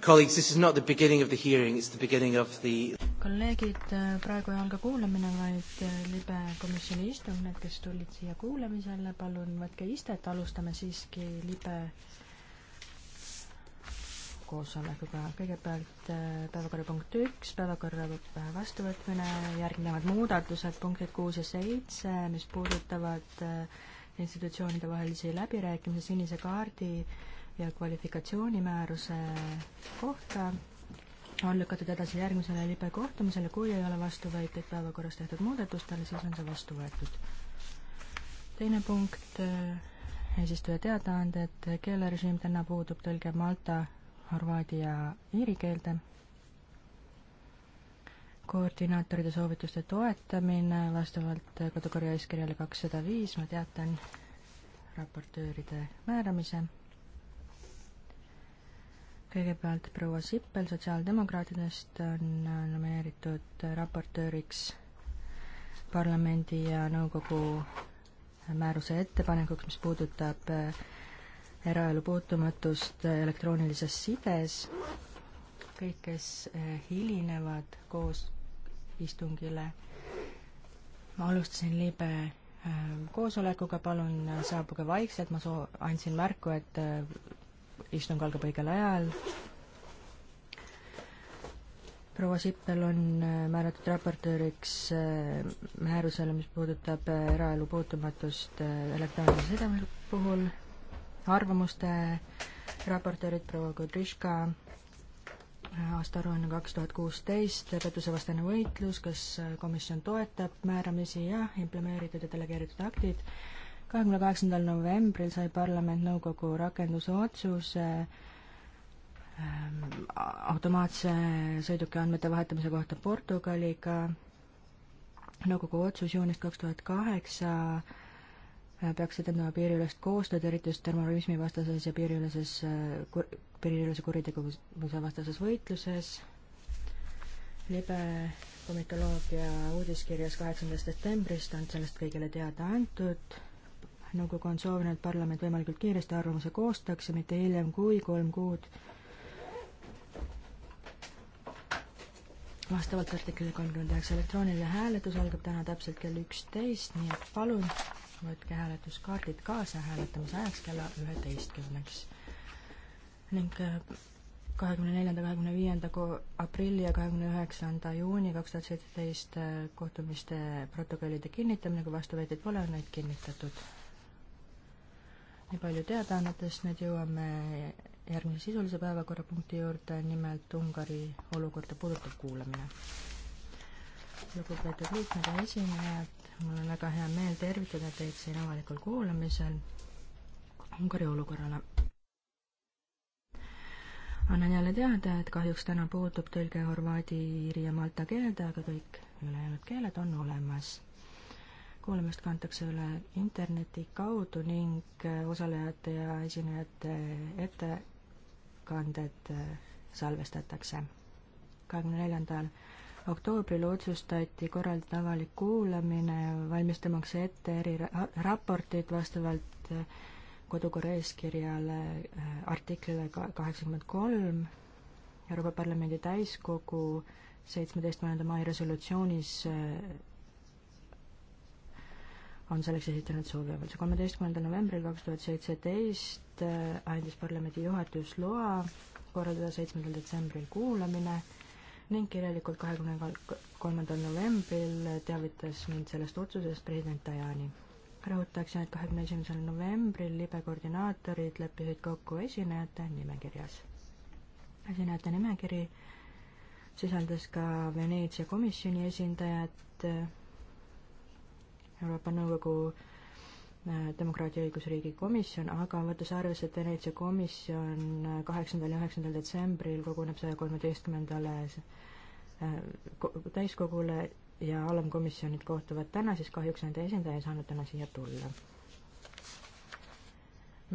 Colleagues, this is not the beginning of the hearing, it's the beginning of the kolleegid, äh, praegu ei alga kuulamine, vaid äh, libe komisjoni istung, need, kes tulid siia kuulamisele, palun võtke istet, alustame siiski libe koosolekuga. kõigepealt äh, päevakorrapunkt üks, päevakorra vastuvõtmine, järgnevad muudatused, punktid kuus ja seitse, mis puudutavad äh, institutsioonide vahelisi läbirääkimisi sinise kaardi ja kvalifikatsioonimääruse kohta on lükatud edasi järgmisele libe kohtumisele, kui ei ole vastuväiteid päevakorras tehtud muudatustele, siis on see vastu võetud. teine punkt, äh, eesistuja teadaanded, keelerežiim täna puudub, tõlge Malta, horvaadi ja iiri keelde koordinaatoride soovituste toetamine vastavalt kodukorra eeskirjale kakssada viis, ma teatan raportööride määramise. kõigepealt proua Sippel sotsiaaldemokraatidest on nomineeritud raportööriks parlamendi ja nõukogu määruse ettepanekuks, mis puudutab äh, eraelu puutumatust elektroonilises sides kõik, kes äh, hilinevad koos istungile. ma alustasin libe äh, koosolekuga, palun äh, saabuge vaikselt, ma soo-, andsin märku, et äh, istung algab õigel ajal. proua Sippel on määratud raportööriks määrusele, mis puudutab eraelu puutumatust elektroonilise sideme puhul, arvamuste raportöörid proua Kudriška aastaaruanne kaks tuhat kuusteist, pettusevastane võitlus, kas komisjon toetab määramisi ja implemeeritud ja delegeeritud aktid. kahekümne kaheksandal novembril sai parlament nõukogu rakendusotsuse ähm, automaatse sõiduki andmete vahetamise kohta Portugaliga. nõukogu otsus juunist kaks tuhat kaheksa Äh, peaks edendama piiriülest koostööd, eriti just terrorismivastases ja piiriüleses, äh, piiriülese kuritegevuse vastases võitluses. libe komitoloogia uudiskirjas kaheksandast septembrist on sellest kõigile teada antud. nõukogu on soovinud, et parlament võimalikult kiiresti arvamuse koostaks ja mitte hiljem kui kolm kuud vastavalt artiklile kolmkümmend üheksa elektrooniline hääletus algab täna täpselt kell üksteist, nii et palun võtke hääletuskaardid kaasa hääletamise ajaks kella üheteistkümneks ning äh, kahekümne neljanda, kahekümne viienda aprilli ja kahekümne üheksanda juuni kaks tuhat seitseteist äh, kohtumiste protokollide kinnitamine, kui vastuväiteid pole, on neid kinnitatud. nii palju teadaannetest, nüüd jõuame järgmise sisulise päevakorrapunkti juurde, nimelt Ungari olukorda puudutav kuulamine. lugupeetud liikmed ja esinejad, mul on väga hea meel tervitada teid siin avalikul kuulamisel Ungari olukorrale. annan jälle teada, et kahjuks täna puudub tõlge horvaadi, iiri ja malta keelde, aga kõik ülejäänud keeled on olemas kuulamist kantakse üle interneti kaudu ning osalejate ja esinejate ettekanded salvestatakse. kahekümne neljandal oktoobril otsustati korraldada avalik kuulamine, valmistamaks ette eri raportid vastavalt äh, kodukorra eeskirjale äh, artiklile kaheksakümmend kolm Euroopa Parlamendi täiskogu seitsmeteistkümnenda mai resolutsioonis äh, on selleks esitanud sooviavalduse. kolmeteistkümnendal novembril kaks tuhat seitseteist andis parlamendi juhatus loa korraldada seitsmendal detsembril kuulamine ning kirjalikult kahekümne kolmandal novembril teavitas mind sellest otsusest president Tajani. rõhutaksin, et kahekümne esimesel novembril libe koordinaatorid leppisid kokku esinejate nimekirjas. esinejate nimekiri sisaldas ka Veneetsia komisjoni esindajat, Euroopa Nõukogu demokraatia õigusriigi komisjon, aga võttes arvesse, et Veneetsia komisjon kaheksandal ja üheksandal detsembril koguneb saja kolmeteistkümnendale äh, täiskogule ja alamkomisjonid kohtuvad täna, siis kahjuks nende esindaja ei saanud täna siia tulla.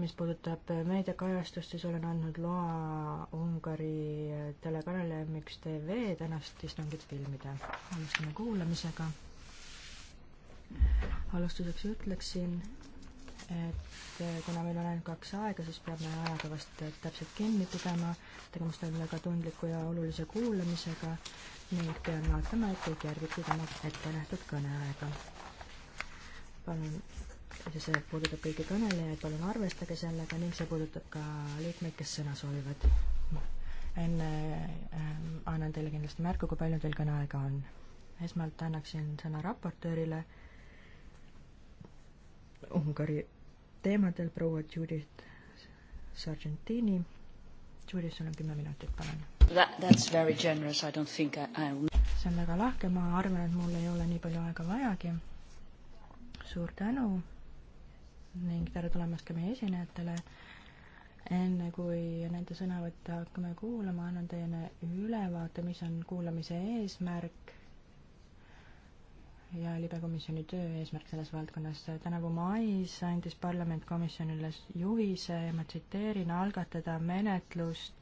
mis puudutab meediakajastust, siis olen andnud loa Ungari telekanalile MXTV tänast istungit filmida. alustame kuulamisega alustuseks ütleksin, et eh, kuna meil on ainult kaks aega, siis peame ajaga vast täpselt kinni pidama. tegemist on väga tundliku ja olulise kuulamisega ning pean vaatama, et kõik järgiksid oma ettenähtud kõneaega. palun, see puudutab kõiki kõnelejaid, palun arvestage sellega ning see puudutab ka liikmeid, kes sõna soovivad. enne ähm, annan teile kindlasti märku, kui palju teil kõneaega on. esmalt annaksin sõna raportöörile Ungari teemadel proua Judith Sargentini. Judith, sul on kümme minutit, palun. That, that's very generous, I don't think I, I will see on väga lahke, ma arvan, et mul ei ole nii palju aega vajagi. suur tänu ning tere tulemast ka meie esinejatele. enne kui nende sõnavõtte hakkame kuulama, annan teile ülevaate, mis on kuulamise eesmärk ja libekomisjoni töö eesmärk selles valdkonnas. tänavu mais andis parlament komisjonile juhise ja ma tsiteerin, algatada menetlust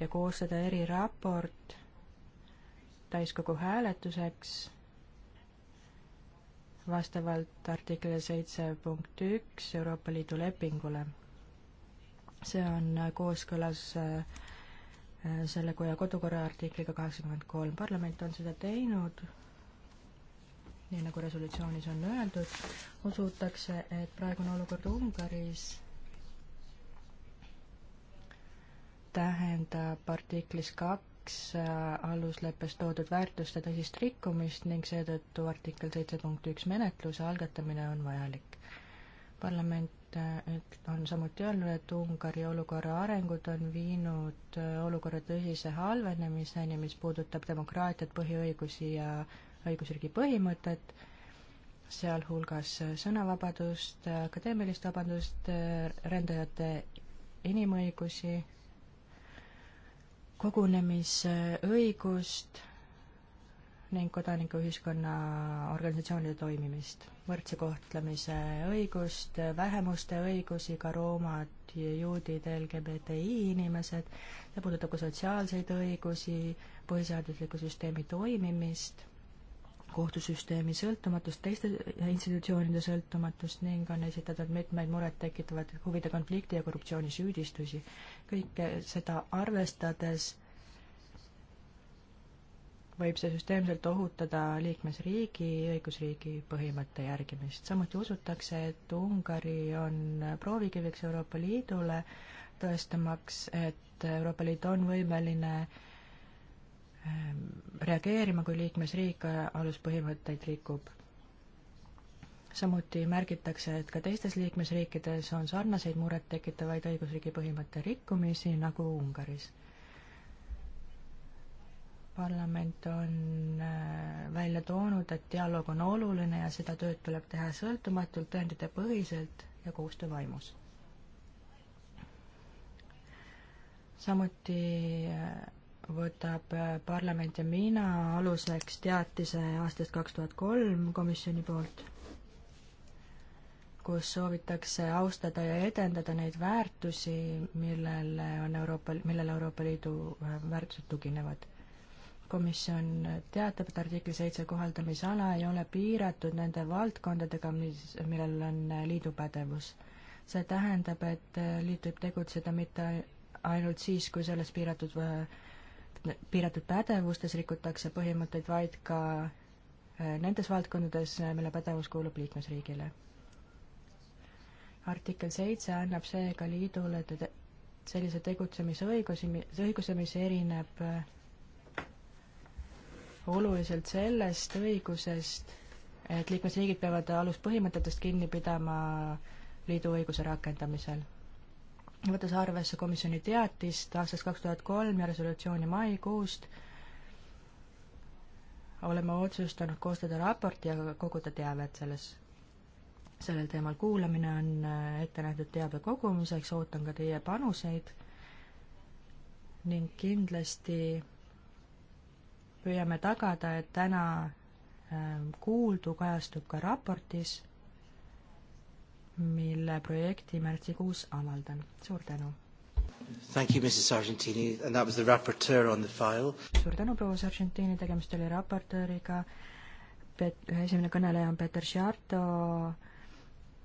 ja koostada eriraport täiskogu hääletuseks vastavalt artiklile seitse punkt üks Euroopa Liidu lepingule. see on kooskõlas äh, äh, selle koja kodukorra artikliga kaheksakümmend kolm. parlament on seda teinud nii nagu resolutsioonis on öeldud, usutakse, et praegune olukord Ungaris tähendab artiklis kaks äh, alusleppes toodud väärtuste tõsist rikkumist ning seetõttu artikkel seitse punkt üks menetluse algatamine on vajalik. parlament äh, on samuti öelnud, et Ungari olukorra arengud on viinud äh, olukorra tõsise halvenemiseni, mis puudutab demokraatiat, põhiõigusi ja õigusriigi põhimõtet, sealhulgas sõnavabadust, akadeemilist vabadust, rändajate inimõigusi, kogunemisõigust ning kodanikuühiskonna organisatsioonide toimimist, võrdse kohtlemise õigust, vähemuste õigusi, ka roomad, juudid, LGBTI inimesed, see puudutab ka sotsiaalseid õigusi, põhiseadusliku süsteemi toimimist kohtusüsteemi sõltumatust, teiste institutsioonide sõltumatust ning on esitatud mitmeid murettekitavaid huvide konflikti ja korruptsioonisüüdistusi. kõike seda arvestades võib see süsteemselt ohutada liikmesriigi õigusriigi põhimõtte järgimist. samuti usutakse, et Ungari on proovikiviks Euroopa Liidule, tõestamaks, et Euroopa Liit on võimeline äh, Ähm, reageerima, kui liikmesriik aluspõhimõtteid rikub. samuti märgitakse, et ka teistes liikmesriikides on sarnaseid murettekitavaid õigusriigi põhimõtte rikkumisi nagu Ungaris. parlament on äh, välja toonud, et dialoog on oluline ja seda tööd tuleb teha sõltumatult, tõenditepõhiselt ja koostöövaimus. samuti äh, võtab äh, parlament ja mina aluseks teatise aastast kaks tuhat kolm komisjoni poolt, kus soovitakse austada ja edendada neid väärtusi, millele on Euroopa, millele Euroopa Liidu äh, väärtused tuginevad. komisjon teatab, et artikli seitse kohaldamisala ei ole piiratud nende valdkondadega, mis, millel on äh, liidu pädevus. see tähendab, et liit võib tegutseda mitte ainult siis, kui selles piiratud või ainult piiratud pädevustes rikutakse põhimõtteid, vaid ka äh, nendes valdkondades, äh, mille pädevus kuulub liikmesriigile. artikkel seitse annab seega liidule te-, sellise tegutsemisõigusi, õiguse, mis erineb äh, oluliselt sellest õigusest, et liikmesriigid peavad aluspõhimõtetest kinni pidama liidu õiguse rakendamisel võttes arvesse komisjoni teatist aastast kaks tuhat kolm ja resolutsiooni maikuust, oleme otsustanud koostada raporti ja koguda teavet selles, sellel teemal. kuulamine on äh, ette nähtud teabe kogumiseks, ootan ka teie panuseid ning kindlasti püüame tagada, et täna äh, kuuldu kajastub ka raportis mille projekti märtsikuus avaldan. suur tänu! Thank you, Mrs Sargentini and that was the raporteur on the file. suur tänu, proua Sargentini, tegemist oli raportööriga. Pet-, esimene kõneleja on Peter Sciarto,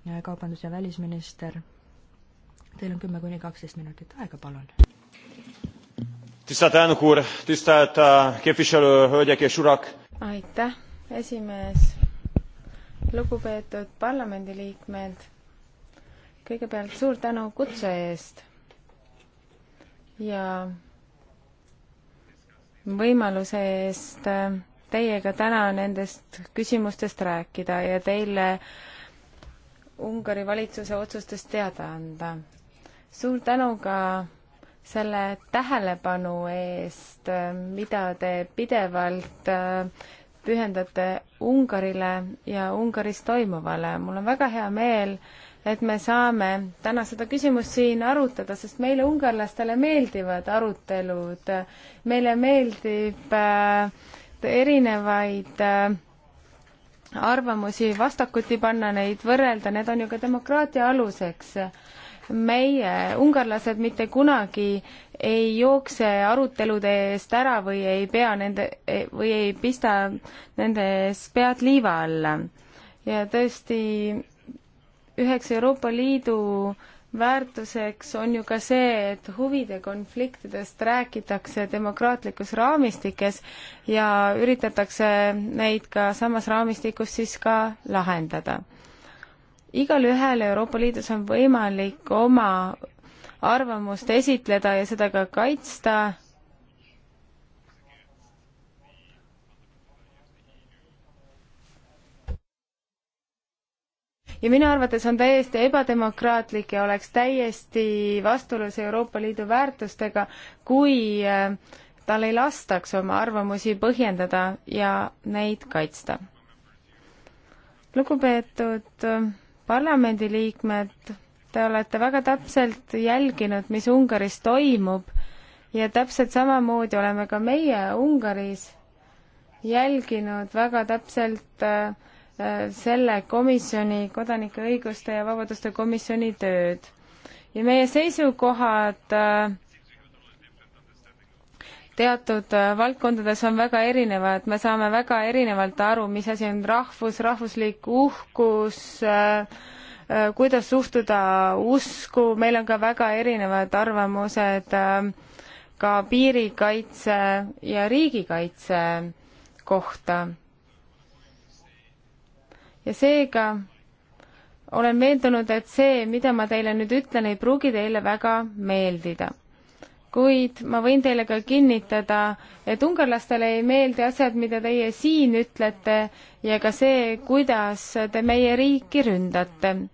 äh, kaubandus- ja välisminister. Teil on kümme kuni kaksteist minutit aega, palun. tisztelt elnök úr, tisztelt äh, képviselő hölgyek és urak! aitäh, esimees! lugupeetud parlamendiliikmed kõigepealt suur tänu kutse eest ja võimaluse eest teiega täna nendest küsimustest rääkida ja teile Ungari valitsuse otsustest teada anda. suur tänu ka selle tähelepanu eest, mida te pidevalt äh, pühendate Ungarile ja Ungaris toimuvale. mul on väga hea meel, et me saame täna seda küsimust siin arutada, sest meile, ungarlastele meeldivad arutelud, meile meeldib äh, erinevaid äh, arvamusi vastakuti panna, neid võrrelda, need on ju ka demokraatia aluseks. meie, ungarlased, mitte kunagi ei jookse arutelude eest ära või ei pea nende, või ei pista nende ees pead liiva alla. ja tõesti üheks Euroopa Liidu väärtuseks on ju ka see, et huvide konfliktidest räägitakse demokraatlikus raamistikes ja üritatakse neid ka samas raamistikus siis ka lahendada. igal ühel Euroopa Liidus on võimalik oma arvamust esitleda ja seda ka kaitsta ja minu arvates on täiesti ebademokraatlik ja oleks täiesti vastuolus Euroopa Liidu väärtustega, kui äh, tal ei lastaks oma arvamusi põhjendada ja neid kaitsta. lugupeetud äh, parlamendiliikmed, te olete väga täpselt jälginud, mis Ungaris toimub ja täpselt samamoodi oleme ka meie Ungaris jälginud väga täpselt äh, selle komisjoni, kodanike õiguste ja vabaduste komisjoni tööd. ja meie seisukohad äh, teatud äh, valdkondades on väga erinevad, me saame väga erinevalt aru, mis asi on rahvus, rahvuslik uhkus, äh, kuidas suhtuda usku, meil on ka väga erinevad arvamused ka piirikaitse ja riigikaitse kohta ja seega olen veendunud, et see, mida ma teile nüüd ütlen, ei pruugi teile väga meeldida. kuid ma võin teile ka kinnitada, et ungarlastele ei meeldi asjad, mida teie siin ütlete ja ka see, kuidas te meie riiki ründate.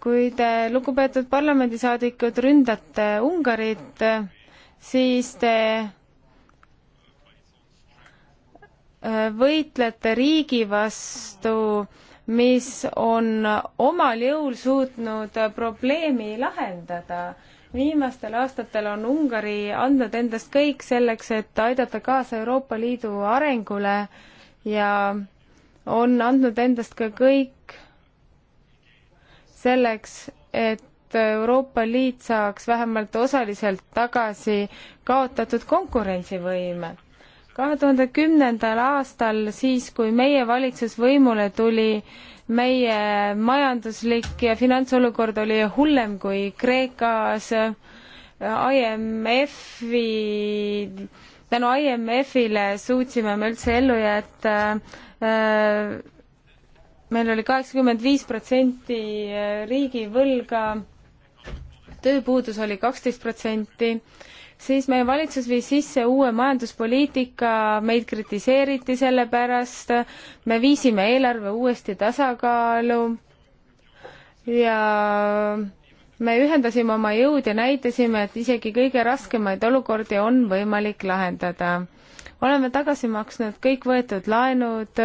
kui te, äh, lugupeetud parlamendisaadikud, ründate Ungarit, siis te äh, võitlete riigi vastu äh, mis on omal jõul suutnud probleemi lahendada. viimastel aastatel on Ungari andnud endast kõik selleks, et aidata kaasa Euroopa Liidu arengule ja on andnud endast ka kõik selleks, et Euroopa Liit saaks vähemalt osaliselt tagasi kaotatud konkurentsivõime kahe tuhande kümnendal aastal, siis kui meie valitsus võimule tuli, meie majanduslik ja finantsolukord oli hullem kui Kreekas, IMF-i, tänu IMF-ile suutsime me üldse ellu jätta äh, meil oli kaheksakümmend viis protsenti äh, riigivõlga, tööpuudus oli kaksteist protsenti siis meie valitsus viis sisse uue majanduspoliitika, meid kritiseeriti selle pärast, me viisime eelarve uuesti tasakaalu ja me ühendasime oma jõud ja näitasime, et isegi kõige raskemaid olukordi on võimalik lahendada. oleme tagasi maksnud kõik võetud laenud,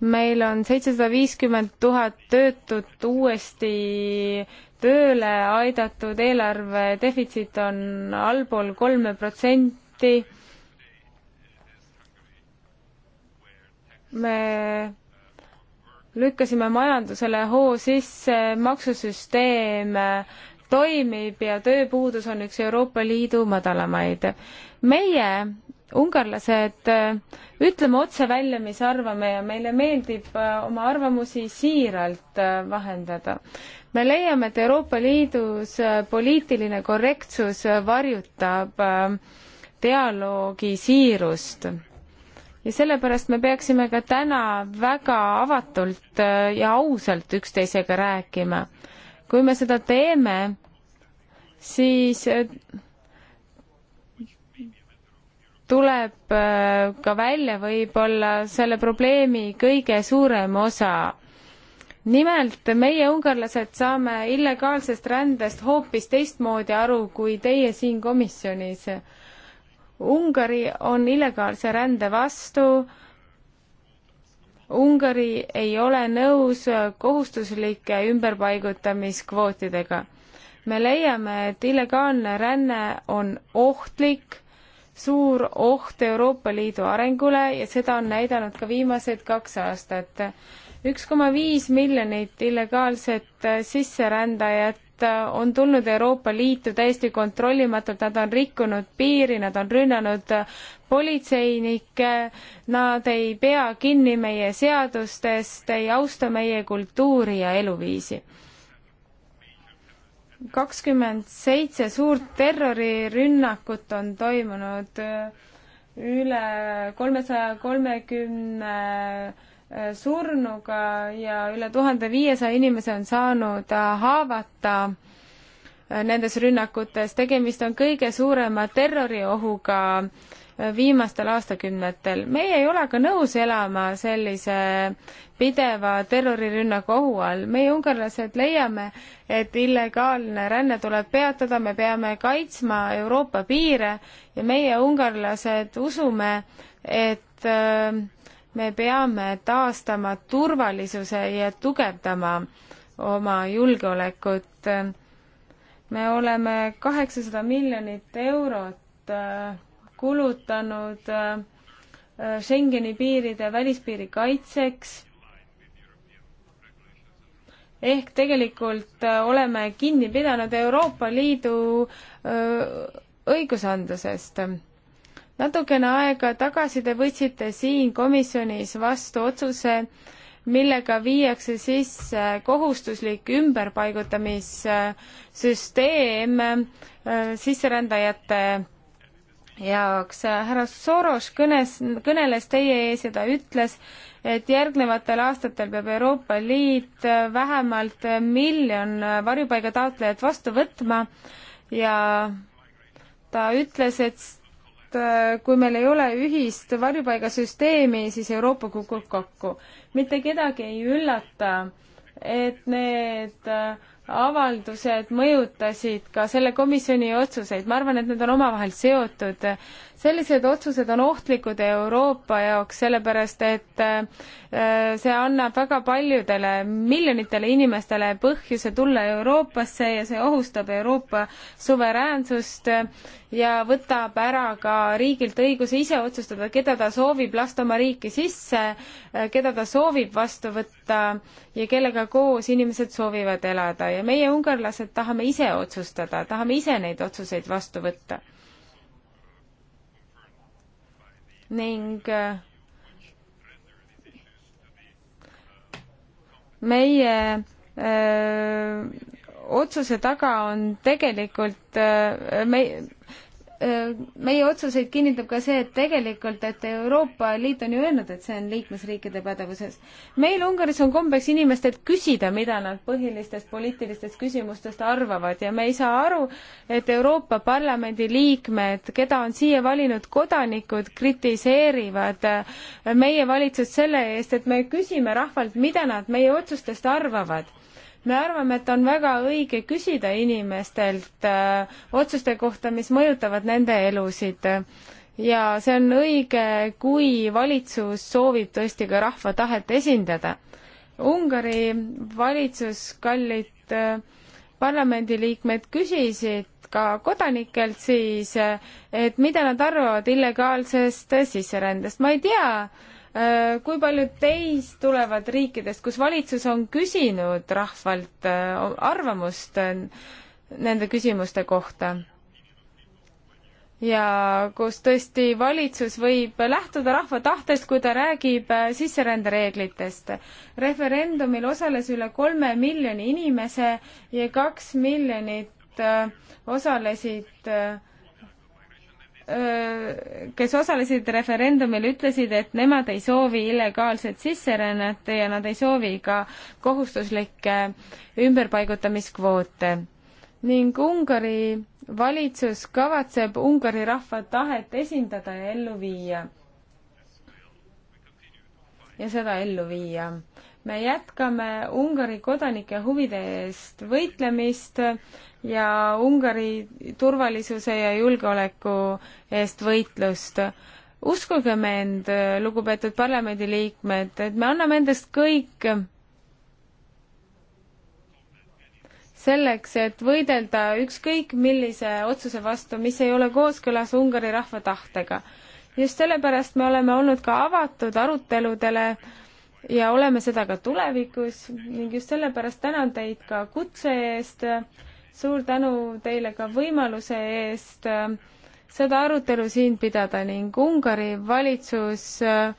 meil on seitsesada viiskümmend tuhat töötut uuesti tööle aidatud, eelarve defitsiit on allpool kolme protsenti. me lükkasime majandusele hoo sisse, maksusüsteem toimib ja tööpuudus on üks Euroopa Liidu madalamaid. meie, ungarlased, ütleme otse välja, mis arvame ja meile meeldib oma arvamusi siiralt vahendada me leiame, et Euroopa Liidus äh, poliitiline korrektsus äh, varjutab äh, dialoogi siirust ja sellepärast me peaksime ka täna väga avatult ja ausalt üksteisega rääkima. kui me seda teeme, siis tuleb ka välja võib-olla selle probleemi kõige suurem osa nimelt meie, ungarlased, saame illegaalsest rändest hoopis teistmoodi aru kui teie siin komisjonis. Ungari on illegaalse rände vastu. Ungari ei ole nõus kohustuslike ümberpaigutamiskvootidega. me leiame, et illegaalne ränne on ohtlik suur oht Euroopa Liidu arengule ja seda on näidanud ka viimased kaks aastat üks koma viis miljonit illegaalset äh, sisserändajat äh, on tulnud Euroopa Liitu täiesti kontrollimatult, nad on rikkunud piiri, nad on rünnanud äh, politseinikke, nad ei pea kinni meie seadustest, ei austa meie kultuuri ja eluviisi. kakskümmend seitse suurt terrorirünnakut on toimunud üle kolmesaja kolmekümne 330 Äh, surnuga ja üle tuhande viiesaja inimese on saanud äh, haavata äh, nendes rünnakutes. tegemist on kõige suurema terroriohuga viimastel aastakümnetel. meie ei ole ka nõus elama sellise pideva terrorirünnaku ohu all. meie, ungarlased, leiame, et illegaalne ränne tuleb peatada, me peame kaitsma Euroopa piire ja meie, ungarlased, usume, et äh, me peame taastama turvalisuse ja tugevdama oma julgeolekut. me oleme kaheksasada miljonit eurot äh, kulutanud äh, Schengeni piiride välispiiri kaitseks. ehk tegelikult äh, oleme kinni pidanud Euroopa Liidu õigusandlusest natukene aega tagasi te võtsite siin komisjonis vastu otsuse, millega viiakse sisse kohustuslik ümberpaigutamissüsteem äh, sisserändajate jaoks. härra Soros kõnes, kõneles teie ees ja ta ütles, et järgnevatel aastatel peab Euroopa Liit vähemalt miljon varjupaiga taotlejat vastu võtma ja ta ütles, et Äh, kui meil ei ole ühist varjupaigasüsteemi, siis Euroopa kukub kokku. mitte kedagi ei üllata, et need äh, avaldused mõjutasid ka selle komisjoni otsuseid, ma arvan, et need on omavahel seotud sellised otsused on ohtlikud Euroopa jaoks, sellepärast et äh, see annab väga paljudele miljonitele inimestele põhjuse tulla Euroopasse ja see ohustab Euroopa suveräänsust ja võtab ära ka riigilt õiguse ise otsustada, keda ta soovib lasta oma riiki sisse, äh, keda ta soovib vastu võtta ja kellega koos inimesed soovivad elada ja meie, ungarlased, tahame ise otsustada, tahame ise neid otsuseid vastu võtta ning äh, meie öö, äh, otsuse taga on tegelikult öö, äh, me meie otsuseid kinnitab ka see, et tegelikult, et Euroopa Liit on ju öelnud, et see on liikmesriikide pädevuses. meil Ungaris on kombeks inimestelt küsida, mida nad põhilistest poliitilistest küsimustest arvavad ja me ei saa aru, et Euroopa Parlamendi liikmed, keda on siia valinud kodanikud, kritiseerivad äh, meie valitsust selle eest, et me küsime rahvalt, mida nad meie otsustest arvavad me arvame, et on väga õige küsida inimestelt äh, otsuste kohta, mis mõjutavad nende elusid. ja see on õige, kui valitsus soovib tõesti ka rahva tahet esindada. Ungari valitsus, kallid äh, parlamendiliikmed, küsisid ka kodanikelt siis, äh, et mida nad arvavad illegaalsest sisserändest. ma ei tea, Äh, kui paljud teist tulevad riikidest, kus valitsus on küsinud rahvalt äh, arvamust äh, nende küsimuste kohta? ja kus tõesti valitsus võib lähtuda rahva tahtest, kui ta räägib sisserändereeglitest. referendumil osales üle kolme miljoni inimese ja kaks miljonit osalesid äh, kes osalesid referendumil, ütlesid, et nemad ei soovi illegaalset sisserännet ja nad ei soovi ka kohustuslikke ümberpaigutamiskvoote. ning Ungari valitsus kavatseb Ungari rahva tahet esindada ja ellu viia. ja seda ellu viia me jätkame Ungari kodanike huvide eest võitlemist ja Ungari turvalisuse ja julgeoleku eest võitlust. uskuge mind, lugupeetud parlamendiliikmed, et me anname endast kõik selleks, et võidelda ükskõik millise otsuse vastu, mis ei ole kooskõlas Ungari rahva tahtega. just sellepärast me oleme olnud ka avatud aruteludele äh, ja oleme seda ka tulevikus ning just sellepärast tänan teid ka kutse eest. suur tänu teile ka võimaluse eest äh, seda arutelu siin pidada ning Ungari valitsus äh,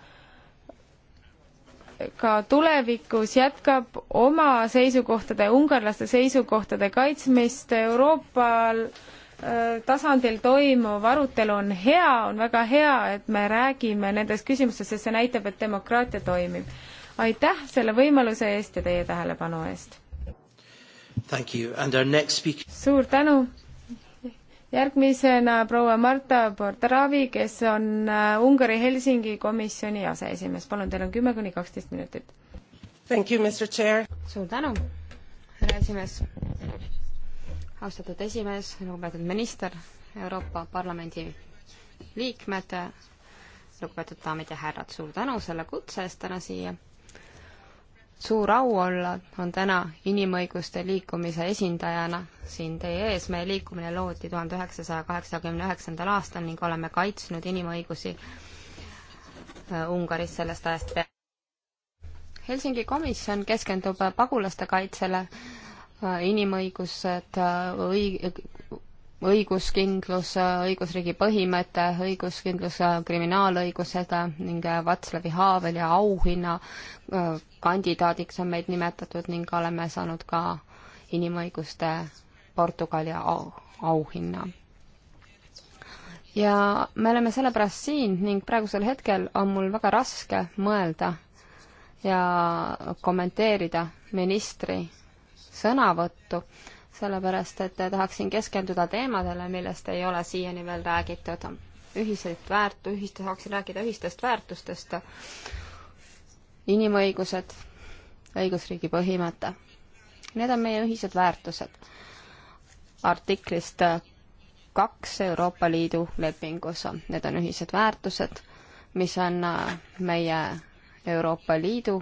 ka tulevikus jätkab oma seisukohtade, ungarlaste seisukohtade kaitsmist Euroopal äh, tasandil toimuv arutelu on hea, on väga hea, et me räägime nendest küsimustest, sest see näitab, et demokraatia toimib aitäh selle võimaluse eest ja teie tähelepanu eest! suur tänu! järgmisena proua Marta Portaravi, kes on äh, Ungari Helsingi komisjoni aseesimees. palun, teil on kümme kuni kaksteist minutit. suur tänu, härra esimees. austatud esimees, lugupeetud minister, Euroopa Parlamendi liikmed, lugupeetud daamid ja härrad, suur tänu selle kutse eest täna siia suur au olla on täna inimõiguste liikumise esindajana siin teie ees. meie liikumine loodi tuhande üheksasaja kaheksakümne üheksandal aastal ning oleme kaitsnud inimõigusi äh, Ungaris sellest ajast peale. Helsingi komisjon keskendub pagulaste kaitsele, äh, inimõigused, äh, õig-, õiguskindlus, õigusriigi põhimõte, õiguskindlus kriminaalõigusega ning Václavi Haaveli auhinna äh, kandidaadiks on meid nimetatud ning oleme saanud ka inimõiguste Portugali au, auhinna. ja me oleme sellepärast siin ning praegusel hetkel on mul väga raske mõelda ja kommenteerida ministri sõnavõttu sellepärast et tahaksin keskenduda teemadele, millest ei ole siiani veel räägitud. ühiseid väärt-, ühist-, tahaksin rääkida ühistest väärtustest, inimõigused, õigusriigi põhimõte. Need on meie ühised väärtused artiklist kaks Euroopa Liidu lepingus. Need on ühised väärtused, mis on meie Euroopa Liidu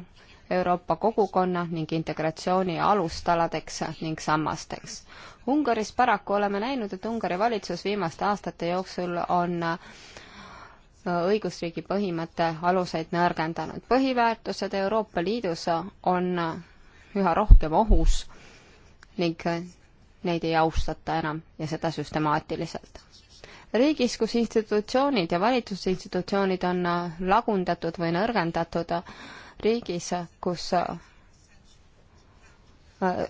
Euroopa kogukonna ning integratsiooni alustaladeks ning sammasteks. Ungaris paraku oleme näinud, et Ungari valitsus viimaste aastate jooksul on äh, õigusriigi põhimõtte aluseid nõrgendanud. põhiväärtused Euroopa Liidus on äh, üha rohkem ohus ning äh, neid ei austata enam ja seda süstemaatiliselt. riigis, kus institutsioonid ja valitsusinstitutsioonid on lagundatud või nõrgendatud, riigis, kus äh, äh,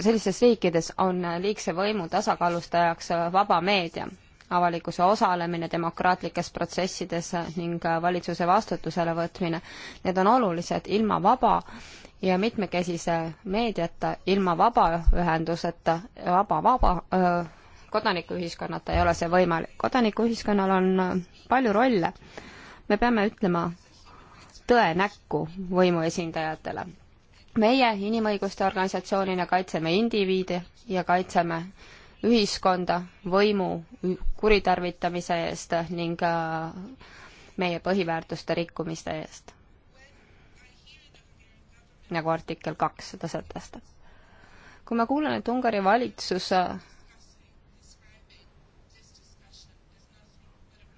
sellistes riikides on liigse võimu tasakaalustajaks vaba meedia, avalikkuse osalemine demokraatlikes protsessides ning valitsuse vastutusele võtmine. Need on olulised ilma vaba ja mitmekesise meediata, ilma vabaühenduseta, vaba, vaba öö, äh, kodanikuühiskonnata ei ole see võimalik. kodanikuühiskonnal on palju rolle. me peame ütlema tõe näkku võimuesindajatele. meie inimõiguste organisatsioonina kaitseme indiviide ja kaitseme ühiskonda võimu kuritarvitamise eest ning äh, meie põhiväärtuste rikkumiste eest. nagu artikkel kaks seda sätestab. kui ma kuulen, et Ungari valitsus äh,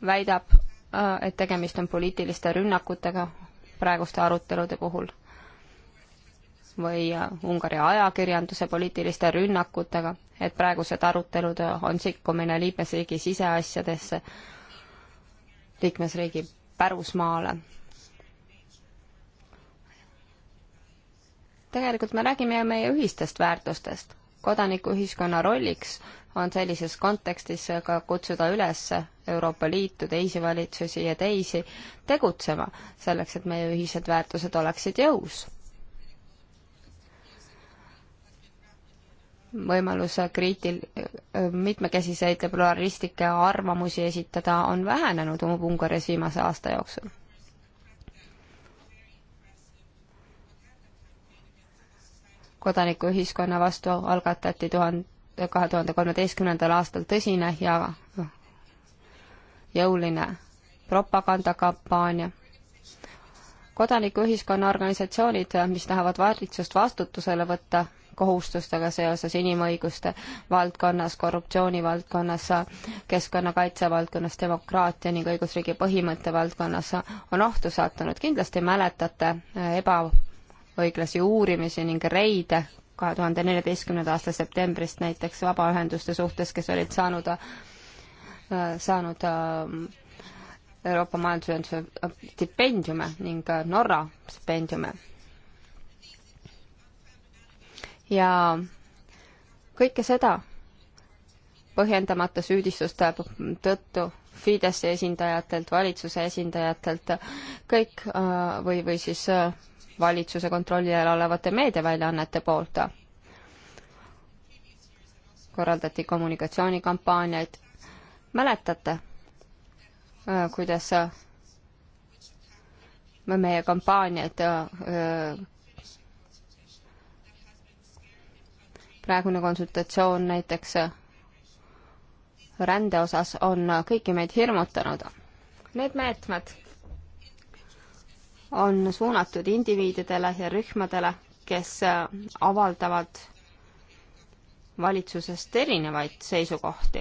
väidab, äh, et tegemist on poliitiliste rünnakutega praeguste arutelude puhul või äh, Ungari ajakirjanduse poliitiliste rünnakutega, et praegused arutelud äh, on sikkumine liikmesriigi siseasjadesse, liikmesriigi pärusmaale. tegelikult me räägime ju meie ühistest väärtustest kodanikuühiskonna rolliks on sellises kontekstis ka kutsuda üles Euroopa Liitu, teisi valitsusi ja teisi tegutsema, selleks et meie ühised väärtused oleksid jõus. võimalus kriitil-, mitmekesiseid ja pluralistlikke arvamusi esitada on vähenenud Ungaris viimase aasta jooksul kodanikuühiskonna vastu algatati tuhande, kahe tuhande kolmeteistkümnendal aastal tõsine ja jõuline propagandakampaania. kodanikuühiskonna organisatsioonid, mis tahavad valitsust vastutusele võtta kohustustega seoses inimõiguste valdkonnas, korruptsiooni valdkonnas, keskkonnakaitse valdkonnas, demokraatia ning õigusriigi põhimõtte valdkonnas, on ohtu sattunud. kindlasti mäletate eba õiglasi uurimisi ning reide kahe tuhande neljateistkümnenda aasta septembrist näiteks vabaühenduste suhtes, kes olid saanud, äh, saanud äh, Euroopa Majandusühenduse äh, stipendiume ning Norra stipendiume. ja kõike seda põhjendamata süüdistuste tõttu Fidesi esindajatelt, valitsuse esindajatelt, kõik või, või siis valitsuse kontrolli all olevate meediaväljaannete poolt. korraldati kommunikatsioonikampaaniaid. mäletate, äh, kuidas äh, meie kampaaniad äh, praegune konsultatsioon näiteks rände osas on kõiki meid hirmutanud. Need meetmed on suunatud indiviididele ja rühmadele, kes avaldavad valitsusest erinevaid seisukohti.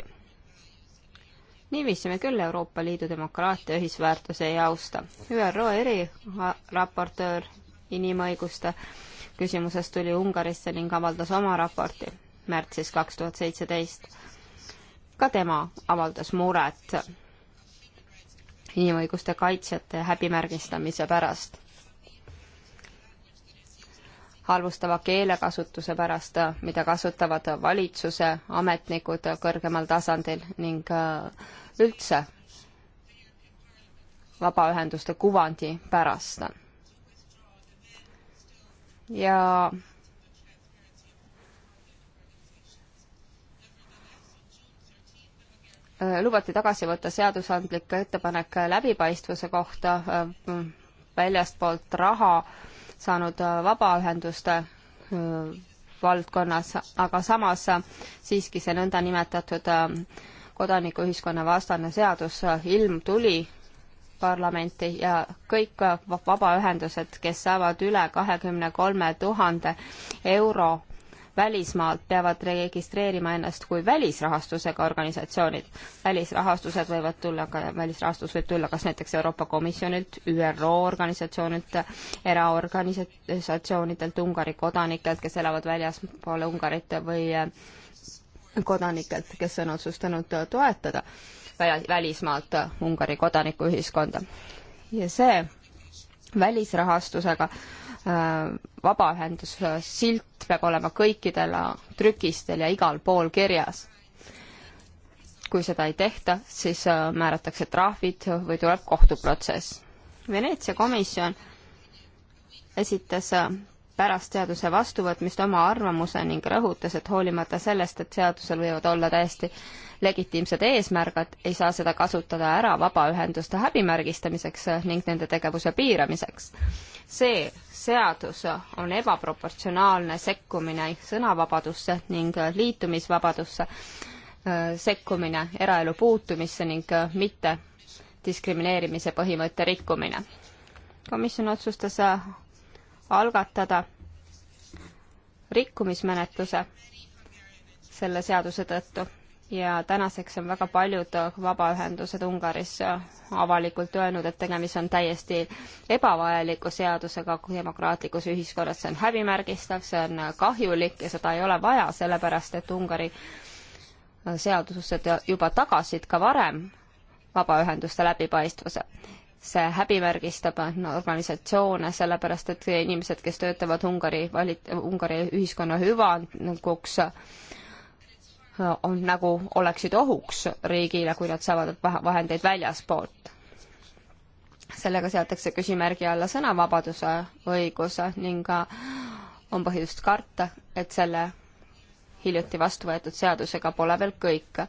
niiviisi me küll Euroopa Liidu demokraatia ühisväärtusi ei austa. ÜRO eriraportöör inimõiguste küsimuses tuli Ungarisse ning avaldas oma raporti märtsis kaks tuhat seitseteist. ka tema avaldas muret inimõiguste kaitsjate häbimärgistamise pärast, halvustava keelekasutuse pärast, mida kasutavad valitsuse ametnikud kõrgemal tasandil ning äh, üldse vabaühenduste kuvandi pärast. ja Äh, lubati tagasi võtta seadusandlik ettepanek äh, läbipaistvuse kohta äh, väljastpoolt raha saanud vabaühenduste valdkonnas, aga samas siiski see nõndanimetatud kodanikuühiskonna vastane seadus ilm tuli parlamenti ja kõik vabaühendused, kes saavad üle kahekümne kolme tuhande euro välismaalt peavad registreerima ennast kui välisrahastusega organisatsioonid. välisrahastused võivad tulla ka, välisrahastus võib tulla kas näiteks Euroopa Komisjonilt, ÜRO organisatsioonilt, eraorganisatsioonidelt, Ungari kodanikelt, kes elavad väljaspool Ungarit või äh, kodanikelt, kes on otsustanud toetada välismaalt Ungari kodanikuühiskonda. ja see välisrahastusega äh, Äh, vabaühendussilt äh, peab olema kõikidel äh, trükistel ja igal pool kirjas. kui seda ei tehta, siis määratakse trahvid või tuleb kohtuprotsess. Veneetsia komisjon esitas pärast seaduse vastuvõtmist oma arvamuse ning rõhutas, et hoolimata sellest, et seadusel võivad olla täiesti äh, legitiimsed eesmärgad, ei saa seda kasutada ära vabaühenduste häbimärgistamiseks ning nende tegevuse piiramiseks. see seadus on ebaproportsionaalne sekkumine sõnavabadusse ning liitumisvabadusse, äh, sekkumine eraelu puutumisse ning äh, mitte diskrimineerimise põhimõtte rikkumine. komisjon otsustas äh, algatada rikkumismenetluse selle seaduse tõttu ja tänaseks on väga paljud vabaühendused Ungaris avalikult öelnud, et tegemist on täiesti ebavajaliku seadusega demokraatlikus ühiskonnas, see on häbimärgistav, see on kahjulik ja seda ei ole vaja, sellepärast et Ungari seadused juba tagasid ka varem vabaühenduste läbipaistvuse. see häbimärgistab organisatsioone, sellepärast et inimesed, kes töötavad Ungari valit-, Ungari ühiskonna hüvanguks, on nagu oleksid ohuks riigile, kui nad saavad vahendeid väljaspoolt. sellega seatakse küsimärgi alla sõnavabaduse õigus ning on põhjust karta, et selle hiljuti vastu võetud seadusega pole veel kõik.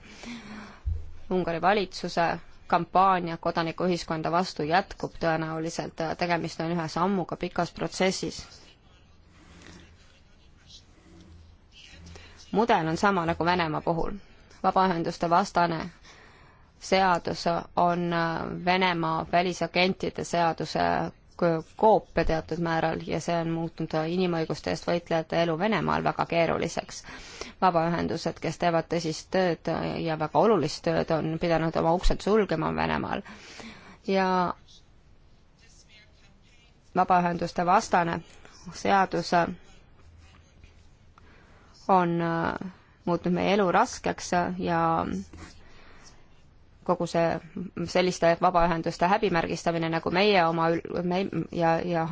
Ungari valitsuse kampaania kodanikuühiskonda vastu jätkub tõenäoliselt, tegemist on ühe sammuga pikas protsessis mudel on sama nagu Venemaa puhul. vabaühenduste vastane seadus on äh, Venemaa välisagentide seaduse koopia teatud määral ja see on muutnud inimõiguste eest võitlejate elu Venemaal väga keeruliseks. vabaühendused, kes teevad tõsist tööd ja väga olulist tööd, on pidanud oma uksed sulgema Venemaal. ja vabaühenduste vastane seadus on äh, muutnud meie elu raskeks ja kogu see selliste vabaühenduste häbimärgistamine nagu meie oma me, ja, ja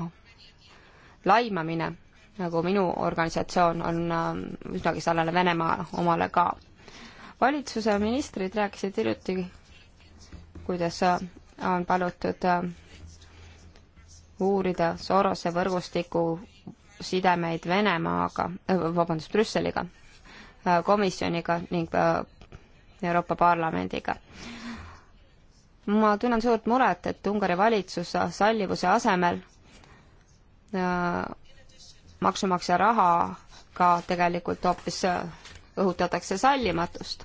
laimamine, nagu minu organisatsioon, on äh, üsnagi sarnane Venemaa omale ka. valitsuse ministrid rääkisid hiljuti, kuidas äh, on palutud uurida Sorose võrgustiku sidemeid Venemaaga, äh, vabandust, Brüsseliga, äh, komisjoniga ning äh, Euroopa Parlamendiga. ma tunnen suurt muret, et Ungari valitsus sallivuse asemel maksumaksja rahaga tegelikult hoopis õhutatakse sallimatust.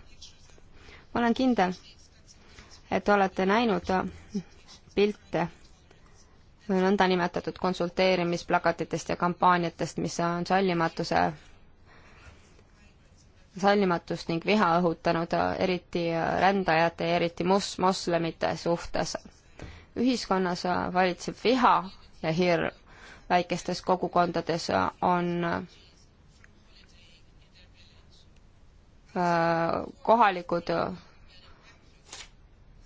ma olen kindel, et olete näinud pilte nõndanimetatud konsulteerimisplakatitest ja kampaaniatest, mis on sallimatuse, sallimatust ning viha õhutanud äh, eriti äh, rändajate ja eriti mus-, moslemite suhtes. ühiskonnas äh, valitseb viha ja hirm. väikestes kogukondades on kohalikud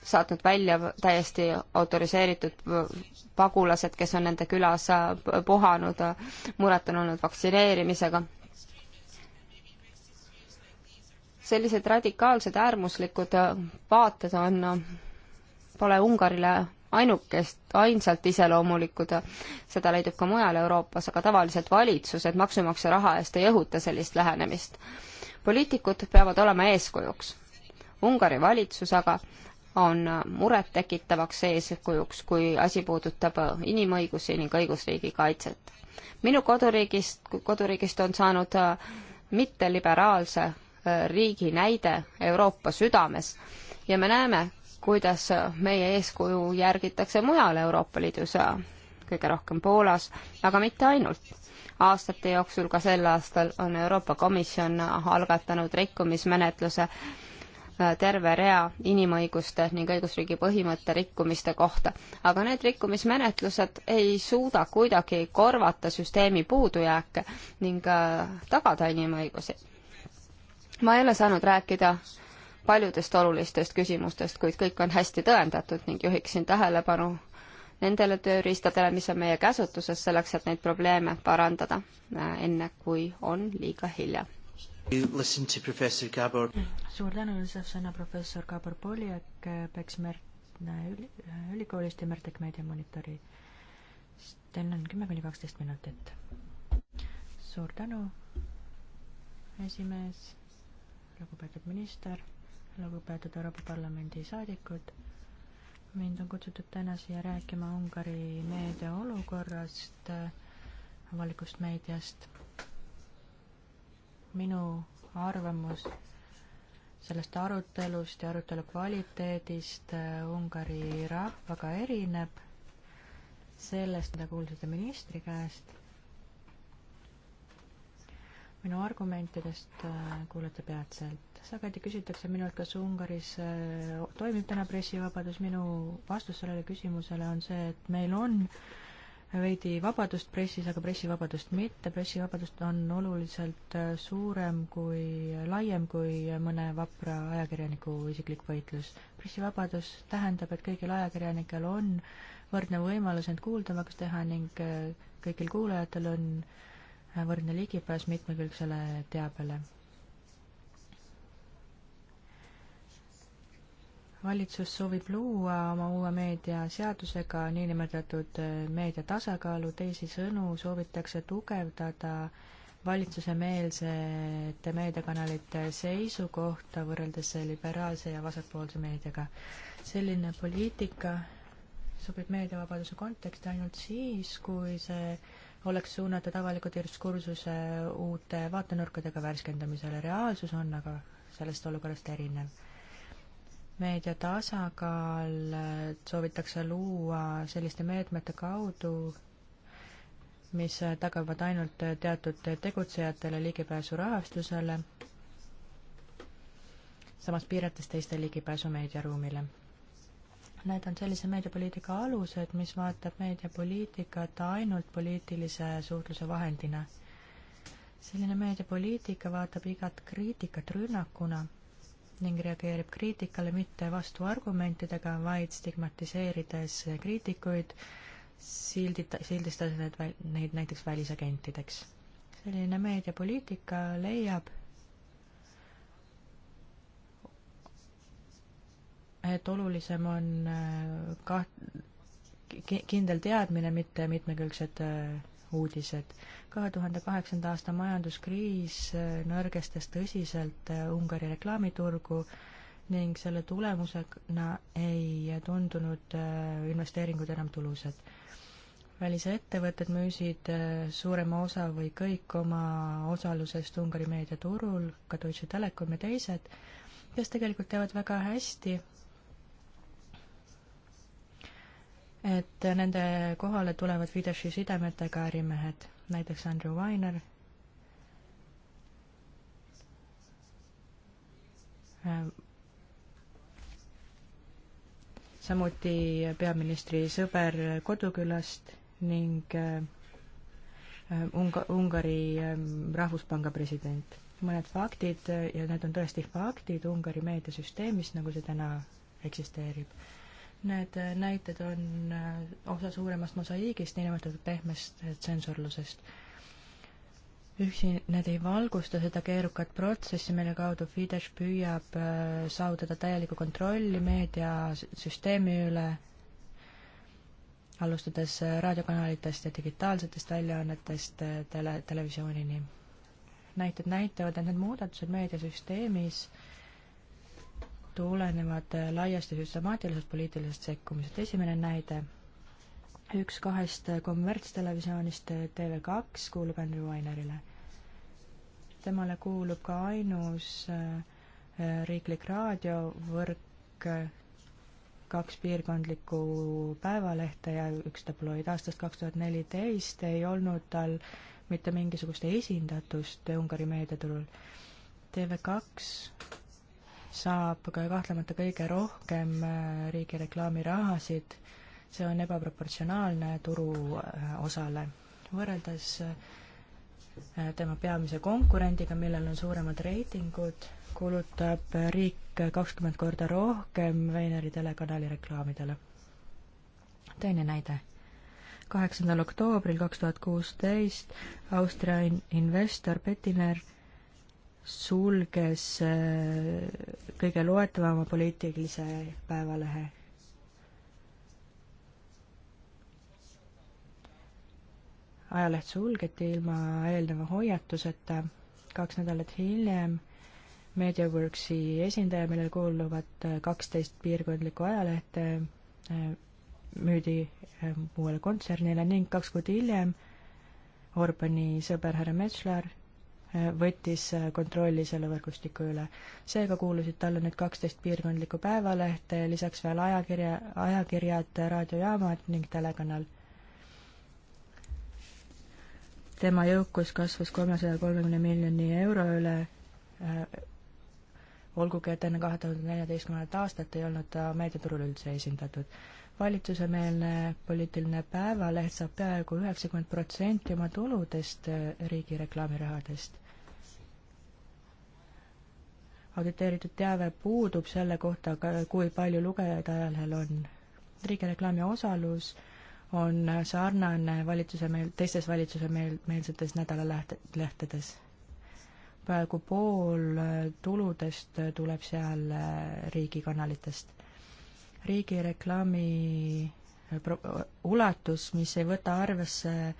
saatnud välja täiesti autoriseeritud pagulased, kes on nende külas puhanud, muret on olnud vaktsineerimisega. sellised radikaalsed äärmuslikud vaated on, pole Ungarile ainukest, ainsalt iseloomulikud, seda leidub ka mujal Euroopas, aga tavaliselt valitsused maksumaksja raha eest ei õhuta sellist lähenemist. poliitikud peavad olema eeskujuks. Ungari valitsus aga on murettekitavaks eeskujuks, kui asi puudutab inimõigusi ning õigusriigi kaitset. minu koduriigist, koduriigist on saanud äh, mitteliberaalse äh, riigi näide Euroopa südames ja me näeme, kuidas äh, meie eeskuju järgitakse mujal Euroopa Liidus, kõige rohkem Poolas, aga mitte ainult. aastate jooksul, ka sel aastal, on Euroopa Komisjon algatanud rikkumismenetluse äh, Äh, terve rea inimõiguste ning õigusriigi põhimõtte rikkumiste kohta. aga need rikkumismenetlused ei suuda kuidagi korvata süsteemi puudujääke ning äh, tagada inimõigusi. ma ei ole saanud rääkida paljudest olulistest küsimustest, kuid kõik on hästi tõendatud ning juhiksin tähelepanu nendele tööriistadele, mis on meie käsutuses selleks, et neid probleeme parandada, äh, enne kui on liiga hilja. Listen to professor Gabor. suur tänu, Josef, sõna professor Gabor Poljak, Peks Mertne üli, ülikoolist ja Mertek meediamonitori. Teil on kümme kuni kaksteist minutit. suur tänu, esimees, lugupeetud minister, lugupeetud Euroopa Parlamendi saadikud. mind on kutsutud täna siia rääkima Ungari meedia olukorrast, avalikust meediast minu arvamus sellest arutelust ja arutelu kvaliteedist äh, Ungari rahvaga erineb sellest, mida kuulsite ministri käest. minu argumentidest äh, kuulete peatselt. sageli küsitakse minult, kas Ungaris äh, toimib täna pressivabadus. minu vastus sellele küsimusele on see, et meil on äh, veidi vabadust pressis, aga pressivabadust mitte, pressivabadust on oluliselt äh, suurem kui, äh, laiem kui mõne vapra ajakirjaniku isiklik võitlus. pressivabadus tähendab, et kõigil ajakirjanikel on võrdne võimalus end kuuldavaks teha ning äh, kõigil kuulajatel on võrdne ligipääs mitmekülgsele teabele valitsus soovib luua oma uue meediaseadusega niinimetatud äh, meedia tasakaalu, teisisõnu soovitakse tugevdada valitsusemeelsete meediakanalite seisukohta võrreldes liberaalse ja vasakpoolse meediaga. selline poliitika sobib meediavabaduse konteksti ainult siis, kui see oleks suunatud avaliku diskursuse uute vaatenurkadega värskendamisele. reaalsus on aga sellest olukorrast erinev meedia tasakaal soovitakse luua selliste meetmete kaudu, mis tagavad ainult teatud tegutsejatele ligipääsu rahastusele, samas piirates teiste ligipääsu meediaruumile. Need on sellise meediapoliitika alused, mis vaatab meediapoliitikat ainult poliitilise suhtluse vahendina. selline meediapoliitika vaatab igat kriitikat rünnakuna ning reageerib kriitikale mitte vastuargumentidega, vaid stigmatiseerides kriitikuid, sildita-, sildistades need väl-, neid näiteks välisagentideks. selline meediapoliitika leiab, et olulisem on äh, kaht-, kindel teadmine, mitte mitmekülgsed äh, uudised kahe tuhande kaheksanda aasta majanduskriis nõrgestas tõsiselt äh, Ungari reklaamiturgu ning selle tulemusena ei tundunud äh, investeeringud enam tulusad. välisettevõtted müüsid äh, suurema osa või kõik oma osalusest Ungari meediaturul, ka Deutsche Telekom ja teised, kes tegelikult teavad väga hästi, et nende kohale tulevad Fideszi sidemetega ärimehed näiteks Andrew Weiner samuti peaministri sõber kodukülast ning äh, Unga-, Ungari ähm, Rahvuspanga president. mõned faktid ja need on tõesti faktid Ungari meediasüsteemist, nagu see täna eksisteerib Need äh, näited on äh, osa suuremast mosaiigist, niinimetatud pehmest tsensorlusest. üksi need ei valgusta seda keerukat protsessi, mille kaudu Fidesz püüab äh, saavutada täielikku kontrolli meediasüsteemi üle, alustades raadiokanalitest ja digitaalsetest väljaannetest tele, televisioonini. näited näitavad, et need muudatused meediasüsteemis äh, tulenevad laiast ja süstemaatilisest poliitilisest sekkumisest. esimene näide, üks kahest kommertstelevisioonist TV2 kuulub Andrew Weinerile. temale kuulub ka ainus äh, riiklik raadiovõrk, kaks piirkondlikku päevalehte ja üks tabloid. aastast kaks tuhat neliteist ei olnud tal mitte mingisugust esindatust Ungari meediaturul. TV2 saab ka kahtlemata kõige rohkem äh, riigi reklaamirahasid, see on ebaproportsionaalne turu äh, osale. võrreldes äh, tema peamise konkurendiga, millel on suuremad reitingud, kulutab riik kakskümmend korda rohkem Veineri telekanali reklaamidele. teine näide. kaheksandal oktoobril kaks tuhat kuusteist Austria investor Bettiner sulges äh, kõige loetavama poliitilise päevalehe. ajaleht sulgeti ilma eelneva hoiatuseta, kaks nädalat hiljem MediaWorksi esindaja, millel kuuluvad äh, kaksteist piirkondlikku ajalehte, äh, müüdi uuele kontsernile ning kaks kuud hiljem Orbani sõber härra Metslar võttis äh, kontrolli selle võrgustiku üle. seega kuulusid talle nüüd kaksteist piirkondlikku päevalehte ja lisaks veel ajakirja, ajakirjad, raadiojaamad ning telekanal. tema jõukus kasvas kolmesaja kolmekümne miljoni euro üle, äh, olgugi et enne kahe tuhande neljateistkümnendat aastat ei olnud ta meediaturul üldse esindatud valitsusemeelne poliitiline päevaleht saab peaaegu üheksakümmend protsenti oma tuludest äh, riigi reklaamirahadest auditeeritud teave puudub selle kohta, kui palju lugejaid ajalehel on. riigireklaami osalus on sarnane valitsuse meel, teistes valitsuse meel, meelsetes nädalalehtedes. praegu pool tuludest tuleb seal äh, riigikanalitest. riigireklaami äh, ulatus, mis ei võta arvesse äh,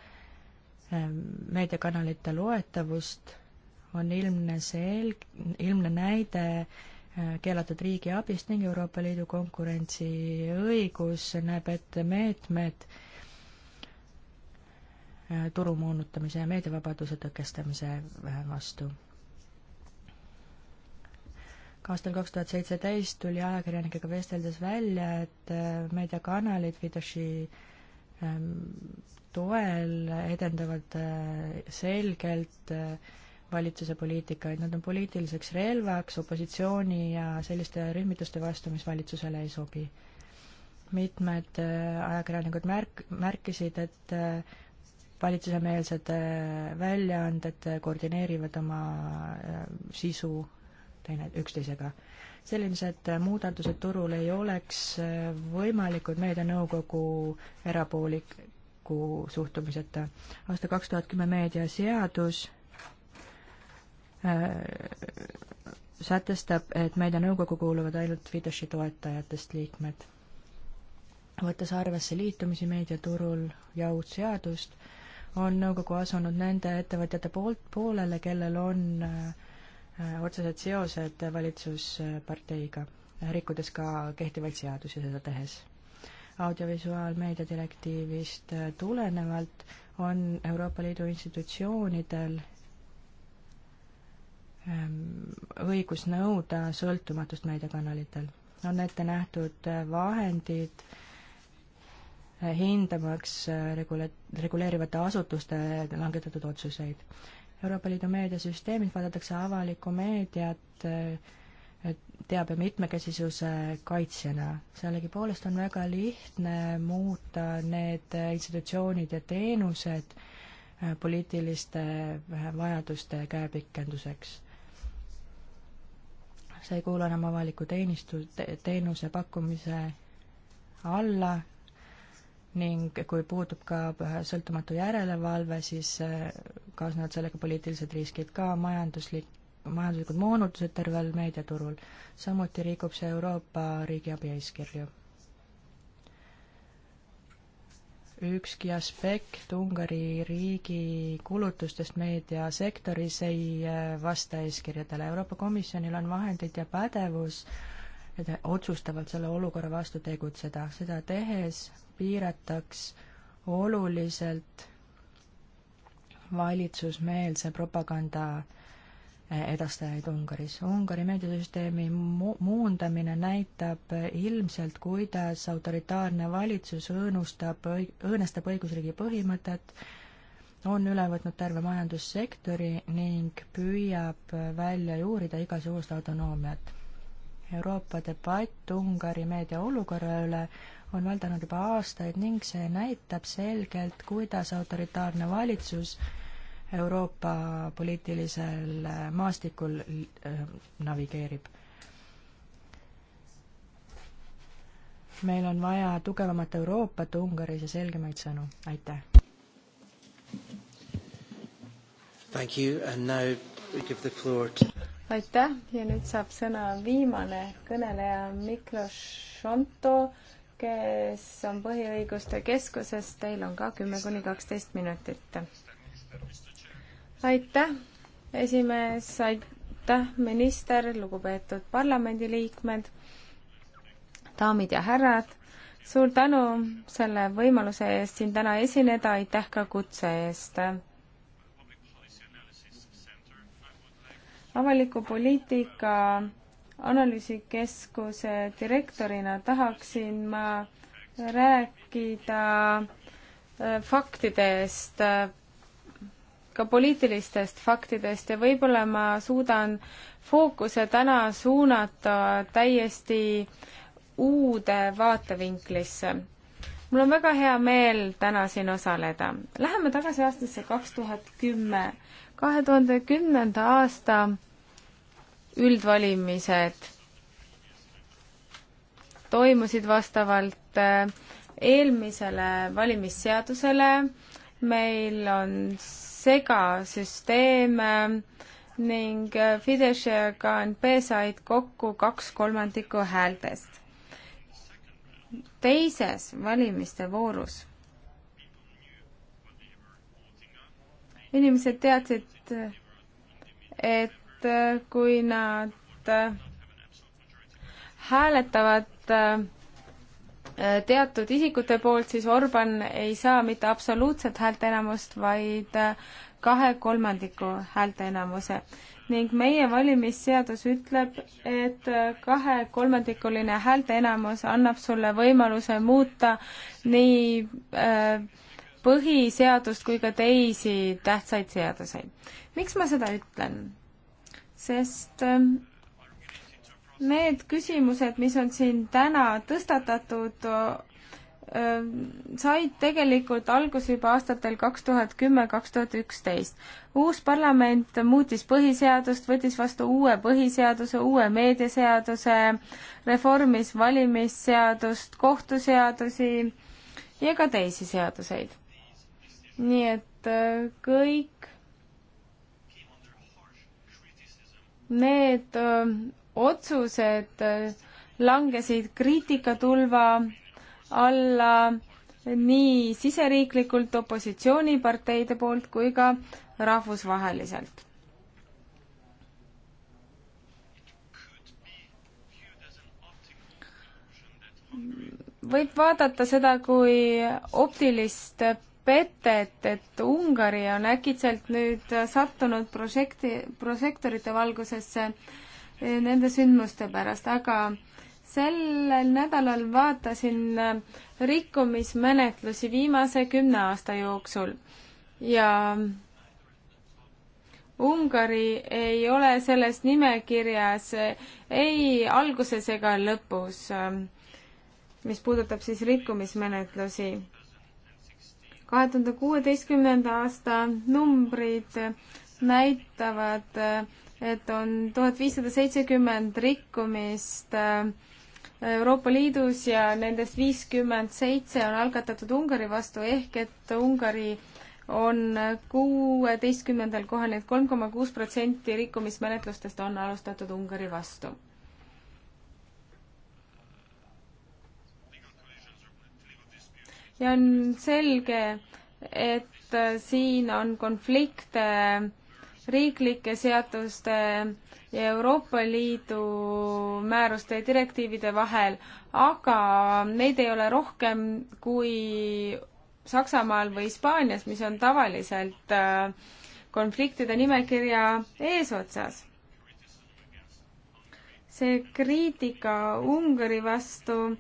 meediakanalite loetavust on ilmne see, ilmne näide äh, keelatud riigiabist ning Euroopa Liidu konkurentsiõigus näeb ette meetmed äh, turu moonutamise ja meediavabaduse tõkestamise äh, vastu. ka aastal kaks tuhat seitseteist tuli ajakirjanikega vesteldes välja, et meediakanalid Fideshi ähm, toel edendavad selgelt äh, valitsuse poliitikaid, nad on poliitiliseks relvaks opositsiooni ja selliste rühmituste vastu, mis valitsusele ei sobi. mitmed äh, ajakirjanikud märk-, märkisid, et äh, valitsusemeelsed äh, väljaanded koordineerivad oma sisu teine, üksteisega. sellised muudatused turul ei oleks võimalikud meedianõukogu erapoolik, avaliku suhtumiseta. aasta kaks tuhat kümme meediaseadus Äh, sätestab, et meile nõukogu kuuluvad ainult Fideszi toetajatest liikmed. võttes arvesse liitumisi meediaturul ja uut seadust, on nõukogu asunud nende ettevõtjate poolt poolele, kellel on äh, otsesed seosed valitsusparteiga, rikkudes ka kehtivaid seadusi seda tehes audiovisuaalmeedia direktiivist äh, tulenevalt on Euroopa Liidu institutsioonidel Ehm, õigus nõuda sõltumatust meediakanalitel. on ette nähtud äh, vahendid äh, hindamaks äh, regule-, reguleerivate asutuste langetatud otsuseid. Euroopa Liidu meediasüsteemid vaadatakse avalikku meediat teabe mitmekesisuse kaitsjana. sellegipoolest on väga lihtne muuta need institutsioonid ja teenused poliitiliste vajaduste käepikenduseks see ei kuulu enam avaliku teenistu-, teenuse pakkumise alla ning kui puudub ka sõltumatu järelevalve, siis eh, kaasnevad sellega poliitilised riskid ka majanduslik, majanduslikud moonutused tervel meediaturul. samuti rikub see Euroopa riigiabi eeskirju ükski aspekt Ungari riigi kulutustest meediasektoris ei äh, vasta eeskirjadele. Euroopa Komisjonil on vahendid ja pädevus otsustavalt selle olukorra vastu tegutseda. seda tehes piirataks oluliselt valitsusmeelse propaganda edastajaid Ungaris. Ungari meediasüsteemi mu-, muundamine näitab ilmselt, kuidas autoritaarne valitsus õõnustab, õõnestab õigusriigi põhimõtet, on üle võtnud terve majandussektori ning püüab välja juurida igasugust autonoomiat. Euroopa debatt Ungari meedia olukorra üle on väldanud juba aastaid ning see näitab selgelt, kuidas autoritaarne valitsus Euroopa poliitilisel äh, maastikul äh, navigeerib. meil on vaja tugevamat Euroopat Ungaris ja selgemaid sõnu, aitäh! aitäh ja nüüd saab sõna viimane kõneleja Miklos Šonto, kes on Põhiõiguste Keskusest, teil on ka kümme kuni kaksteist minutit aitäh, esimees, aitäh, minister, lugupeetud parlamendiliikmed, daamid ja härrad, suur tänu selle võimaluse eest siin täna esineda, aitäh ka kutse eest. avaliku poliitika analüüsikeskuse direktorina tahaksin ma rääkida äh, faktidest ka poliitilistest faktidest ja võib-olla ma suudan fookuse täna suunata täiesti uude vaatevinklisse. mul on väga hea meel täna siin osaleda. Läheme tagasi aastasse kaks tuhat kümme. kahe tuhande kümnenda aasta üldvalimised toimusid vastavalt äh, eelmisele valimisseadusele. meil on segasüsteem äh, ning äh, Fidesz ja KNP said kokku kaks kolmandikku häältest. teises valimiste voorus inimesed teadsid, et äh, kui nad hääletavad Äh, teatud isikute poolt, siis Orban ei saa mitte absoluutset häälteenamust, vaid äh, kahe kolmandiku häälteenamuse. ning meie valimisseadus ütleb, et äh, kahekolmandikuline häälteenamus annab sulle võimaluse muuta nii põhiseadust kui ka teisi tähtsaid seaduseid. miks ma seda ütlen? sest Need küsimused, mis on siin täna tõstatatud, said tegelikult alguse juba aastatel kaks tuhat kümme, kaks tuhat üksteist. uus parlament muutis põhiseadust, võttis vastu uue põhiseaduse, uue meediaseaduse, reformis valimisseadust, kohtuseadusi ja ka teisi seaduseid. nii et kõik need otsused äh, langesid kriitikatulva alla nii siseriiklikult opositsiooniparteide poolt kui ka rahvusvaheliselt. võib vaadata seda kui optilist petet, et Ungari on äkitselt nüüd sattunud projekti, prožektorite valgusesse äh, nende sündmuste pärast, aga sellel nädalal vaatasin rikkumismenetlusi viimase kümne aasta jooksul ja Ungari ei ole selles nimekirjas ei alguses ega lõpus, mis puudutab siis rikkumismenetlusi. kahe tuhande kuueteistkümnenda aasta numbrid näitavad et on tuhat viissada seitsekümmend rikkumist äh, Euroopa Liidus ja nendest viiskümmend seitse on algatatud Ungari vastu, ehk et Ungari on kuueteistkümnendal kohal, nii et kolm koma kuus protsenti rikkumismenetlustest on alustatud Ungari vastu. ja on selge, et äh, siin on konflikte äh, riiklike seaduste ja Euroopa Liidu määruste ja direktiivide vahel, aga neid ei ole rohkem kui Saksamaal või Hispaanias, mis on tavaliselt äh, konfliktide nimekirja eesotsas. see kriitika Ungari vastu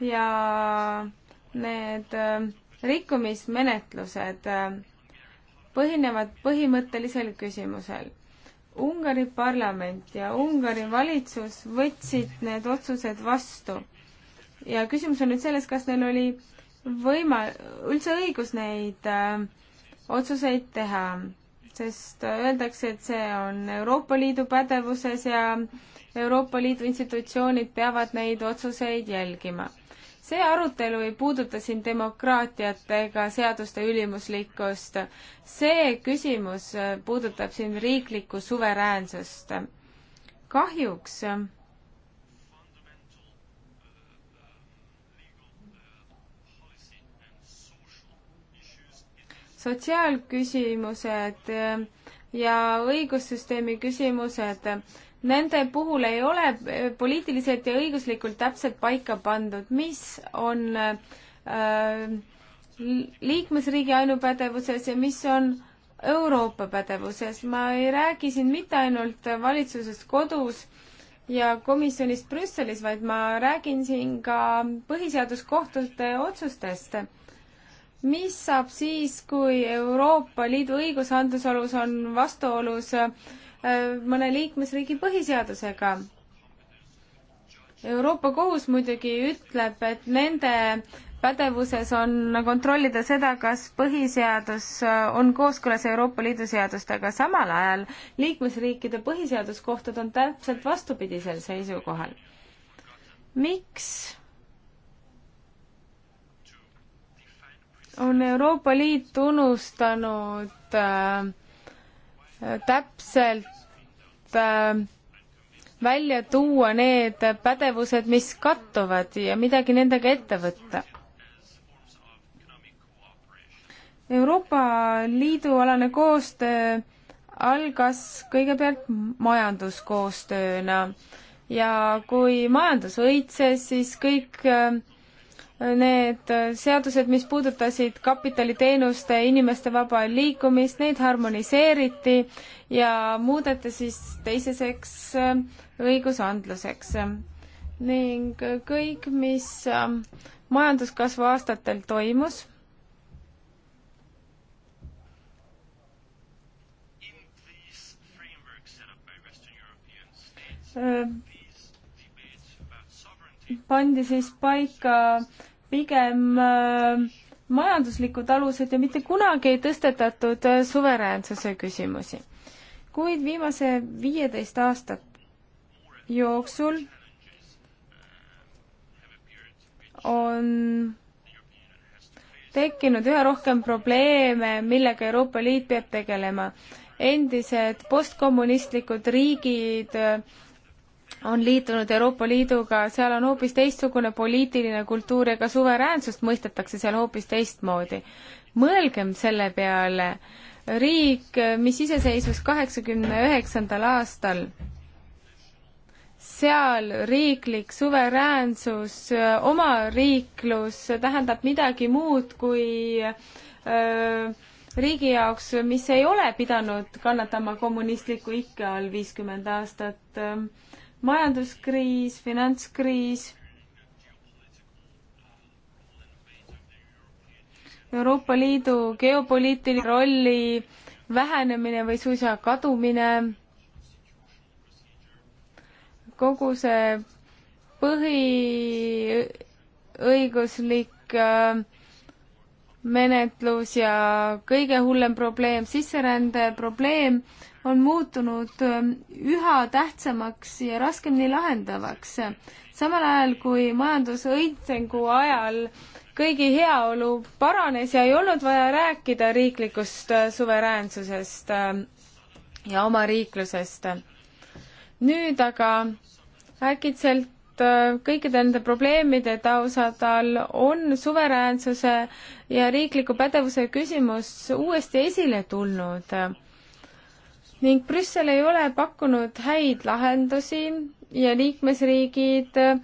ja need äh, rikkumismenetlused äh, põhinevad põhimõttelisel küsimusel. Ungari parlament ja Ungari valitsus võtsid need otsused vastu. ja küsimus on nüüd selles, kas neil oli võima-, üldse õigus neid äh, otsuseid teha, sest öeldakse, et see on Euroopa Liidu pädevuses ja Euroopa Liidu institutsioonid peavad neid otsuseid jälgima see arutelu ei puuduta siin demokraatiat ega seaduste ülimuslikkust. see küsimus äh, puudutab siin riiklikku suveräänsust. kahjuks sotsiaalküsimused äh, ja õigussüsteemi küsimused nende puhul ei ole eh, poliitiliselt ja õiguslikult täpselt paika pandud, mis on äh, liikmesriigi ainupädevuses ja mis on Euroopa pädevuses. ma ei räägi siin mitte ainult valitsusest kodus ja komisjonist Brüsselis, vaid ma räägin siin ka põhiseaduskohtute otsustest. mis saab siis, kui Euroopa Liidu õigusandlusalus on vastuolus äh, Äh, mõne liikmesriigi põhiseadusega. Euroopa Kohus muidugi ütleb, et nende pädevuses on kontrollida seda, kas põhiseadus äh, on kooskõlas Euroopa Liidu seadustega, samal ajal liikmesriikide põhiseaduskohtud on täpselt vastupidisel seisukohal. miks on Euroopa Liit unustanud äh, täpselt Äh, välja tuua need pädevused, mis kattuvad ja midagi nendega ette võtta. Euroopa Liidu alane koostöö algas kõigepealt majanduskoostööna ja kui majandus õitses, siis kõik äh, need seadused, mis puudutasid kapitaliteenuste, inimeste vaba liikumist, neid harmoniseeriti ja muudeti siis teiseseks äh, õigusandluseks. ning kõik, mis äh, majanduskasvu aastatel toimus, äh, pandi siis paika äh, pigem äh, majanduslikud alused ja mitte kunagi ei tõstetatud äh, suveräänsuse küsimusi. kuid viimase viieteist aastat jooksul on tekkinud üha rohkem probleeme, millega Euroopa Liit peab tegelema. endised postkommunistlikud riigid on liitunud Euroopa Liiduga, seal on hoopis teistsugune poliitiline kultuur ja ka suveräänsust mõistetakse seal hoopis teistmoodi. mõelgem selle peale, riik, mis iseseisvus kaheksakümne üheksandal aastal, seal riiklik suveräänsus, omariiklus tähendab midagi muud kui öö, riigi jaoks, mis ei ole pidanud kannatama kommunistliku ikke all viiskümmend aastat öö, majanduskriis, finantskriis, Euroopa Liidu geopoliitiline rolli vähenemine või suisa kadumine, kogu see põhiõiguslik äh, menetlus ja kõige hullem probleem, sisserände probleem on muutunud ähm, üha tähtsamaks ja raskemini lahendavaks. samal ajal kui majandusõitsengu ajal kõigi heaolu paranes ja ei olnud vaja rääkida riiklikust äh, suveräänsusest ähm, ja oma riiklusest. nüüd aga äkitselt äh, kõikide nende probleemide tausadal on suveräänsuse ja riikliku pädevuse küsimus uuesti esile tulnud ning Brüssel ei ole pakkunud häid lahendusi ja liikmesriigid äh,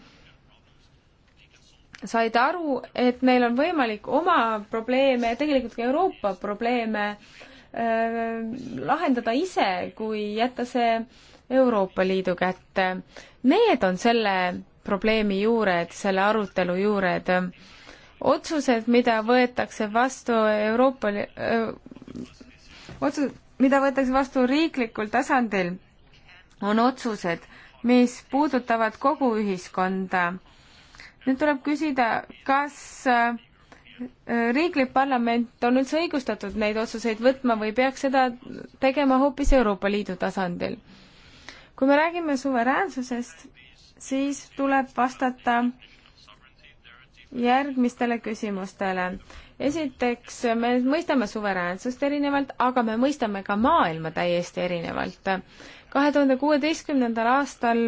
said aru, et meil on võimalik oma probleeme ja tegelikult ka Euroopa probleeme äh, lahendada ise, kui jätta see Euroopa Liidu kätte. Need on selle probleemi juured, selle arutelu juured. otsused, mida võetakse vastu Euroopa äh,, otsused, mida võetakse vastu riiklikul tasandil, on otsused, mis puudutavad kogu ühiskonda. nüüd tuleb küsida, kas äh, riiklik parlament on üldse õigustatud neid otsuseid võtma või peaks seda tegema hoopis Euroopa Liidu tasandil. kui me räägime suveräänsusest, siis tuleb vastata järgmistele küsimustele esiteks, me mõistame suveräänsust erinevalt, aga me mõistame ka maailma täiesti erinevalt. kahe tuhande kuueteistkümnendal aastal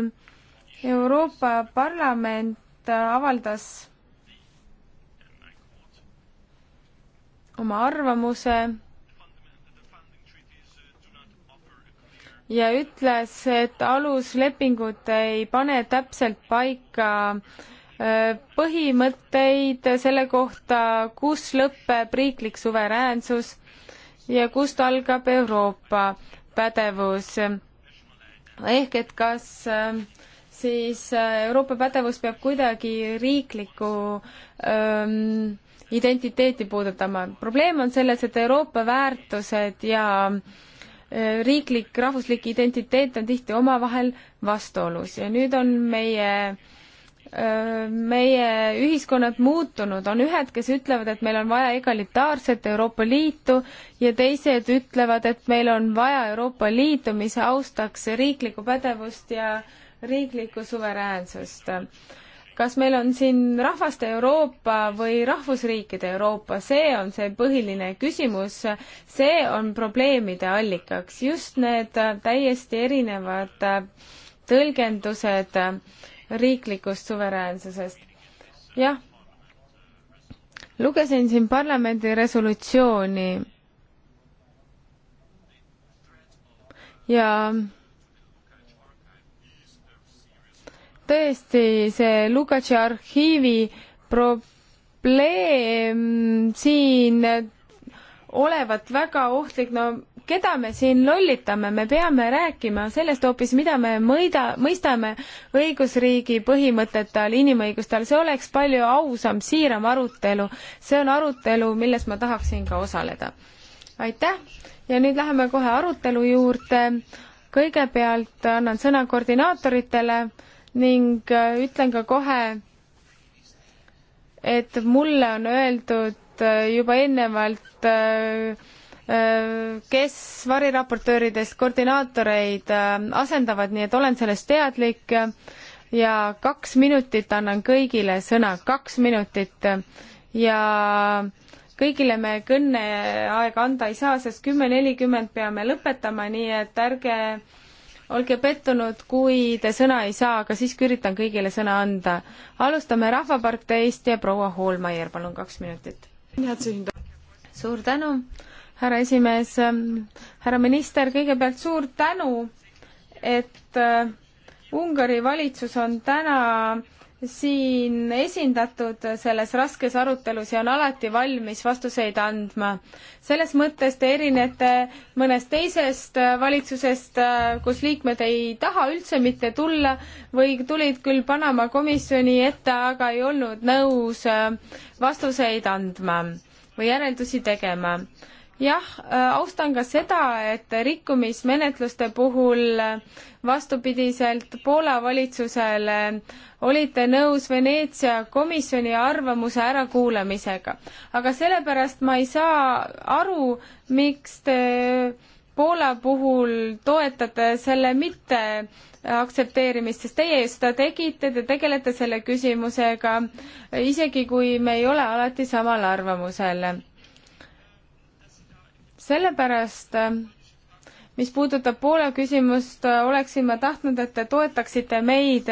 Euroopa Parlament avaldas oma arvamuse ja ütles, et aluslepingud ei pane täpselt paika äh, põhimõtteid selle kohta, kus lõpeb riiklik suveräänsus ja kust algab Euroopa pädevus. ehk et kas äh, siis äh, Euroopa pädevus peab kuidagi riiklikku ähm, identiteeti puudutama. probleem on selles, et Euroopa väärtused ja äh, riiklik, rahvuslik identiteet on tihti omavahel vastuolus ja nüüd on meie äh, meie ühiskonnad muutunud, on ühed, kes ütlevad, et meil on vaja egalitaarset Euroopa Liitu ja teised ütlevad, et meil on vaja Euroopa Liitu, mis austaks riiklikku pädevust ja riiklikku suveräänsust. kas meil on siin rahvaste Euroopa või rahvusriikide Euroopa, see on see põhiline küsimus, see on probleemide allikaks, just need täiesti erinevad tõlgendused äh, riiklikust suveräänsusest. jah, lugesin siin parlamendi resolutsiooni ja tõesti see Lukatši arhiivi probleem siin olevat väga ohtlik, no keda me siin lollitame, me peame rääkima sellest hoopis, mida me mõida, mõistame õigusriigi põhimõtete all, inimõiguste all, see oleks palju ausam, siiram arutelu. see on arutelu, milles ma tahaksin ka osaleda. aitäh ja nüüd läheme kohe arutelu juurde. kõigepealt annan sõna koordinaatoritele ning äh, ütlen ka kohe, et mulle on öeldud äh, juba eelnevalt äh, kes variraportööridest koordinaatoreid äh, asendavad, nii et olen sellest teadlik ja kaks minutit annan kõigile sõna, kaks minutit ja kõigile me kõneaega anda ei saa, sest kümme nelikümmend peame lõpetama, nii et ärge olge pettunud, kui te sõna ei saa, aga siiski üritan kõigile sõna anda. alustame Rahvaparteist ja proua Hoolmeier, palun kaks minutit. suur tänu, härra esimees, ähm, härra minister, kõigepealt suur tänu, et äh, Ungari valitsus on täna siin esindatud selles raskes arutelus ja on alati valmis vastuseid andma. selles mõttes te erinete mõnest teisest äh, valitsusest, äh, kus liikmed ei taha üldse mitte tulla või tulid küll Panama komisjoni ette, aga ei olnud nõus vastuseid andma või järeldusi tegema jah, äh, austan ka seda, et rikkumismenetluste puhul äh, vastupidiselt Poola valitsusele olite nõus Veneetsia komisjoni arvamuse ärakuulamisega. aga sellepärast ma ei saa aru, miks te Poola puhul toetate selle mitte aktsepteerimist, sest teie seda tegite, te tegelete selle küsimusega, isegi kui me ei ole alati samal arvamusel sellepärast, äh, mis puudutab Poola küsimust, äh, oleksin ma tahtnud, et te toetaksite meid,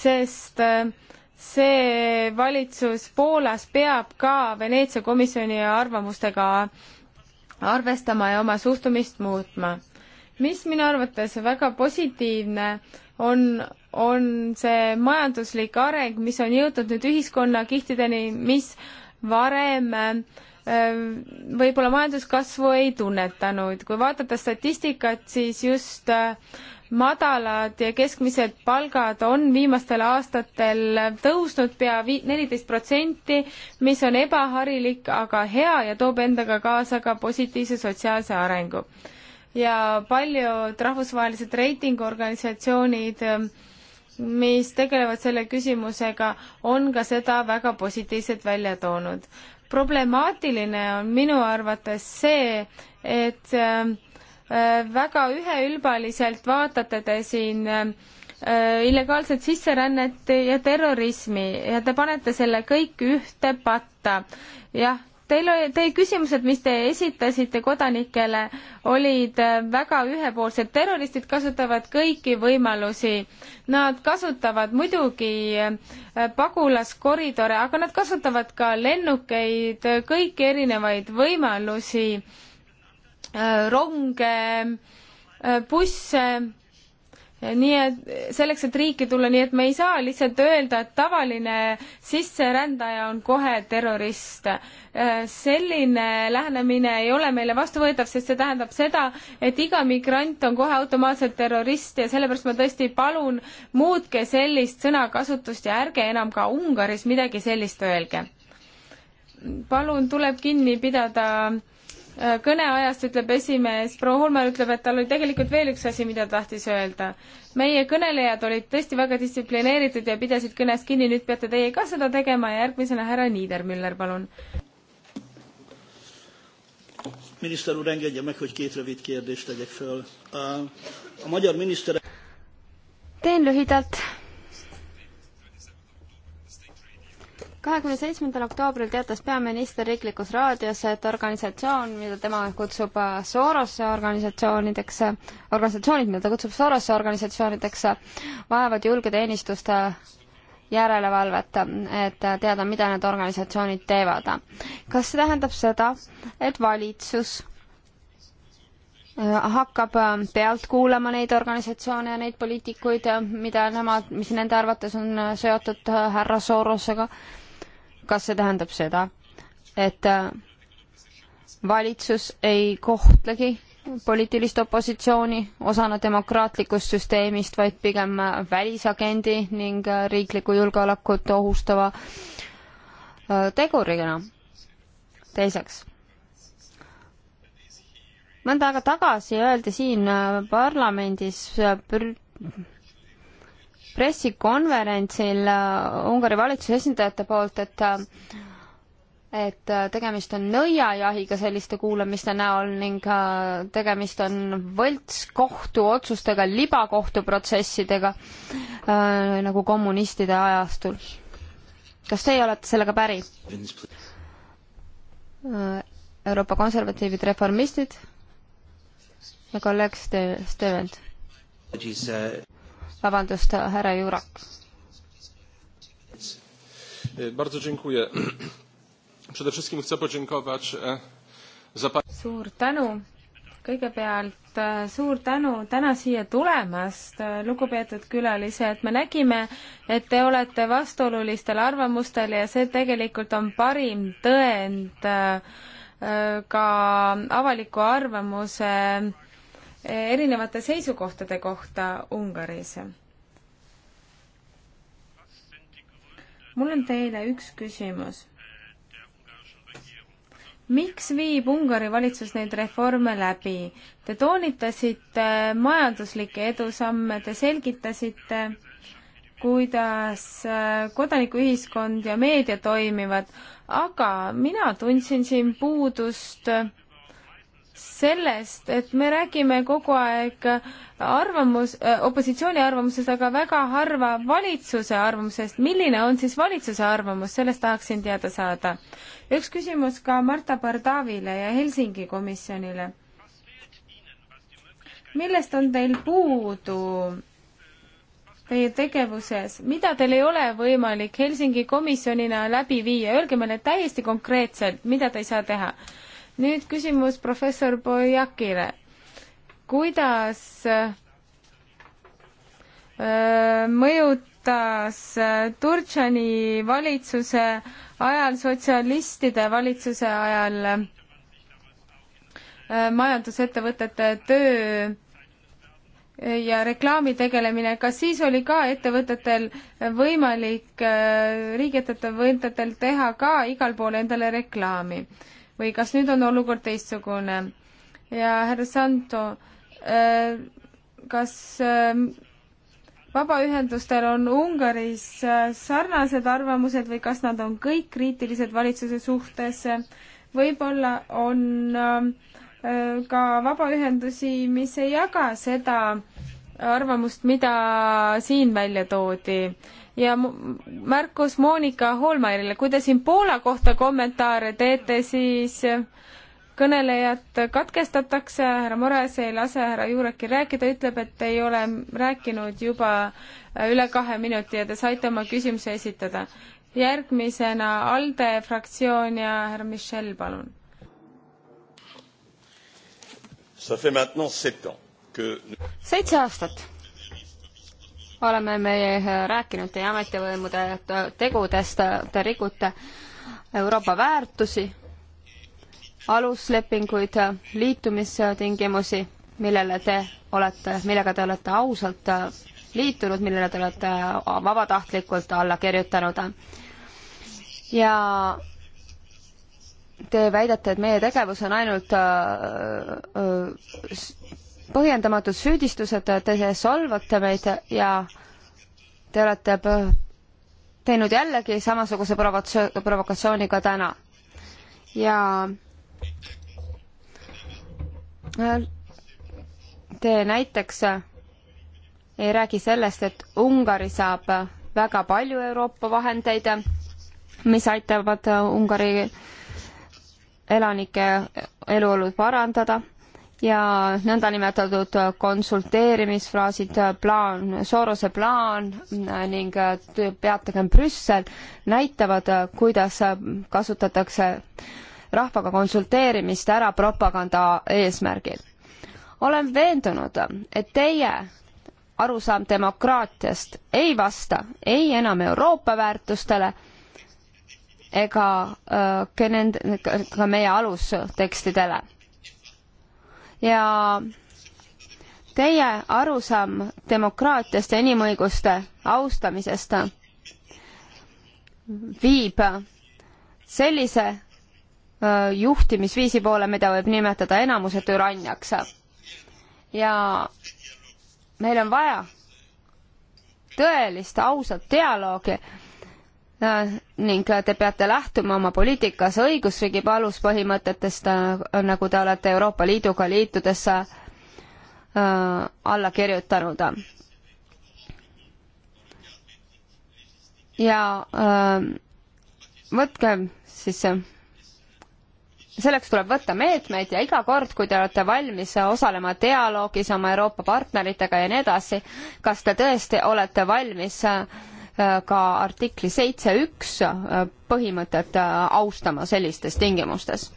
sest äh, see valitsus Poolas peab ka Veneetsia komisjoni arvamustega arvestama ja oma suhtumist muutma. mis minu arvates väga positiivne on, on see majanduslik areng, mis on jõudnud nüüd ühiskonnakihtideni, mis varem äh, Ehm, võib-olla majanduskasvu ei tunnetanud. kui vaadata statistikat, siis just äh, madalad ja keskmised palgad on viimastel aastatel tõusnud pea neliteist protsenti, mis on ebaharilik, aga hea ja toob endaga kaasa ka positiivse sotsiaalse arengu. ja paljud rahvusvahelised reitinguorganisatsioonid ehm, mis tegelevad selle küsimusega, on ka seda väga positiivselt välja toonud problemaatiline on minu arvates see, et äh, väga üheülbaliselt vaatate te siin äh, illegaalset sisserännet ja terrorismi ja te panete selle kõik ühte patta. jah, Teil oli, teie küsimused, mis te esitasite kodanikele, olid äh, väga ühepoolsed. terroristid kasutavad kõiki võimalusi. Nad kasutavad muidugi äh, pagulaskoridore, aga nad kasutavad ka lennukeid, äh, kõiki erinevaid võimalusi, ronge, busse nii et selleks, et riiki tulla, nii et me ei saa lihtsalt öelda, et tavaline sisserändaja on kohe terrorist. Äh, selline lähenemine ei ole meile vastuvõetav, sest see tähendab seda, et iga migrant on kohe automaatselt terrorist ja sellepärast ma tõesti palun, muutke sellist sõnakasutust ja ärge enam ka Ungaris midagi sellist öelge. palun, tuleb kinni pidada äh, Äh, kõneajast ütleb esimees, proua Holmer ütleb, et tal oli tegelikult veel üks asi, mida tahtis öelda. meie kõnelejad olid tõesti väga distsiplineeritud ja pidasid kõnest kinni, nüüd peate teie ka seda tegema ja järgmisena härra Niidermüller, palun. minister úr, engedje meg, hogy két rövid kérdést tegyek föl. A magyar miniszter... Teen lühidalt kahekümne seitsmendal oktoobril teatas peaminister riiklikus raadios, et organisatsioon, mida tema kutsub äh, Sorose organisatsioonideks, äh, organisatsioonid, mida ta kutsub Sorose organisatsioonideks, äh, vajavad julgeteenistuste järelevalvet, et teada, mida need organisatsioonid teevad. kas see tähendab seda, et valitsus hakkab pealt kuulama neid organisatsioone ja neid poliitikuid, mida nemad, mis nende arvates on seotud härra Sorosega kas see tähendab seda, et äh, valitsus ei kohtlegi poliitilist opositsiooni osana demokraatlikust süsteemist, vaid pigem äh, välisagendi ning äh, riiklikku julgeolekut ohustava tegurina. teiseks, mõnda aega tagasi öeldi siin parlamendis pressikonverentsil äh, Ungari valitsuse esindajate poolt, et äh, et äh, tegemist on nõiajahiga selliste kuulamiste näol ning tegemist on võltskohtuotsustega, libakohtuprotsessidega äh, nagu kommunistide ajastul. kas teie olete sellega päri? Euroopa konservatiivid, reformistid ja kolleeg Stevens vabandust, härra Jurak. E, suur tänu, kõigepealt e, suur tänu täna siia tulemast, e, lugupeetud külalised, me nägime, et te olete vastuolulistel arvamustel ja see tegelikult on parim tõend ka avaliku arvamuse erinevate seisukohtade kohta Ungaris. mul on teile üks küsimus. miks viib Ungari valitsus neid reforme läbi? Te toonitasite majanduslikke edusamme, te selgitasite, kuidas äh, kodanikuühiskond ja meedia toimivad, aga mina tundsin siin puudust äh, sellest, et me räägime kogu aeg arvamus, äh, opositsiooni arvamusest, aga väga harva valitsuse arvamusest. milline on siis valitsuse arvamus, sellest tahaksin teada saada. üks küsimus ka Marta Pardavile ja Helsingi komisjonile. millest on teil puudu teie tegevuses, mida teil ei ole võimalik Helsingi komisjonina läbi viia, öelge meile täiesti konkreetselt, mida te ei saa teha nüüd küsimus professor Bojakile. kuidas äh, mõjutas äh, Turtšani valitsuse ajal, sotsialistide valitsuse ajal äh, majandusettevõtete töö ja reklaami tegelemine, kas siis oli ka ettevõtetel võimalik, riigiettevõtetel teha ka igal pool endale reklaami? või kas nüüd on olukord teistsugune? ja härra Santo, äh, kas äh, vabaühendustel on Ungaris äh, sarnased arvamused või kas nad on kõik kriitilised valitsuse suhtes? võib-olla on ka vabaühendusi, mis ei jaga seda arvamust, mida siin välja toodi ja märkus Monika Holmairile, kui te siin Poola kohta kommentaare teete, siis kõnelejat katkestatakse, härra Mores ei lase härra Juurekil rääkida, ütleb, et ei ole rääkinud juba üle kahe minuti ja te saite oma küsimuse esitada. järgmisena ALDE fraktsioon ja härra Michel, palun. seitse aastat oleme me äh, rääkinud teie ametivõimude tegudest, te rikute Euroopa väärtusi, aluslepinguid, liitumistingimusi, millele te olete, millega te olete ausalt äh, liitunud, millele te olete äh, vabatahtlikult alla kirjutanud. ja te väidate, et meie tegevus on ainult põhjendamatud süüdistused, te solvate meid ja te olete teinud jällegi samasuguse provotsioon, provokatsiooni ka täna. ja äh, te näiteks äh, ei räägi sellest, et Ungari saab äh, väga palju Euroopa vahendeid, mis aitavad Ungari elanike eluolu parandada ja nõndanimetatud konsulteerimisfraasid, plaan, Sorose plaan äh, ning äh, peatagem Brüssel näitavad, äh, kuidas kasutatakse rahvaga konsulteerimist ära propaganda eesmärgil. olen veendunud, et teie arusaam demokraatiast ei vasta ei enam Euroopa väärtustele ega ka nende, ka meie alustekstidele ja teie arusaam demokraatiast ja inimõiguste austamisest viib sellise juhtimisviisi poole, mida võib nimetada enamuse türanniaks. ja meil on vaja tõelist ausat dialoogi Äh, ning te peate lähtuma oma poliitikas õigusriigi aluspõhimõtetest, äh, nagu te olete Euroopa Liiduga liitudes äh, alla kirjutanud. ja võtke siis selleks tuleb võtta meetmeid ja iga kord, kui te olete valmis osalema dialoogis oma Euroopa partneritega ja nii edasi, kas te tõesti olete valmis äh, Äh, ka artikli seitse üks äh, põhimõtet äh, austama sellistes tingimustes.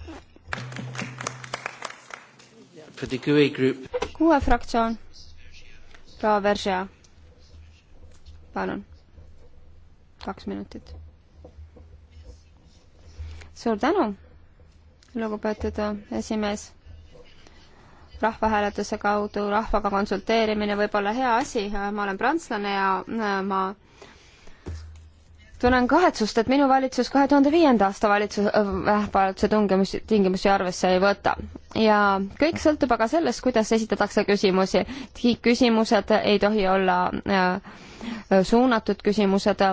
E kuue fraktsioon, proua Veržia, palun, kaks minutit. suur tänu, lugupeetud esimees rahvahääletuse kaudu rahvaga konsulteerimine võib olla hea asi, ma olen prantslane ja ma tunnen kahetsust, et minu valitsus kahe tuhande viienda aasta valitsus äh,, valitsuse tungimusi, tingimusi arvesse ei võta. ja kõik sõltub aga sellest, kuidas esitatakse küsimusi. küsimused ei tohi olla äh, suunatud küsimused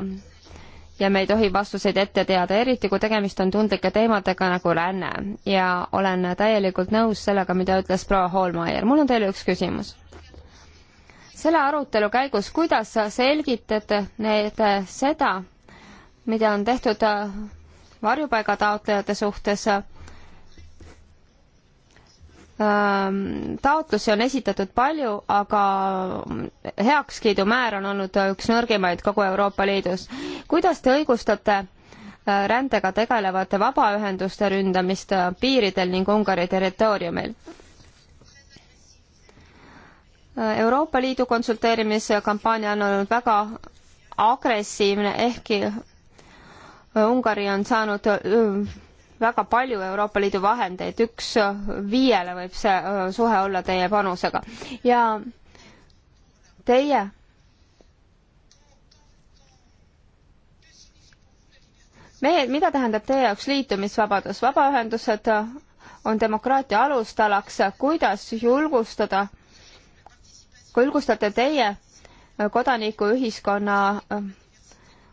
ja me ei tohi vastuseid ette teada, eriti kui tegemist on tundlike teemadega nagu ränne. ja olen täielikult nõus sellega, mida ütles proua Hoolmeier. mul on teile üks küsimus selle arutelu käigus, kuidas sa selgitate need, seda, mida on tehtud äh, varjupaiga taotlejate suhtes. Ähm, taotlusi on esitatud palju, aga heakskiidumäär on olnud üks nõrgemaid kogu Euroopa Liidus. kuidas te õigustate äh, rändega tegelevate vabaühenduste ründamist äh, piiridel ning Ungari territooriumil? Euroopa Liidu konsulteerimiskampaania on olnud väga agressiivne, ehkki Ungari on saanud väga palju Euroopa Liidu vahendeid, üks viiele võib see suhe olla teie panusega. ja teie meie, mida tähendab teie jaoks liitumisvabadus? vabaühendused on demokraatia alustalaks, kuidas julgustada, julgustate teie kodanikuühiskonna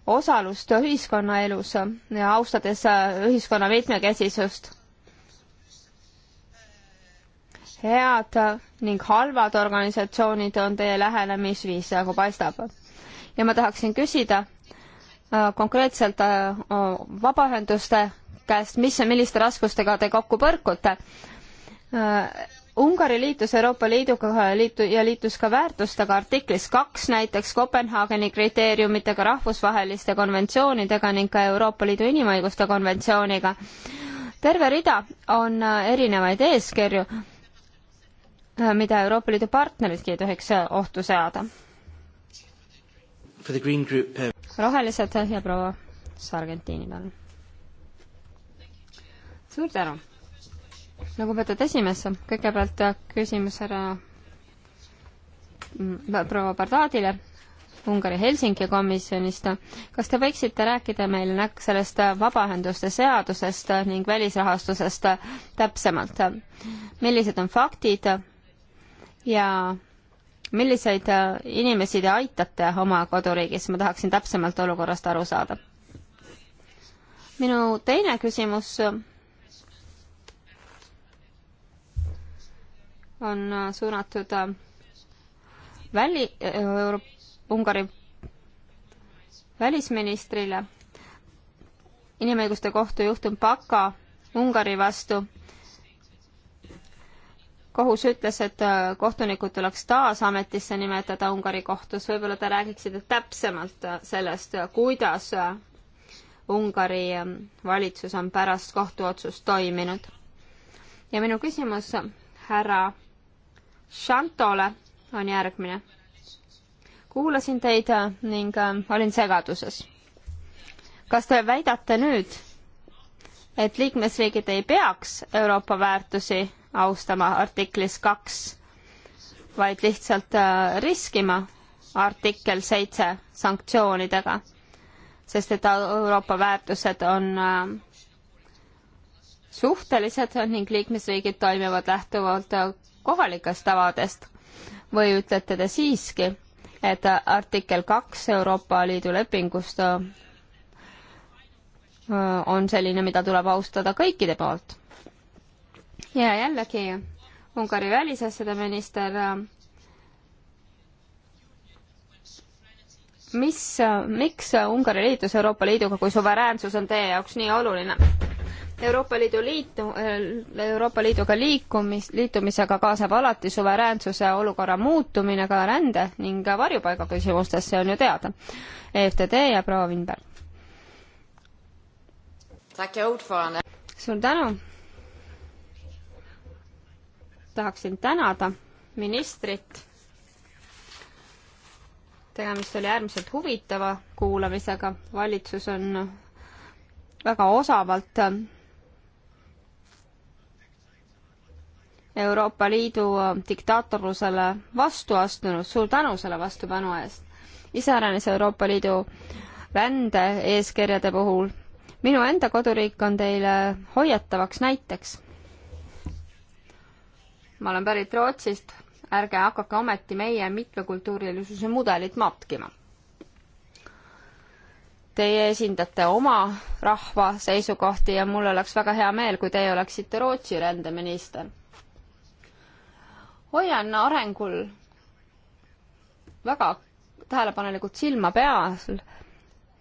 osalust ühiskonnaelus ja austades äh, ühiskonna mitmekesisust. head ning halvad organisatsioonid on teie lähenemisviis, nagu paistab. ja ma tahaksin küsida äh, konkreetselt äh, vabaühenduste käest, mis ja milliste raskustega te kokku põrkute Ungari liitus Euroopa Liiduga liitu ja liitus ka väärtustega artiklis kaks näiteks Kopenhaageni kriteeriumitega, rahvusvaheliste konventsioonidega ning ka Euroopa Liidu inimõiguste konventsiooniga. terve rida on äh, erinevaid eeskirju, äh, mida Euroopa Liidu partneridki ei tohiks äh, ohtu seada. Uh, rohelised ja proua Sargentini, palun. suur tänu lugupeetud esimees, kõigepealt küsimus härra mm, proua Bardaadile Ungari Helsingi komisjonist. kas te võiksite rääkida meile sellest vabaühenduste seadusest ning välisrahastusest täpsemalt? millised on faktid ja milliseid inimesi te aitate oma koduriigis, ma tahaksin täpsemalt olukorrast aru saada. minu teine küsimus on äh, suunatud äh, väli, äh, Euro-, Ungari välisministrile inimõiguste kohtu juhtum Baka Ungari vastu. kohus ütles, et kohtunikud tuleks taas ametisse nimetada Ungari kohtus, võib-olla te räägiksite täpsemalt sellest, kuidas Ungari ähm, valitsus on pärast kohtuotsust toiminud. ja minu küsimus härra Shantole on järgmine. kuulasin teid äh, ning äh, olin segaduses. kas te väidate nüüd, et liikmesriigid ei peaks Euroopa väärtusi austama artiklis kaks, vaid lihtsalt äh, riskima artikkel seitse sanktsioonidega, sest et Euroopa väärtused on suhtelised ning liikmesriigid toimivad lähtuvalt kohalikest tavadest või ütlete te siiski, et artikkel kaks Euroopa Liidu lepingust äh, on selline, mida tuleb austada kõikide poolt? ja jällegi Ungari välisasjade minister mis, miks Ungari liitus Euroopa Liiduga, kui suveräänsus on teie jaoks nii oluline? Euroopa Liidu liitu, Euroopa Liiduga liikumis, liitumisega kaasneb alati suveräänsuse olukorra muutumine ka rände ning varjupaiga küsimustes, see on ju teada. EFTD ja proua Vinberg. suur tänu. tahaksin tänada ministrit tegemist oli äärmiselt huvitava kuulamisega, valitsus on väga osavalt Euroopa Liidu diktaatorlusele vastu astunud, suur tänu selle vastupanu eest. iseäranis Euroopa Liidu rände-eeskirjade puhul. minu enda koduriik on teile hoiatavaks näiteks. ma olen pärit Rootsist, ärge hakake ometi meie mitmekultuurilisuse mudelit matkima. Teie esindate oma rahva seisukohti ja mul oleks väga hea meel, kui teie oleksite Rootsi rändeminister hoian arengul väga tähelepanelikult silma peal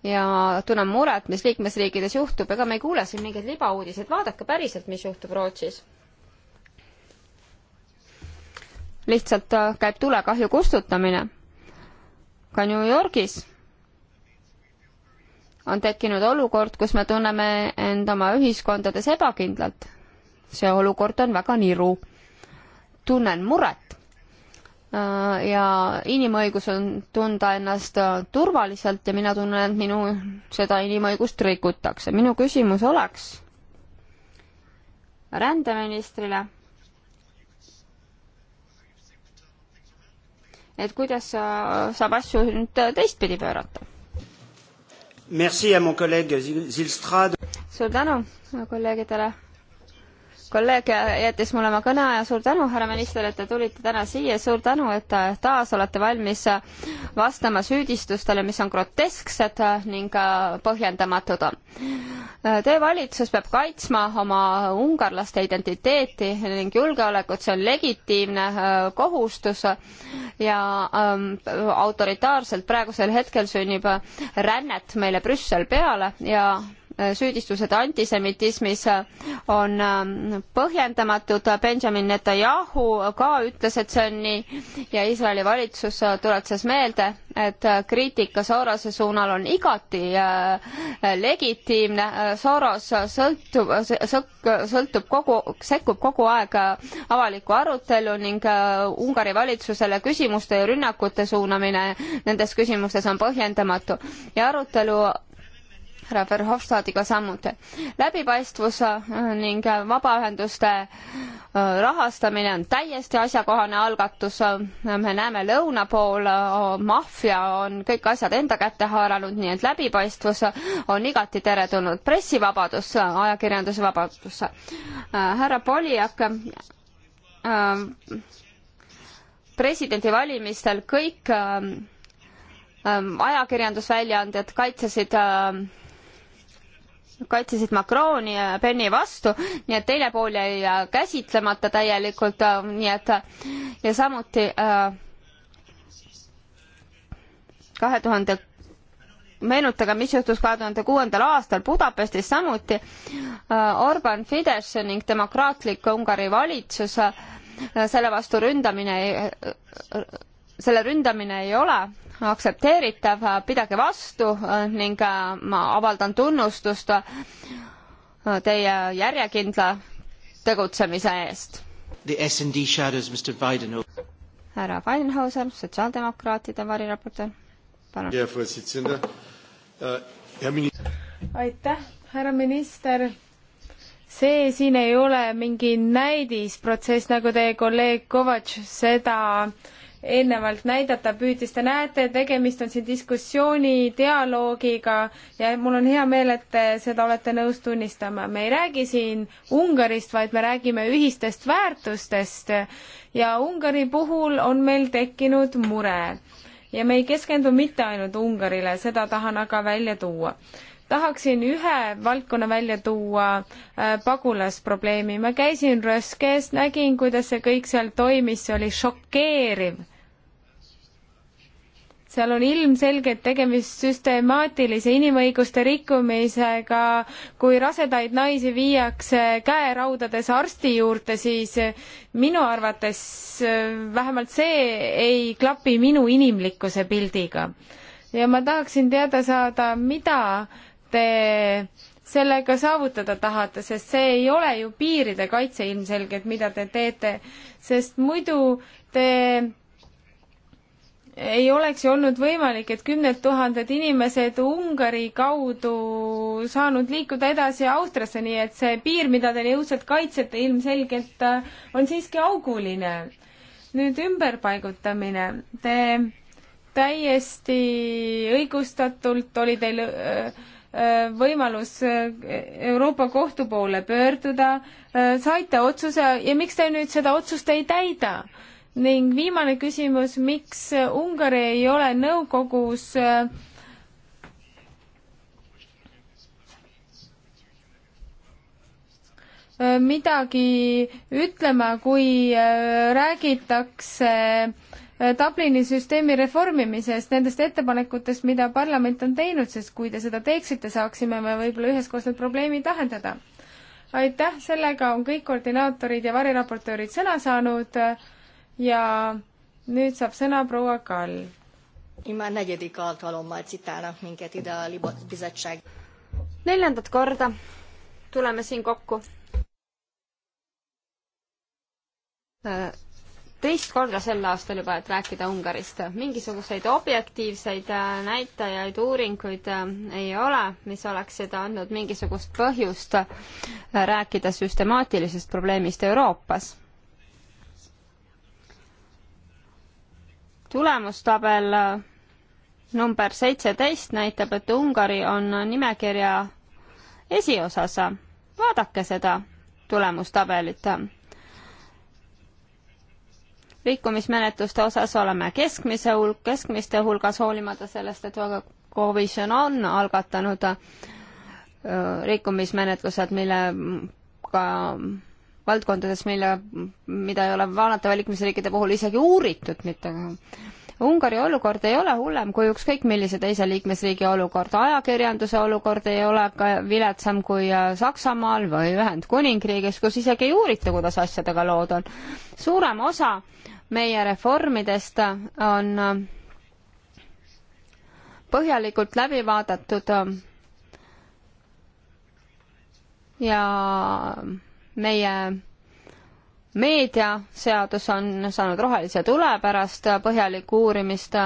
ja tunnen muret, mis liikmesriikides juhtub, ega me ei kuule siin mingeid libauudiseid, vaadake päriselt, mis juhtub Rootsis. lihtsalt äh, käib tulekahju kustutamine. ka New Yorgis on tekkinud olukord, kus me tunneme end oma ühiskondades ebakindlalt. see olukord on väga niru tunnen muret äh, ja inimõigus on tunda ennast äh, turvaliselt ja mina tunnen, et minu seda inimõigust rikutakse. minu küsimus oleks rändeministrile, et kuidas äh, saab asju nüüd teistpidi pöörata. suur tänu kolleegidele kolleeg jättis mulle oma kõne ja suur tänu, härra minister, et te tulite täna siia, suur tänu, et taas olete valmis vastama süüdistustele, mis on grotesksed ning põhjendamatud. Teie valitsus peab kaitsma oma ungarlaste identiteeti ning julgeolekut, see on legitiimne kohustus ja ähm, autoritaarselt praegusel hetkel sünnib rännet meile Brüssel peale ja Äh, süüdistused antisemitismis äh, on ähm, põhjendamatud. Benjamin Netanyahu ka ütles, et see on nii ja Iisraeli valitsus äh, tuletas meelde, et kriitika Sorose suunal on igati legitiimne. Soros sõltub, sõltub kogu, sekkub kogu aeg avalikku arutelu ning Ungari valitsusele küsimuste ja rünnakute suunamine nendes küsimustes on põhjendamatu ja arutelu härra Verhofstadtiga samuti. läbipaistvus äh, ning äh, vabaühenduste äh, rahastamine on täiesti asjakohane algatus, me näeme lõuna pool, maffia on kõik asjad enda kätte haaranud, nii et läbipaistvus on igati teretulnud. pressivabadus, ajakirjandusvabadus. härra Poljak presidendivalimistel kõik ajakirjandusväljaanded kaitsesid äh, kaitsesid Macroni ja Penny vastu, nii et teine pool jäi äh, käsitlemata täielikult, äh, nii et ja samuti äh, kahe tuhande meenutage, mis juhtus kahe tuhande kuuendal aastal Budapestis samuti. Orban Fidesz ning demokraatlik Ungari valitsus, selle vastu ründamine selle ründamine ei ole aktsepteeritav, pidage vastu äh, ning äh, ma avaldan tunnustust äh, teie järjekindla tegutsemise eest. härra Weidenhauser, sotsiaaldemokraatide variraportöör, palun. aitäh, härra minister see siin ei ole mingi näidisprotsess, nagu teie kolleeg Kovatš seda äh, eelnevalt näidata püüdis. Te näete, tegemist on siin diskussiooni, dialoogiga ja mul on hea meel, et te seda olete nõus tunnistama. me ei räägi siin Ungarist, vaid me räägime ühistest väärtustest ja Ungari puhul on meil tekkinud mure. ja me ei keskendu mitte ainult Ungarile, seda tahan aga välja tuua tahaksin ühe valdkonna välja tuua äh,, pagulasprobleemi. ma käisin Röskes, nägin, kuidas see kõik seal toimis, see oli šokeeriv seal on ilmselgelt tegemist süstemaatilise inimõiguste rikkumisega, kui rasedaid naisi viiakse käeraudades arsti juurde, siis minu arvates äh, vähemalt see ei klapi minu inimlikkuse pildiga. ja ma tahaksin teada saada, mida te sellega saavutada tahate, sest see ei ole ju piiride kaitse ilmselgelt, mida te teete, sest muidu te ei oleks ju olnud võimalik, et kümned tuhanded inimesed Ungari kaudu saanud liikuda edasi Austriasse, nii et see piir, mida te jõudsalt kaitsete, ilmselgelt äh, on siiski auguline. nüüd ümberpaigutamine. Te täiesti õigustatult oli teil äh, äh, võimalus Euroopa Kohtu poole pöörduda, saite otsuse ja miks te nüüd seda otsust ei täida? ning viimane küsimus, miks Ungari ei ole nõukogus äh, midagi ütlema, kui äh, räägitakse äh, Dublini süsteemi reformimisest, nendest ettepanekutest, mida parlament on teinud, sest kui te seda teeksite, saaksime me võib-olla üheskoos need probleemid lahendada. aitäh, sellega on kõik koordinaatorid ja variraportöörid sõna saanud ja nüüd saab sõna proua Kall. neljandat korda tuleme siin kokku. teist korda sel aastal juba, et rääkida Ungarist. mingisuguseid objektiivseid näitajaid, uuringuid ei ole, mis oleksid andnud mingisugust põhjust rääkida süstemaatilisest probleemist Euroopas tulemustabel äh, number seitseteist näitab, et Ungari on nimekirja esiosas. vaadake seda tulemustabelit. rikkumismenetluste osas oleme keskmise hulk, keskmiste hulgas, hoolimata sellest, et väga komisjon on algatanud äh, rikkumismenetlused, millega valdkondades, mille, mida ei ole vaadata liikmesriikide puhul isegi uuritud mitte. Ungari olukord ei ole hullem kui ükskõik millise teise liikmesriigi olukord. ajakirjanduse olukord ei ole ka viletsam kui Saksamaal või Ühendkuningriigis, kus isegi ei uurita, kuidas asjadega lood on. suurem osa meie reformidest on põhjalikult läbi vaadatud ja meie meediaseadus on saanud rohelise tule pärast põhjalikku uurimist,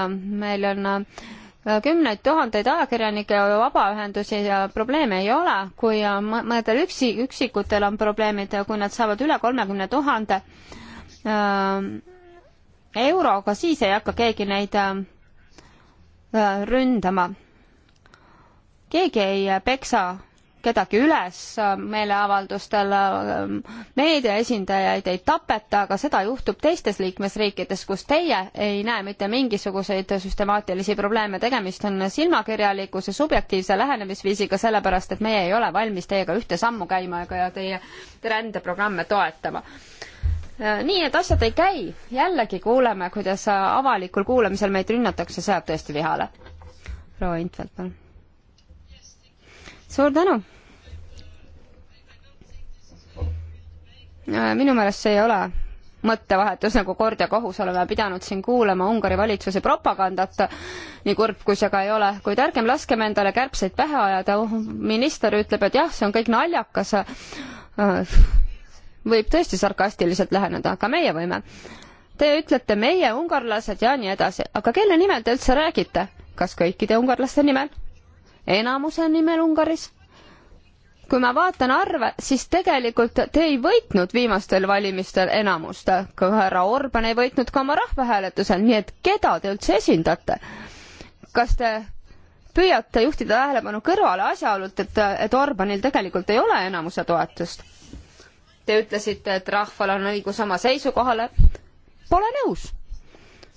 meil on äh, kümneid tuhandeid ajakirjanikke ja vabaühendusi ja probleeme ei ole, kui äh, mõnedel üksi, üksikutel on probleemid, kui nad saavad üle kolmekümne tuhande äh, euroga, siis ei hakka keegi neid ründama. keegi ei peksa kedagi üles meeleavaldustel, meedia esindajaid ei tapeta, aga seda juhtub teistes liikmesriikides, kus teie ei näe mitte mingisuguseid süstemaatilisi probleeme, tegemist on silmakirjalikkuse subjektiivse lähenemisviisiga, sellepärast et meie ei ole valmis teiega ühte sammu käima ega teie rändeprogramme toetama nii et asjad ei käi, jällegi kuuleme, kuidas avalikul kuulamisel meid rünnatakse, see jääb tõesti vihale. proua Intvelt, palun suur tänu! Äh, minu meelest see ei ole mõttevahetus, nagu kord ja kohus oleme pidanud siin kuulama Ungari valitsuse propagandat, nii kurb kui see ka ei ole, kuid ärgem laskem endale kärbseid pähe ajada, minister ütleb, et jah, see on kõik naljakas, äh, võib tõesti sarkastiliselt läheneda, ka meie võime. Te ütlete meie, ungarlased ja nii edasi, aga kelle nimel te üldse räägite? kas kõikide ungarlaste nimel? enamuse nimel Ungaris. kui ma vaatan arve, siis tegelikult te ei võitnud viimastel valimistel enamust, kui härra Orban ei võitnud ka oma rahvahääletusel, nii et keda te üldse esindate? kas te püüate juhtida tähelepanu kõrvale asjaolult, et, et Orbanil tegelikult ei ole enamuse toetust? Te ütlesite, et rahval on õigus oma seisukohale. Pole nõus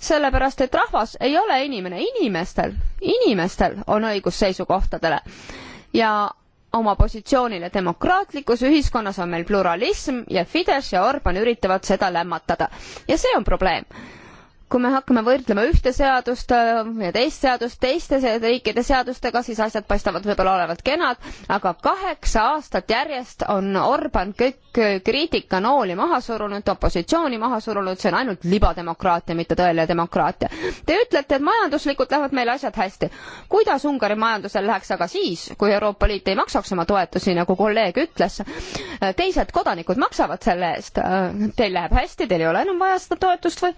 sellepärast et rahvas ei ole inimene, inimestel, inimestel on õigus seisukohtadele ja oma positsioonile demokraatlikus ühiskonnas on meil pluralism ja Fidesz ja Orban üritavad seda lämmatada ja see on probleem kui me hakkame võrdlema ühte seadust äh, ja teist seadust teiste riikide seadustega, siis asjad paistavad võib-olla olevat kenad, aga kaheksa aastat järjest on Orban kõik kriitikanooli maha surunud, opositsiooni maha surunud, see on ainult libademokraatia, mitte tõeline demokraatia. Te ütlete, et majanduslikult lähevad meil asjad hästi. kuidas Ungari majandusel läheks aga siis, kui Euroopa Liit ei maksaks oma toetusi, nagu kolleeg ütles? teised kodanikud maksavad selle eest. Äh, teil läheb hästi, teil ei ole enam vaja seda toetust või?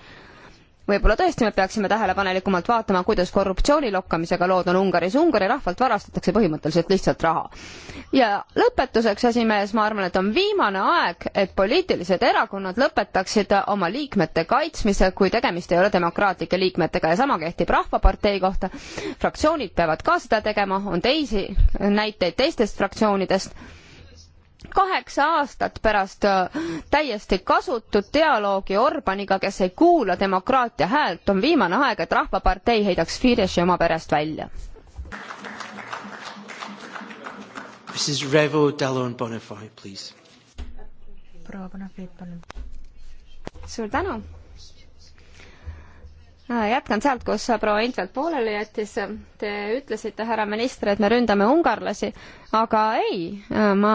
võib-olla tõesti me peaksime tähelepanelikumalt vaatama, kuidas korruptsiooni lokkamisega lood on Ungaris. Ungari rahvalt varastatakse põhimõtteliselt lihtsalt raha. ja lõpetuseks, esimees, ma arvan, et on viimane aeg, et poliitilised erakonnad lõpetaksid oma liikmete kaitsmise, kui tegemist ei ole demokraatlike liikmetega ja sama kehtib Rahvapartei kohta. fraktsioonid peavad ka seda tegema, on teisi näiteid teistest fraktsioonidest kaheksa aastat pärast äh, täiesti kasutut dialoogi Orbaniga, kes ei kuula demokraatia häält, on viimane aeg, et Rahvapartei heidaks Fideszi oma perest välja. Mrs Revo Dallon Bonifay, please. proua Bonifay, palun. suur tänu. Äh, jätkan sealt, kus proua Intvelt pooleli jättis. Te ütlesite, härra minister, et me ründame ungarlasi, aga ei, äh, ma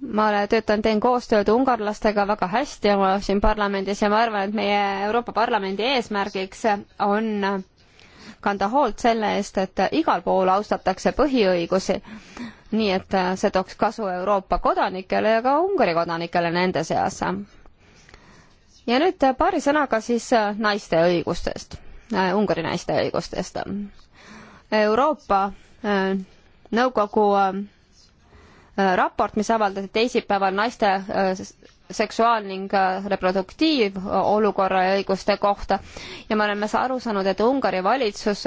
ma olen, töötan, teen koostööd ungarlastega väga hästi oma siin parlamendis ja ma arvan, et meie Euroopa Parlamendi eesmärgiks on kanda hoolt selle eest, et igal pool austatakse põhiõigusi. nii et see tooks kasu Euroopa kodanikele ja ka Ungari kodanikele nende seas. ja nüüd paari sõnaga siis naiste õigustest, äh, Ungari naiste õigustest. Euroopa äh, Nõukogu äh, Äh, raport, mis avaldati teisipäeval naiste äh, seksuaal- ning äh, reproduktiivolukorra ja õiguste kohta ja me oleme aru saanud, et Ungari valitsus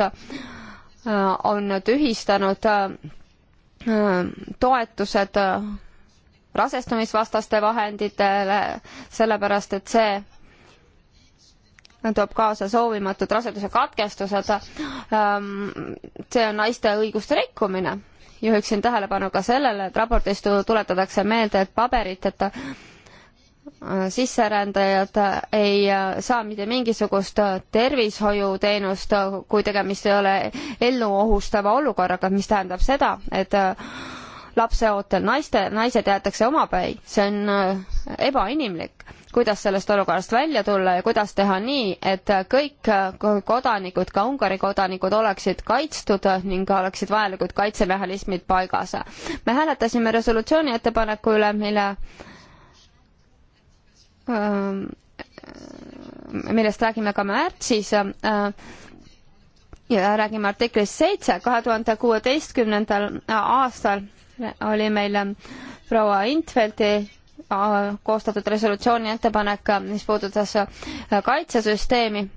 on tühistanud toetused rasestumisvastaste vahenditele, sellepärast et see toob kaasa soovimatud raseduse katkestused. see on naiste õiguste rikkumine juhiksin tähelepanu ka sellele, et raportis tuletatakse meelde, et paberiteta äh, sisserändajad ei äh, saa mitte mingisugust äh, tervishoiuteenust, kui tegemist ei ole ellu ohustava olukorraga, mis tähendab seda, et lapseootel, naiste, naised jäetakse omapäi, see on äh, ebainimlik. kuidas sellest olukorrast välja tulla ja kuidas teha nii, et kõik äh, kodanikud, ka Ungari kodanikud oleksid kaitstud ning oleksid vajalikud kaitsemehhanismid paigas. me hääletasime resolutsiooni ettepaneku üle, mille ähm, millest räägime ka märtsis äh, ja räägime artiklist seitse kahe tuhande kuueteistkümnendal aastal oli meil ähm, proua Intvelti äh, koostatud resolutsiooni ettepanek, äh, mis puudutas äh, kaitsesüsteemi.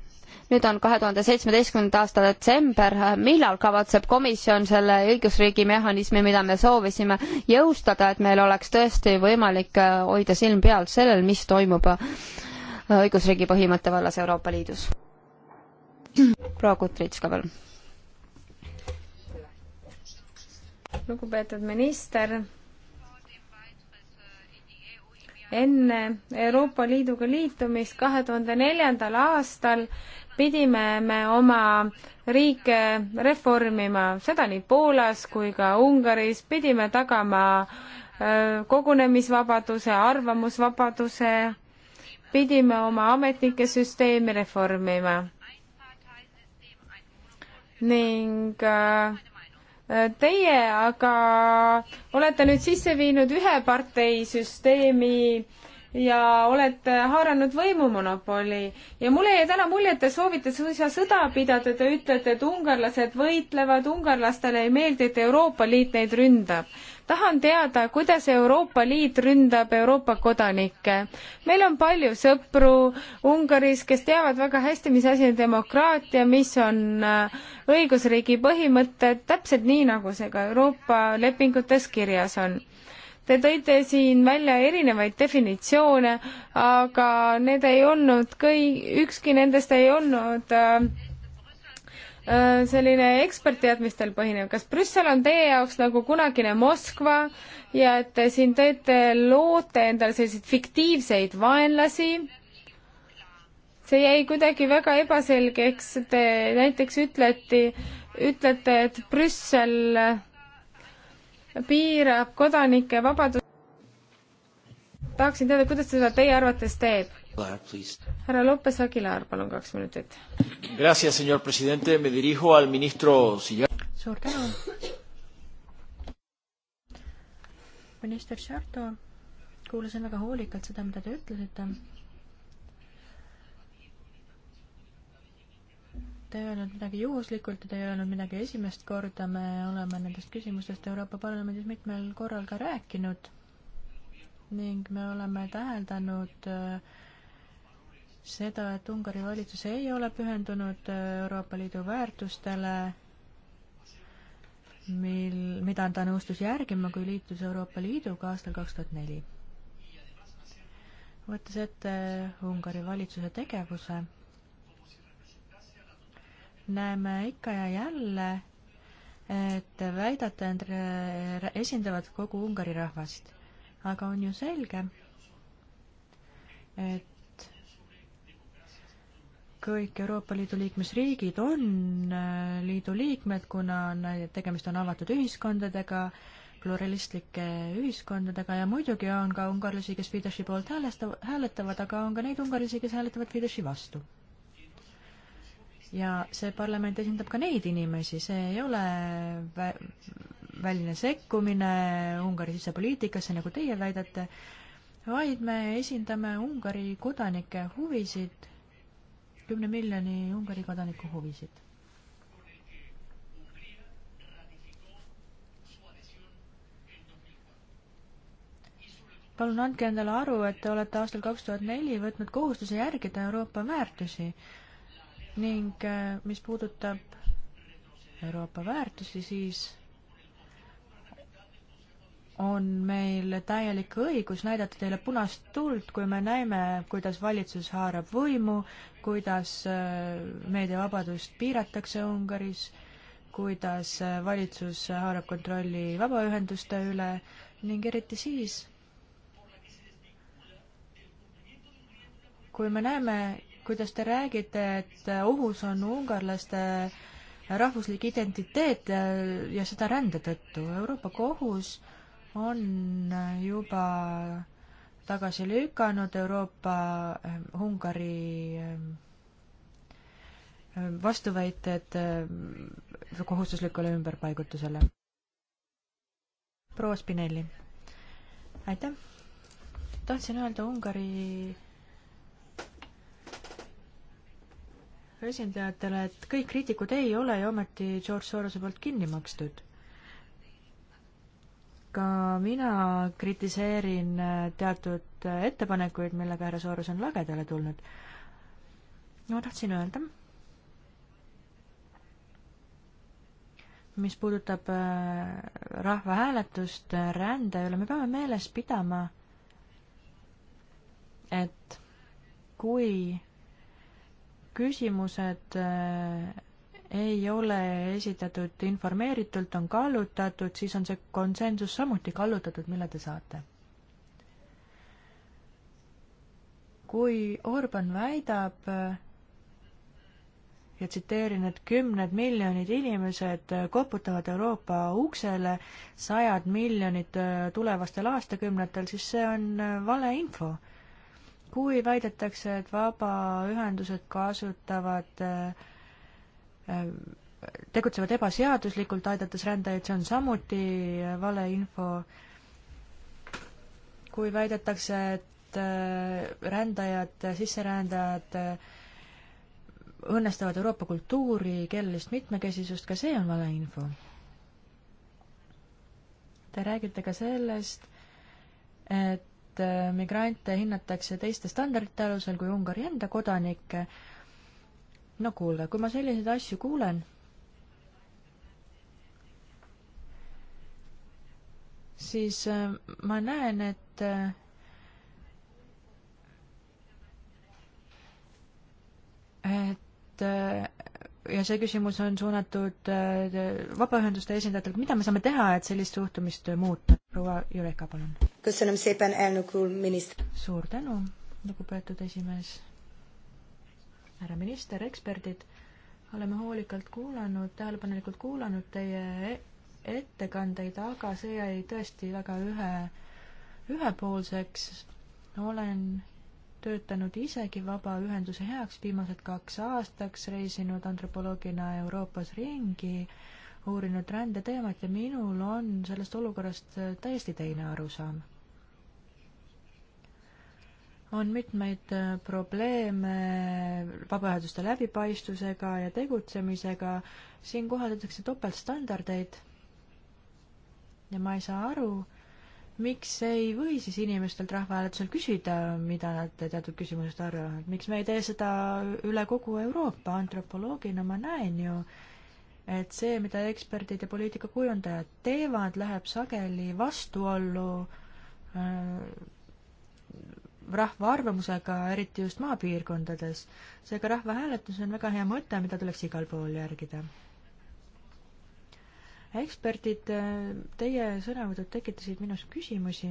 nüüd on kahe tuhande seitsmeteistkümnenda aasta detsember, millal kavatseb komisjon selle õigusriigi mehhanismi, mida me soovisime, jõustada, et meil oleks tõesti võimalik hoida silm peal sellel, mis toimub õigusriigi põhimõtte vallas Euroopa Liidus? proua Kutrits ka veel lugupeetud minister, enne Euroopa Liiduga liitumist kahe tuhande neljandal aastal pidime me oma riike reformima, seda nii Poolas kui ka Ungaris, pidime tagama kogunemisvabaduse, arvamusvabaduse, pidime oma ametnike süsteemi reformima. ning äh, Teie aga olete nüüd sisse viinud ühe partei süsteemi ja olete haaranud võimumonopoli ja mulle jäi täna mulje, et te soovite suisa sõda pidada, te ütlete, et ungarlased võitlevad, ungarlastele ei meeldi, et Euroopa Liit neid ründab tahan teada, kuidas Euroopa Liit ründab Euroopa kodanikke. meil on palju sõpru Ungaris, kes teavad väga hästi, mis asi on demokraatia, mis on äh, õigusriigi põhimõtted, täpselt nii, nagu see ka Euroopa lepingutes kirjas on Te tõite siin välja erinevaid definitsioone, aga need ei olnud kõi-, ükski nendest ei olnud äh, Äh, selline ekspertteadmistel põhinev, kas Brüssel on teie jaoks nagu kunagine Moskva ja et te siin teete, loote endale selliseid fiktiivseid vaenlasi? see jäi kuidagi väga ebaselgeks, te näiteks ütleti, ütlete, et Brüssel piirab kodanike vabadust. tahaksin teada, kuidas ta te seda teie arvates teeb? härra Lopes Aguilar, palun kaks minutit. suur tänu. minister Sarto, kuulasin väga hoolikalt seda, mida te ütlesite te ei öelnud midagi juhuslikult ja te ei öelnud midagi esimest korda, me oleme nendest küsimustest Euroopa Parlamendis mitmel korral ka rääkinud ning me oleme täheldanud äh, seda, et Ungari valitsus ei ole pühendunud äh, Euroopa Liidu väärtustele, mil, mida ta nõustus järgima, kui liitus Euroopa Liiduga aastal kaks tuhat neli. võttes ette äh, Ungari valitsuse tegevuse, näeme ikka ja jälle, et väidate end esindavad kogu Ungari rahvast, aga on ju selge, et kõik Euroopa Liidu liikmesriigid on äh, liidu liikmed, kuna on, tegemist on avatud ühiskondadega, pluralistlike ühiskondadega ja muidugi on ka ungarlasi, kes Fideszi poolt häälestav-, hääletavad, aga on ka neid ungarlasi, kes hääletavad Fideszi vastu. ja see parlament esindab ka neid inimesi, see ei ole vä-, väline sekkumine Ungari sisepoliitikasse, nagu teie väidate, vaid me esindame Ungari kodanike huvisid kümne miljoni Ungari kodaniku huvisid. palun andke endale aru, et te olete aastal kaks tuhat neli võtnud kohustuse järgida Euroopa väärtusi ning eh, mis puudutab Euroopa väärtusi, siis on meil täielik õigus näidata teile punast tuld, kui me näeme, kuidas valitsus haarab võimu, kuidas äh, meediavabadust piiratakse Ungaris, kuidas äh, valitsus haarab kontrolli vabaühenduste üle ning eriti siis, kui me näeme, kuidas te räägite, et äh, ohus on ungarlaste rahvuslik identiteet ja seda rände tõttu. Euroopa Kohus äh, on juba tagasi lükanud Euroopa ähm, Ungari ähm, vastuväited ähm, kohustuslikule ümberpaigutusele. proua Spinelli. aitäh. tahtsin öelda Ungari esindajatele, et kõik kriitikud ei ole ju ometi George Sorose poolt kinni makstud ka mina kritiseerin äh, teatud äh, ettepanekuid, millega härra Soros on lagedale tulnud. ma tahtsin öelda, mis puudutab äh, rahvahääletust rände üle, me peame meeles pidama, et kui küsimused ei ole esitatud informeeritult, on kallutatud, siis on see konsensus samuti kallutatud, mille te saate? kui Orban väidab ja tsiteerin, et kümned miljonid inimesed koputavad Euroopa uksele, sajad miljonid tulevastel aastakümnetel, siis see on valeinfo kui väidetakse, et vabaühendused kasutavad äh, Äh, tegutsevad ebaseaduslikult, aidates rändajaid, see on samuti äh, valeinfo. kui väidetakse, et äh, rändajad, sisserändajad õnnestavad Euroopa kultuuri, keelelist mitmekesisust, ka see on valeinfo. Te räägite ka sellest, et migrante hinnatakse teiste standardite alusel kui Ungari enda kodanikke no kuulge, kui ma selliseid asju kuulen, siis äh, ma näen, et äh, et äh, ja see küsimus on suunatud vabaühenduste esindajatele, mida me saame teha, et sellist suhtumist muuta? proua Jureka, palun. suur tänu, lugupeetud esimees härra minister, eksperdid, oleme hoolikalt kuulanud, tähelepanelikult kuulanud teie e-, ettekandeid, aga see jäi tõesti väga ühe, ühepoolseks. olen töötanud isegi vabaühenduse heaks viimased kaks aastaks, reisinud antropoloogina Euroopas ringi, uurinud rändeteemat ja minul on sellest olukorrast täiesti teine arusaam on mitmeid äh, probleeme vabaühenduste läbipaistvusega ja tegutsemisega. siin kohaldatakse topeltstandardeid. ja ma ei saa aru, miks ei või siis inimestelt rahvahääletusel küsida, mida nad teatud küsimusest arvavad, miks me ei tee seda üle kogu Euroopa, antropoloogina ma näen ju, et see, mida eksperdid ja poliitikakujundajad teevad, läheb sageli vastuollu äh, rahva arvamusega, eriti just maapiirkondades. seega rahvahääletus on väga hea mõte, mida tuleks igal pool järgida. eksperdid, teie sõnavõtud tekitasid minus küsimusi.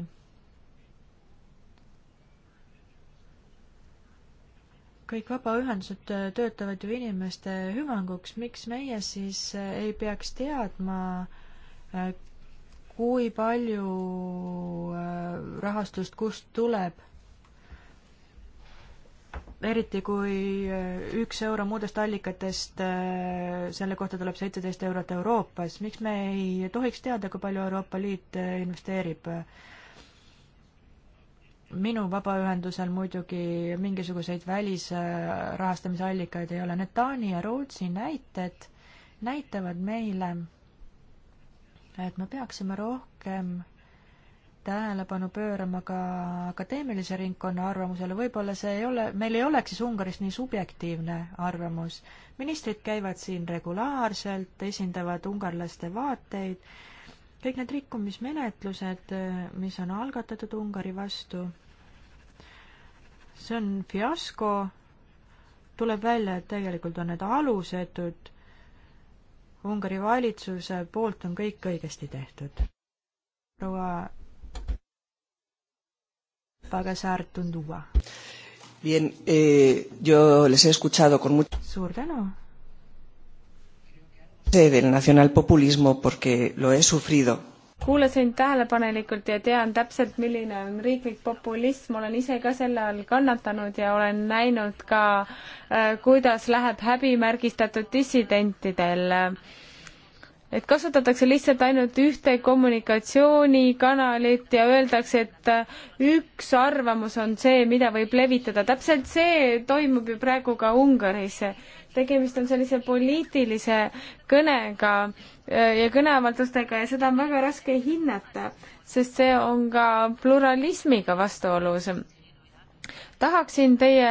kõik vabaühendused töötavad ju inimeste hüvanguks, miks meie siis ei peaks teadma, kui palju äh, rahastust kust tuleb eriti kui eh, üks euro muudest allikatest, eh, selle kohta tuleb seitseteist eurot Euroopas, miks me ei tohiks teada, kui palju Euroopa Liit eh, investeerib? minu vabaühendusel muidugi mingisuguseid välisrahastamise allikaid ei ole, need Taani ja Rootsi näited näitavad meile, et me peaksime rohkem tähelepanu pöörama ka akadeemilise ringkonna arvamusele, võib-olla see ei ole, meil ei oleks siis Ungaris nii subjektiivne arvamus. ministrid käivad siin regulaarselt, esindavad ungarlaste vaateid, kõik need rikkumismenetlused, mis on algatatud Ungari vastu, see on fiasko, tuleb välja, et tegelikult on need alusetud, Ungari valitsuse poolt on kõik õigesti tehtud. proua Vargas Artundua. Bien, eh, yo les he escuchado con mucho. Suur tänu. del nacionalpopulismo porque lo he sufrido. kuulasin tähelepanelikult ja tean täpselt, milline on riiklik populism, olen ise ka selle all kannatanud ja olen näinud ka äh,, kuidas läheb häbimärgistatud dissidentidel äh, et kasutatakse lihtsalt ainult ühte kommunikatsioonikanalit ja öeldakse, et äh, üks arvamus on see, mida võib levitada. täpselt see toimub ju praegu ka Ungaris. tegemist on sellise poliitilise kõnega äh, ja kõneavaldustega ja seda on väga raske hinnata, sest see on ka pluralismiga vastuolus. tahaksin teie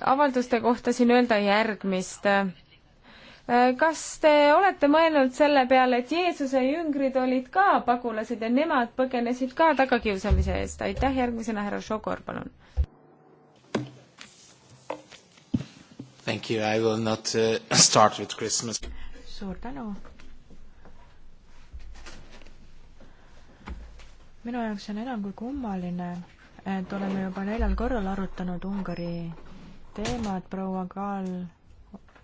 avalduste kohta siin öelda järgmist Äh, kas te olete mõelnud selle peale, et Jeesuse jüngrid olid ka pagulased ja nemad põgenesid ka tagakiusamise eest? aitäh, järgmisena härra Šogor, palun. Thank you, I will not uh, start with Christmas. suur tänu. minu jaoks on enam kui kummaline, et oleme juba neljal korral arutanud Ungari teemat, proua Kaal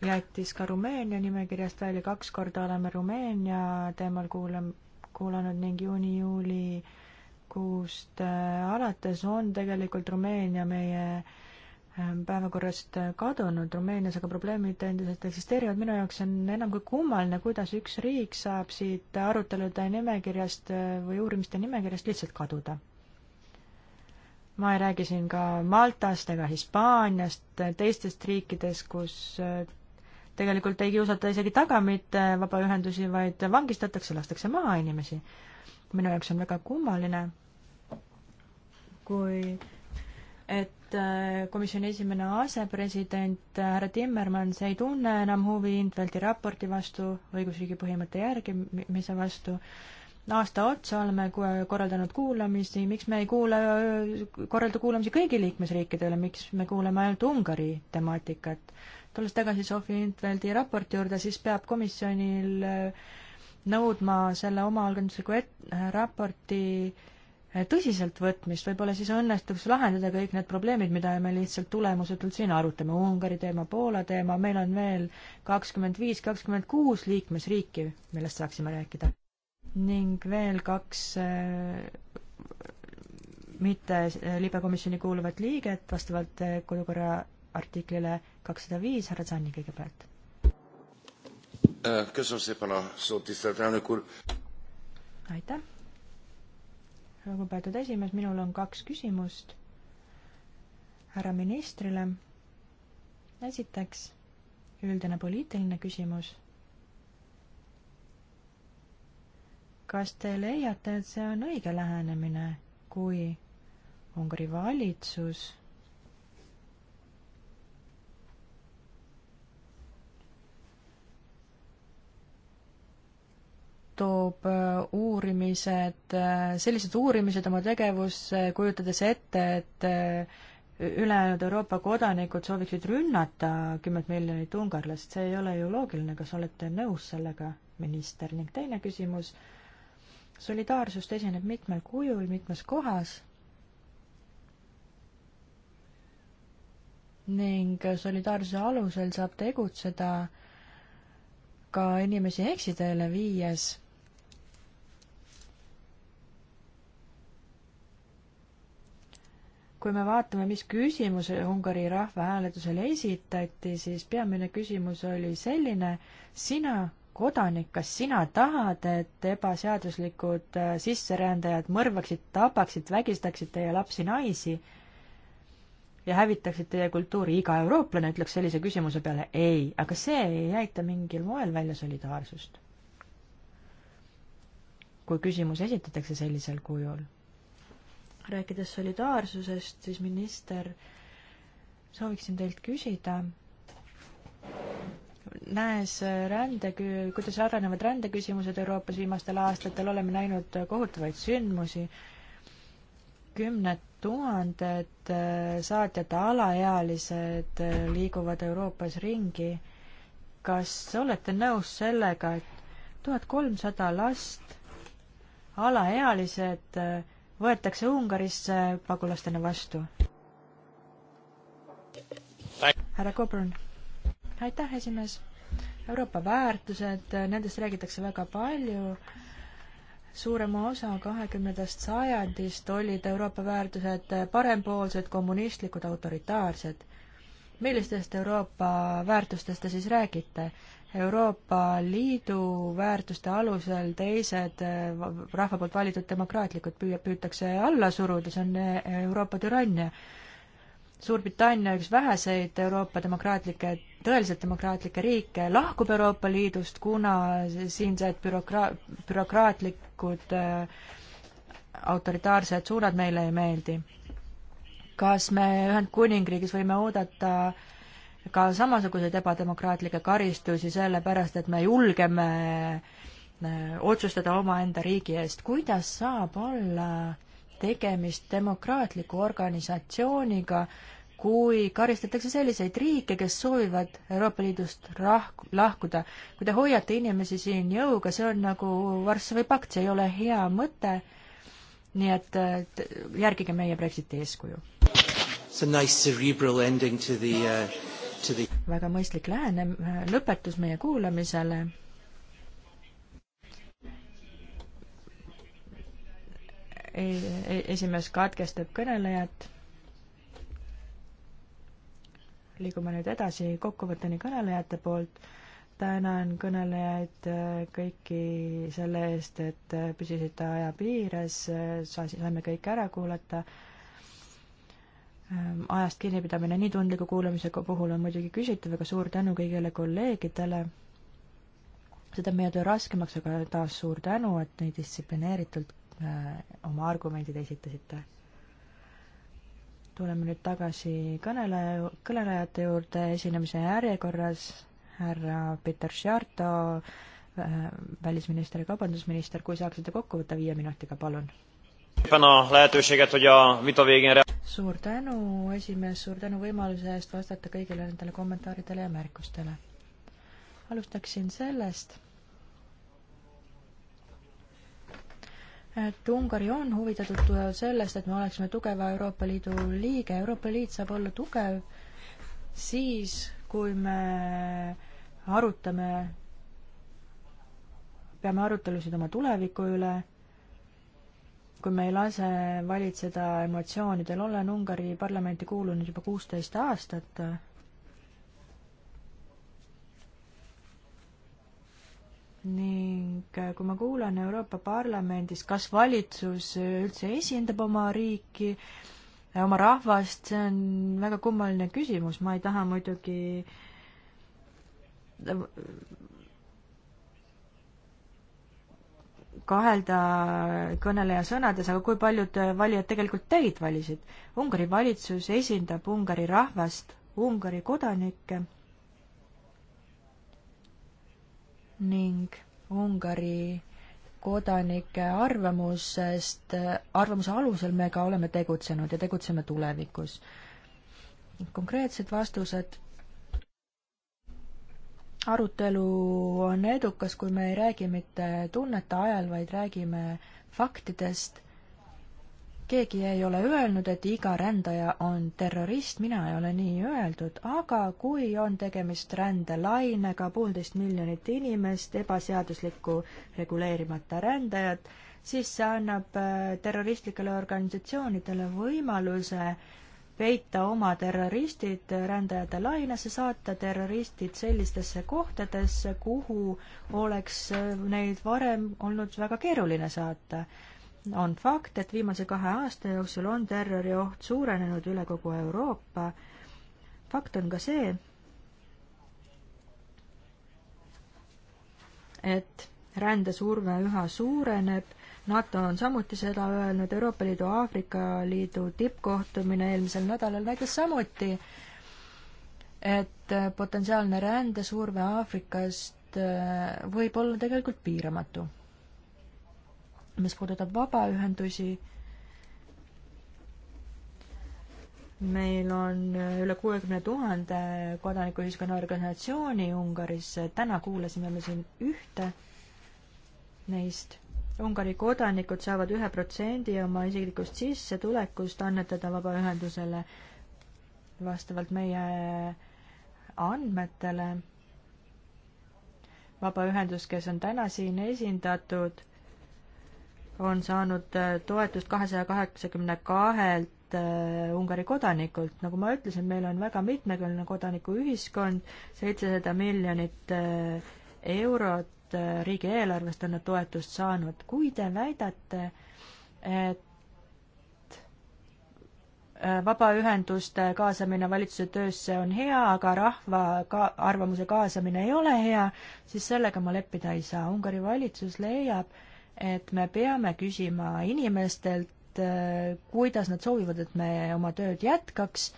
jättis ka Rumeenia nimekirjast välja, kaks korda oleme Rumeenia teemal kuulam-, kuulanud ning juuni-juulikuust äh, alates on tegelikult Rumeenia meie ähm, päevakorrast äh, kadunud Rumeenias, aga probleemid endiselt eksisteerivad. minu jaoks on enam kui kummaline, kuidas üks riik saab siit arutelude nimekirjast äh, või uurimiste nimekirjast lihtsalt kaduda. ma ei räägi siin ka Maltast ega Hispaaniast, teistest riikidest, kus tegelikult ei kiusata isegi taga mitte äh, vabaühendusi, vaid vangistatakse, lastakse maha inimesi. minu jaoks on väga kummaline, kui et äh, komisjoni esimene asepresident äh, härra Timmermans ei tunne enam huvi Intveldi raporti vastu, õigusriigi põhimõtte järgimise vastu. aasta otsa oleme korraldanud kuulamisi, miks me ei kuula, korralda kuulamisi kõigi liikmesriikidele, miks me kuulame ainult Ungari temaatikat? tulles tagasi Sofi Intveldi raporti juurde, siis peab komisjonil äh, nõudma selle omaalgandusliku et-, äh, raporti äh, tõsiseltvõtmist, võib-olla siis õnnestuks lahendada kõik need probleemid, mida me lihtsalt tulemusetult siin arutame, Ungari teema, Poola teema, meil on veel kakskümmend viis, kakskümmend kuus liikmesriiki, millest saaksime rääkida. ning veel kaks mitte libekomisjoni kuuluvat liiget vastavalt kodukorra artiklile kakssada viis, härra Zanni kõigepealt. Äh, aitäh. lugupeetud esimees, minul on kaks küsimust härra ministrile. esiteks üldine poliitiline küsimus. kas te leiate, et see on õige lähenemine, kui Ungari valitsus toob äh, uurimised, äh, sellised uurimised oma tegevusse, kujutades ette, et äh, ülejäänud Euroopa kodanikud sooviksid rünnata kümmet miljonit ungarlast, see ei ole ju loogiline, kas olete nõus sellega, minister, ning teine küsimus, solidaarsust esineb mitmel kujul, mitmes kohas ning solidaarsuse alusel saab tegutseda ka inimesi eksiteele viies. kui me vaatame, mis küsimuse Ungari rahvahääletusel esitati, siis peamine küsimus oli selline, sina, kodanik, kas sina tahad, et ebaseaduslikud äh, sisserändajad mõrvaksid, tapaksid, vägistaksid teie lapsi-naisi ja hävitaksid teie kultuuri, iga eurooplane ütleks sellise küsimuse peale ei, aga see ei näita mingil moel välja solidaarsust. kui küsimus esitatakse sellisel kujul rääkides solidaarsusest, siis minister, sooviksin teilt küsida, näes äh, rände, kuidas arenevad rändeküsimused Euroopas viimastel aastatel, oleme näinud kohutavaid sündmusi, kümned tuhanded äh, saatjate alaealised äh, liiguvad Euroopas ringi. kas olete nõus sellega, et tuhat kolmsada last, alaealised, võetakse Ungarisse pagulastena vastu? härra Coburn. aitäh, esimees. Euroopa väärtused, nendest räägitakse väga palju suurema osa kahekümnendast sajandist olid Euroopa väärtused parempoolsed, kommunistlikud, autoritaarsed. millistest Euroopa väärtustest te siis räägite? Euroopa Liidu väärtuste alusel teised eh, rahva poolt valitud demokraatlikud püüa-, püütakse alla suruda, see on eh, Euroopa türannia. Suurbritannia üks väheseid Euroopa demokraatlikke, tõeliselt demokraatlikke riike lahkub Euroopa Liidust, kuna siinsed bürokra-, bürokraatlikud äh, autoritaarsed suunad meile ei meeldi. kas me Ühendkuningriigis võime oodata äh, ka samasuguseid ebademokraatlikke karistusi, sellepärast et me julgeme äh, otsustada omaenda riigi eest. kuidas saab olla tegemist demokraatliku organisatsiooniga, kui karistatakse selliseid riike, kes soovivad Euroopa Liidust rahk-, lahkuda. kui te hoiate inimesi siin jõuga, see on nagu Varssavi pakt, see ei ole hea mõte, nii et äh, järgige meie Brexiti eeskuju. It's a nice cerebral ending to the uh, the... väga mõistlik lähenem-, äh, lõpetus meie kuulamisele. E, e, esimees katkestab kõnelejat. liigume nüüd edasi kokkuvõtteni kõnelejate poolt. tänan kõnelejaid äh, kõiki selle eest, et äh, püsisite aja piires, saime kõik ära kuulata Ehm, ajast kinnipidamine nii tundliku kuulamise puhul on muidugi küsitav, aga suur tänu kõigile kolleegidele. see teeb meie töö raskemaks, aga taas suur tänu, et nii distsiplineeritult äh, oma argumendid esitasite. tuleme nüüd tagasi kõneleja, kõnelejate juurde esinemise järjekorras. härra Peter Sciarto, äh, välisminister ja kaubandusminister, kui saaksite kokku võtta viie minutiga, palun suur tänu, esimees, suur tänu võimaluse eest vastata kõigile nendele kommentaaridele ja märkustele. alustaksin sellest, et Ungari on huvitatud sellest, et me oleksime tugeva Euroopa Liidu liige, Euroopa Liit saab olla tugev siis, kui me arutame, peame arutelusid oma tuleviku üle kui me ei lase valitseda emotsioonidel, olen Ungari parlamenti kuulunud juba kuusteist aastat. ning kui ma kuulan Euroopa Parlamendis, kas valitsus üldse esindab oma riiki, oma rahvast, see on väga kummaline küsimus, ma ei taha muidugi kahelda kõneleja sõnades, aga kui paljud valijad tegelikult teid valisid? Ungari valitsus esindab Ungari rahvast, Ungari kodanikke ning Ungari kodanike arvamusest, arvamuse alusel me ka oleme tegutsenud ja tegutseme tulevikus. konkreetsed vastused arutelu on edukas, kui me ei räägi mitte tunnete ajal, vaid räägime faktidest. keegi ei ole öelnud, et iga rändaja on terrorist, mina ei ole nii öeldud, aga kui on tegemist rändelainega, poolteist miljonit inimest, ebaseaduslikku reguleerimata rändajat, siis see annab äh, terroristlikele organisatsioonidele võimaluse äh, peita oma terroristid rändajate lainesse, saata terroristid sellistesse kohtadesse, kuhu oleks neid varem olnud väga keeruline saata. on fakt, et viimase kahe aasta jooksul on terrorioht suurenenud üle kogu Euroopa. fakt on ka see, et rändesurve üha suureneb NATO on samuti seda öelnud, Euroopa Liidu Aafrika Liidu tippkohtumine eelmisel nädalal näitas samuti, et potentsiaalne rändesurve Aafrikast äh, võib olla tegelikult piiramatu. mis puudutab vabaühendusi, meil on äh, üle kuuekümne tuhande kodanikuühiskonna organisatsiooni Ungaris, täna kuulasime me siin ühte neist Ungari kodanikud saavad ühe protsendi oma isiklikust sissetulekust annetada vabaühendusele vastavalt meie andmetele. vabaühendus, kes on täna siin esindatud, on saanud äh, toetust kahesaja kaheksakümne kahelt äh, Ungari kodanikult. nagu ma ütlesin, meil on väga mitmekülgne kodanikuühiskond, seitsesada miljonit äh, eurot äh, riigieelarvest on nad toetust saanud. kui te väidate, et äh, vabaühenduste kaasamine valitsuse töösse on hea, aga rahva ka arvamuse kaasamine ei ole hea, siis sellega ma leppida ei saa. Ungari valitsus leiab, et me peame küsima inimestelt, äh, kuidas nad soovivad, et me oma tööd jätkaks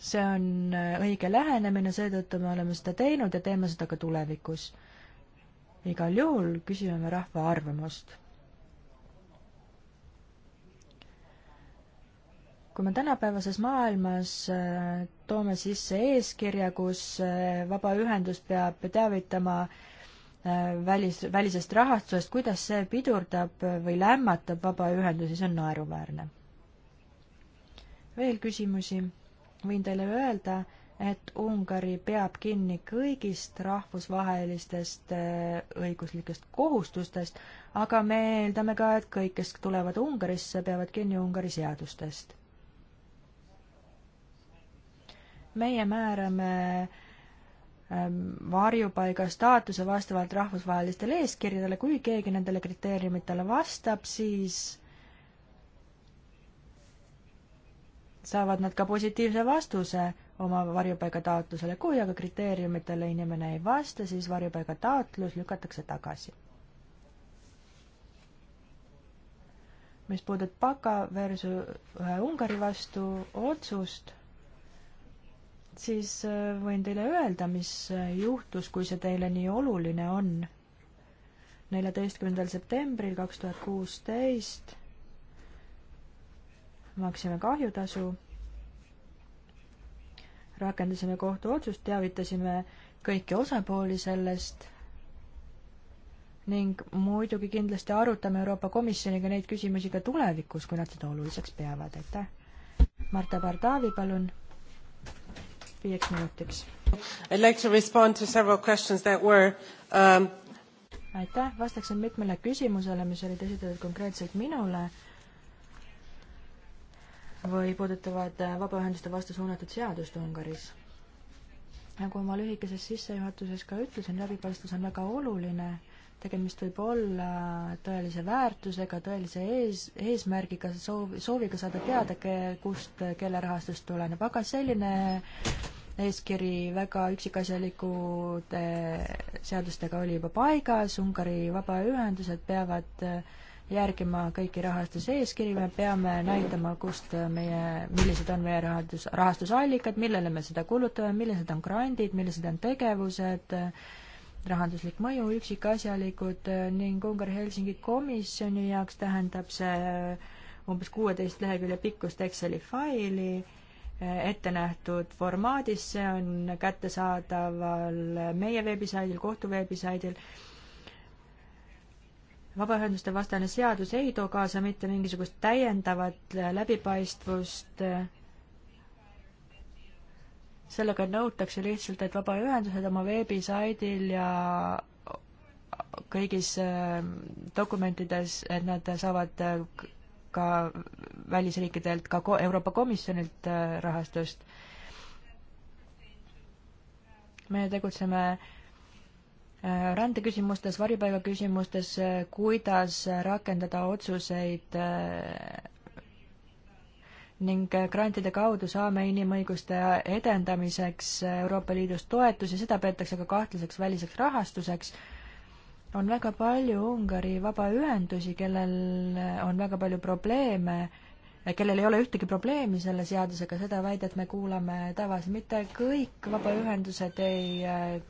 see on äh, õige lähenemine, seetõttu me oleme seda teinud ja teeme seda ka tulevikus. igal juhul küsime me rahva arvamust. kui me tänapäevases maailmas äh, toome sisse eeskirja, kus äh, vabaühendus peab teavitama välis, välisest rahastusest, kuidas see pidurdab või lämmatab vabaühendusi, see on naeruväärne. veel küsimusi? võin teile öelda, et Ungari peab kinni kõigist rahvusvahelistest äh, õiguslikest kohustustest, aga me eeldame ka, et kõik, kes tulevad Ungarisse, peavad kinni Ungari seadustest. meie määrame ähm, varjupaiga staatuse vastavalt rahvusvahelistele eeskirjadele, kui keegi nendele kriteeriumitele vastab, siis saavad nad ka positiivse vastuse oma varjupaigataotlusele, kui aga kriteeriumitele inimene ei vasta, siis varjupaigataotlus lükatakse tagasi. mis puudutab Paka versus äh, Ungari vastu otsust, siis äh, võin teile öelda, mis äh, juhtus, kui see teile nii oluline on. neljateistkümnendal septembril kaks tuhat kuusteist maksime kahjutasu, rakendasime kohtuotsust, teavitasime kõiki osapooli sellest ning muidugi kindlasti arutame Euroopa Komisjoniga neid küsimusi ka tulevikus, kui nad seda oluliseks peavad, aitäh. Marta Bardavi, palun, viieks minutiks. I'd like to respond to several questions that were um... aitäh, vastaksin mitmele küsimusele, mis olid esitatud konkreetselt minule või puudutavad vabaühenduste vastu suunatud seadust Ungaris. nagu oma lühikeses sissejuhatuses ka ütlesin, läbipaistvus on väga oluline, tegemist võib olla tõelise väärtusega, tõelise ees, eesmärgiga, soov, sooviga saada teada, kust, kelle rahastus tuleneb, aga selline eeskiri väga üksikasjalikude seadustega oli juba paigas, Ungari vabaühendused peavad äh, järgima kõiki rahastuseeskirju, me peame näitama, kust meie, millised on meie rahastus, rahastusallikad, millele me seda kulutame, millised on grandid, millised on tegevused, rahanduslik mõju, üksikasjalikud ning Ungari-Helsingi komisjoni jaoks tähendab see umbes kuueteist lehekülje pikkust Exceli faili ette nähtud formaadis, see on kättesaadaval meie veebisaidil, kohtu veebisaidil vabaühenduste vastane seadus ei too kaasa mitte mingisugust täiendavat äh, läbipaistvust. Äh, sellega nõutakse lihtsalt, et vabaühendused oma veebisaidil ja kõigis äh, dokumentides, et nad saavad ka välisriikidelt, ka Euroopa Komisjonilt rahastust. me tegutseme rändeküsimustes, varjupaigaküsimustes, kuidas rakendada otsuseid äh, ning grantide kaudu saame inimõiguste edendamiseks Euroopa Liidust toetusi, seda peetakse ka kahtlaseks väliseks rahastuseks. on väga palju Ungari vabaühendusi, kellel on väga palju probleeme, kellel ei ole ühtegi probleemi selle seadusega, seda väidet me kuulame tavaliselt. mitte kõik vabaühendused ei äh,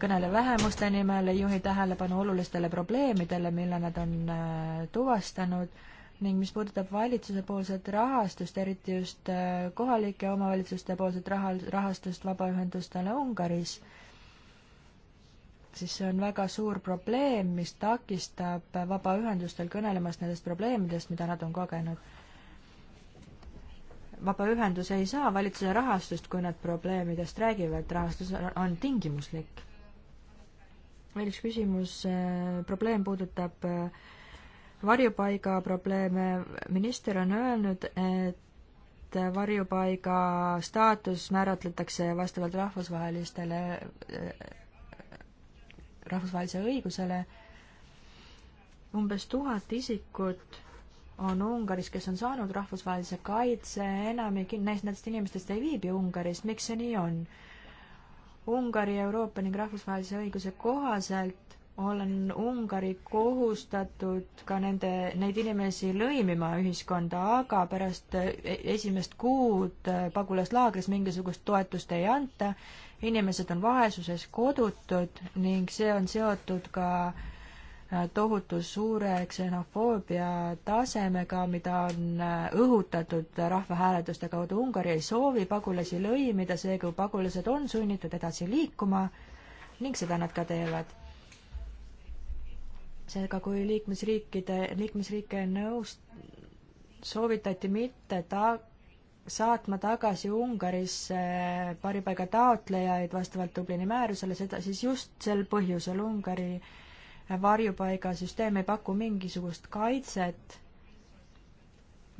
kõnele vähemuste nimel, ei juhi tähelepanu olulistele probleemidele, mille nad on äh, tuvastanud ning mis puudutab valitsusepoolset rahastust, eriti just äh, kohalike omavalitsuste poolset raha, rahastust vabaühendustele Ungaris, siis see on väga suur probleem, mis takistab vabaühendustel kõnelemast nendest probleemidest, mida nad on kogenud. vabaühendus ei saa valitsuse rahastust, kui nad probleemidest räägivad, rahastus on tingimuslik veel üks küsimus, äh, probleem puudutab äh, varjupaiga probleeme, minister on öelnud, et varjupaiga staatus määratletakse vastavalt rahvusvahelistele, äh, rahvusvahelisele õigusele, umbes tuhat isikut on Ungaris, kes on saanud rahvusvahelise kaitse, enamik neist, nendest inimestest ei viibi Ungaris, miks see nii on? Ungari Euroopa ning rahvusvahelise õiguse kohaselt on Ungari kohustatud ka nende, neid inimesi lõimima ühiskonda, aga pärast esimest kuud pagulaslaagris mingisugust toetust ei anta. inimesed on vaesuses kodutud ning see on seotud ka äh, tohutu suure ksenofoobia tasemega, mida on äh, õhutatud rahvahääletuste kaudu. Ungari ei soovi pagulasi lõimida, seega pagulased on sunnitud edasi liikuma ning seda nad ka teevad. seega, kui liikmesriikide, liikmesriike nõust-, soovitati mitte ta-, saatma tagasi Ungarisse varjupaiga taotlejaid vastavalt Dublini määrusele, seda siis just sel põhjusel Ungari äh, varjupaigasüsteem ei paku mingisugust kaitset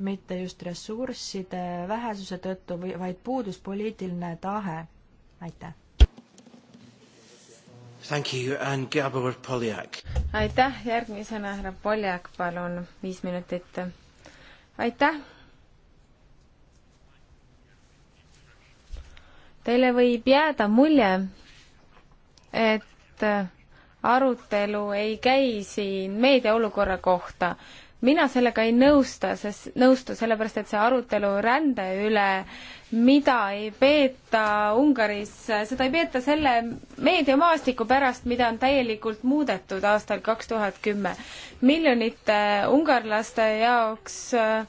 mitte just ressursside vähesuse tõttu või, vaid puudus poliitiline tahe. aitäh. Thank you and Gabor Poljak. aitäh, järgmisena härra Poljak, palun viis minutit. aitäh. Teile võib jääda mulje, et arutelu ei käi siin meedia olukorra kohta. mina sellega ei nõusta, sest, nõustu, sellepärast et see arutelu rände üle, mida ei peeta Ungaris, seda ei peeta selle meediamaastiku pärast, mida on täielikult muudetud aastal kaks tuhat kümme. miljonite ungarlaste jaoks äh,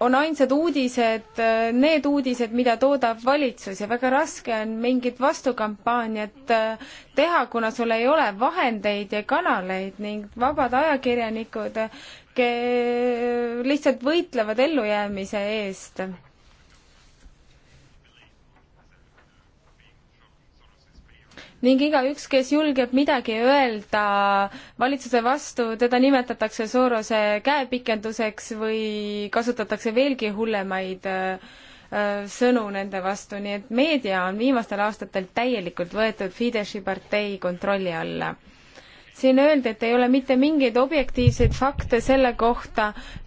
on ainsad uudised need uudised, mida toodab valitsus ja väga raske on mingit vastukampaaniat äh, teha, kuna sul ei ole vahendeid ja kanaleid ning vabad ajakirjanikud lihtsalt võitlevad ellujäämise eest ning igaüks, kes julgeb midagi öelda valitsuse vastu, teda nimetatakse Sorose käepikenduseks või kasutatakse veelgi hullemaid äh, sõnu nende vastu, nii et meedia on viimastel aastatel täielikult võetud Fideszi partei kontrolli alla siin öeldi, et ei ole mitte mingeid objektiivseid fakte selle kohta,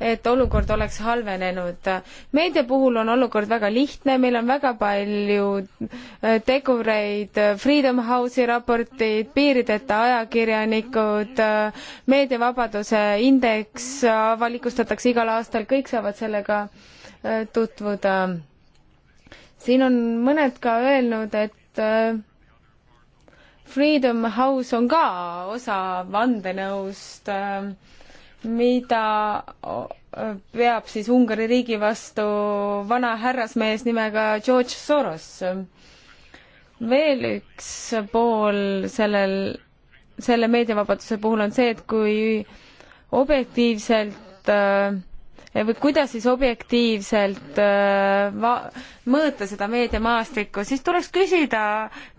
et olukord oleks halvenenud. meedia puhul on olukord väga lihtne, meil on väga palju äh, tegureid, äh, Freedom House'i raportid, piirideta ajakirjanikud, äh, meediavabaduse indeks avalikustatakse igal aastal, kõik saavad sellega tutvuda. siin on mõned ka öelnud, et Freedom House on ka osa vandenõust, ähm, mida peab siis Ungari riigi vastu vana härrasmees nimega George Soros. veel üks pool sellel, selle meediavabaduse puhul on see, et kui objektiivselt äh, Eh, või kuidas siis objektiivselt eh, va-, mõõta seda meediamaastikku, siis tuleks küsida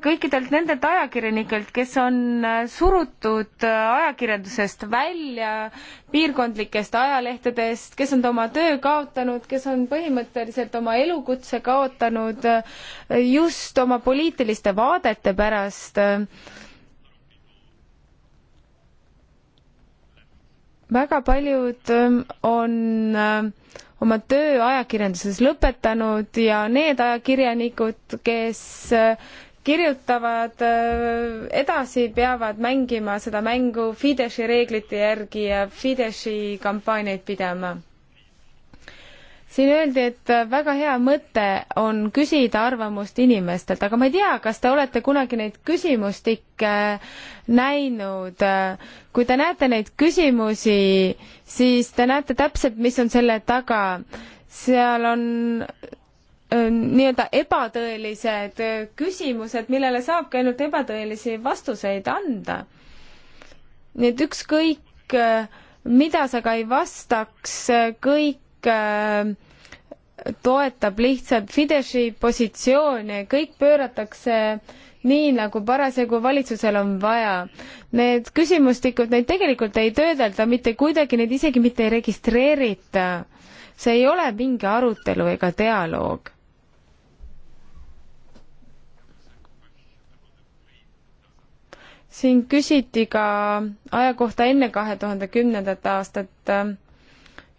kõikidelt nendelt ajakirjanikelt, kes on eh, surutud ajakirjandusest välja, piirkondlikest ajalehtedest, kes on oma töö kaotanud, kes on põhimõtteliselt oma elukutse kaotanud just oma poliitiliste vaadete pärast väga paljud ähm, on äh, oma töö ajakirjanduses lõpetanud ja need ajakirjanikud, kes äh, kirjutavad äh, edasi, peavad mängima seda mängu Fideszi reeglite järgi ja Fideszi kampaaniaid pidama siin öeldi, et väga hea mõte on küsida arvamust inimestelt, aga ma ei tea, kas te olete kunagi neid küsimustikke näinud. kui te näete neid küsimusi, siis te näete täpselt, mis on selle taga. seal on äh, nii-öelda ebatõelised küsimused, millele saabki ainult ebatõelisi vastuseid anda. nii et ükskõik, äh, mida sa ka ei vastaks, kõik Äh, toetab lihtsalt Fideszi positsioone, kõik pööratakse nii, nagu parasjagu valitsusel on vaja. Need küsimustikud, neid tegelikult ei töödelda mitte kuidagi, neid isegi mitte ei registreerita. see ei ole mingi arutelu ega dialoog siin küsiti ka aja kohta enne kahe tuhande kümnendat aastat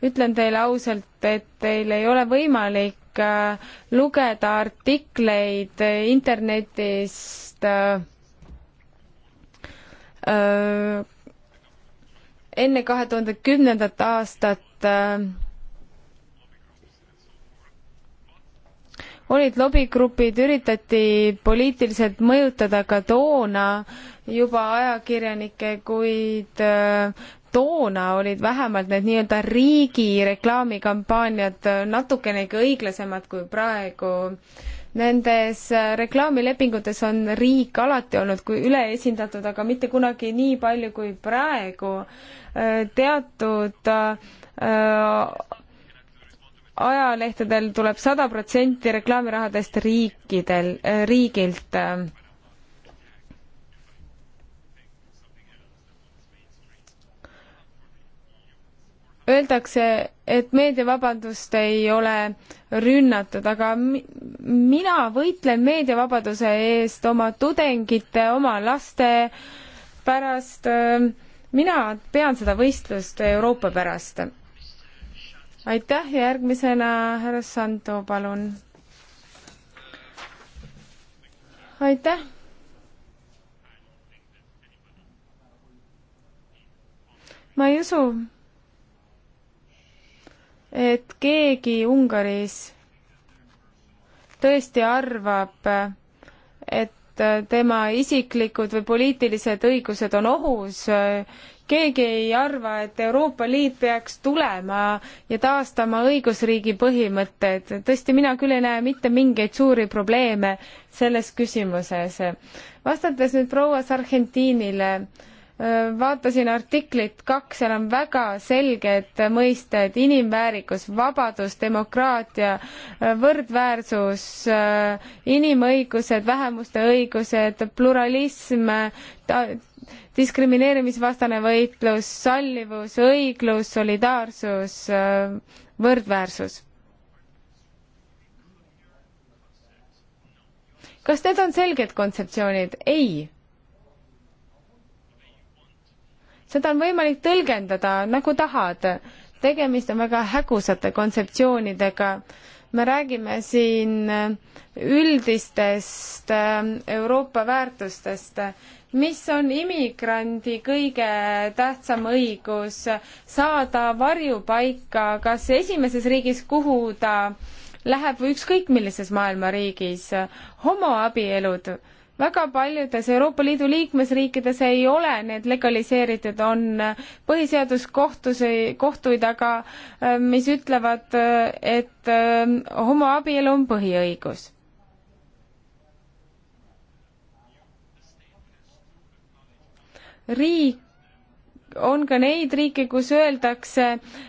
ütlen teile ausalt, et teil ei ole võimalik äh, lugeda artikleid äh, internetist äh, enne kahe tuhande kümnendat aastat olid lobigrupid, üritati poliitiliselt mõjutada ka toona juba ajakirjanikke, kuid toona olid vähemalt need nii-öelda riigi reklaamikampaaniad natukenegi õiglasemad kui praegu. Nendes reklaamilepingutes on riik alati olnud kui üleesindatud, aga mitte kunagi nii palju kui praegu. teatud äh, ajalehtedel tuleb sada protsenti reklaamirahadest riikidel, äh, riigilt öeldakse, et meediavabadust ei ole rünnatud, aga mi mina võitlen meediavabaduse eest oma tudengite, oma laste pärast. mina pean seda võistlust Euroopa pärast. aitäh ja järgmisena härra Santo, palun. aitäh ma ei usu, et keegi Ungaris tõesti arvab, et tema isiklikud või poliitilised õigused on ohus, keegi ei arva, et Euroopa Liit peaks tulema ja taastama õigusriigi põhimõtted. tõesti, mina küll ei näe mitte mingeid suuri probleeme selles küsimuses. vastates nüüd proua Sargentinile äh,, vaatasin artiklit kaks, seal on väga selged mõisted inimväärikus, vabadus, demokraatia, võrdväärsus, inimõigused, vähemuste õigused, pluralism, diskrimineerimisvastane võitlus, sallivus, õiglus, solidaarsus, võrdväärsus kas need on selged kontseptsioonid? ei. seda on võimalik tõlgendada nagu tahad. tegemist on väga hägusate kontseptsioonidega. me räägime siin äh, üldistest äh, Euroopa väärtustest, mis on immigrandi kõige tähtsam õigus saada varjupaika kas esimeses riigis, kuhu ta läheb või ükskõik millises maailma riigis. homoabielud väga paljudes Euroopa Liidu liikmesriikides ei ole need legaliseeritud, on põhiseaduskohtus, kohtuid aga, äh, mis ütlevad, äh, et äh, homoabielu on põhiõigus. riik on ka neid riike, kus öeldakse,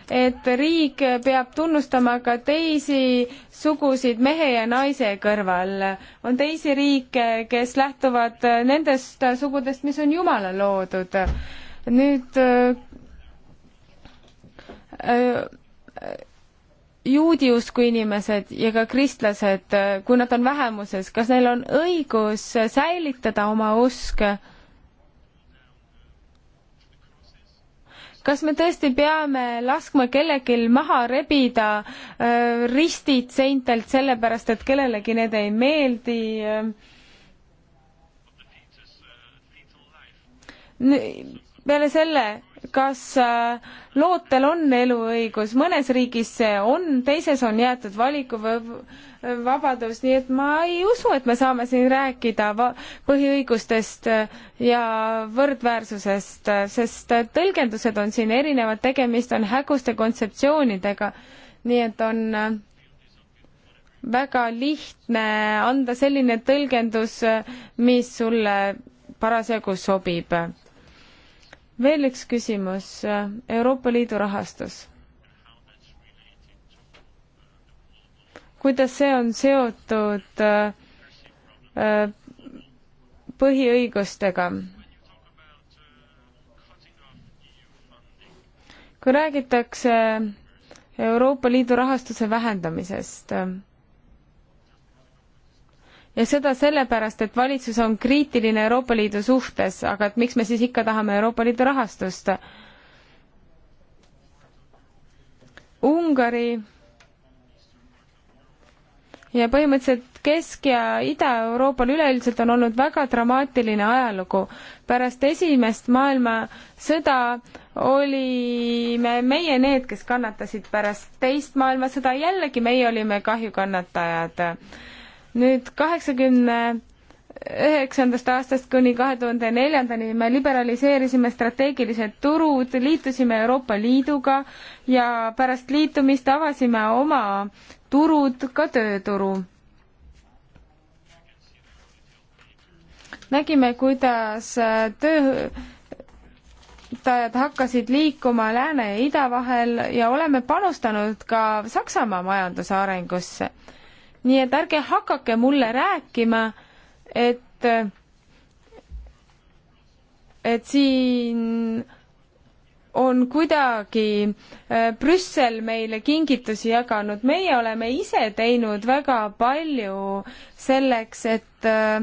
et riik peab tunnustama ka teisi sugusid mehe ja naise kõrval. on teisi riike, kes lähtuvad nendest sugudest, mis on Jumala loodud. nüüd äh, äh juudi usku inimesed ja ka kristlased, äh, kui nad on vähemuses, kas neil on õigus säilitada oma usk äh, kas me tõesti peame laskma kellelgi maha rebida äh, ristid seintelt sellepärast, et kellelegi need ei meeldi äh.? peale selle kas äh, lootel on eluõigus, mõnes riigis see on, teises on jäetud valikuvabadus, nii et ma ei usu, et me saame siin rääkida põhiõigustest äh, ja võrdväärsusest, äh, sest tõlgendused on siin erinevad, tegemist on häguste kontseptsioonidega, nii et on väga lihtne anda selline tõlgendus, mis sulle parasjagu sobib veel üks küsimus, äh, Euroopa Liidu rahastus. kuidas see on seotud äh, äh, põhiõigustega? kui räägitakse Euroopa Liidu rahastuse vähendamisest, ja seda sellepärast, et valitsus on kriitiline Euroopa Liidu suhtes, aga et miks me siis ikka tahame Euroopa Liidu rahastust. Ungari ja põhimõtteliselt Kesk- ja Ida-Euroopal üleüldiselt on olnud väga dramaatiline ajalugu. pärast Esimest maailmasõda olime meie need, kes kannatasid pärast Teist maailmasõda, jällegi meie olime kahjukannatajad nüüd kaheksakümne üheksandast aastast kuni kahe tuhande neljandani me liberaliseerisime strateegilised turud, liitusime Euroopa Liiduga ja pärast liitumist avasime oma turud, ka tööturu. nägime, kuidas töötajad hakkasid liikuma Lääne ja Ida vahel ja oleme panustanud ka Saksamaa majanduse arengusse nii et ärge hakake mulle rääkima, et, et siin on kuidagi äh, Brüssel meile kingitusi jaganud, meie oleme ise teinud väga palju selleks, et äh,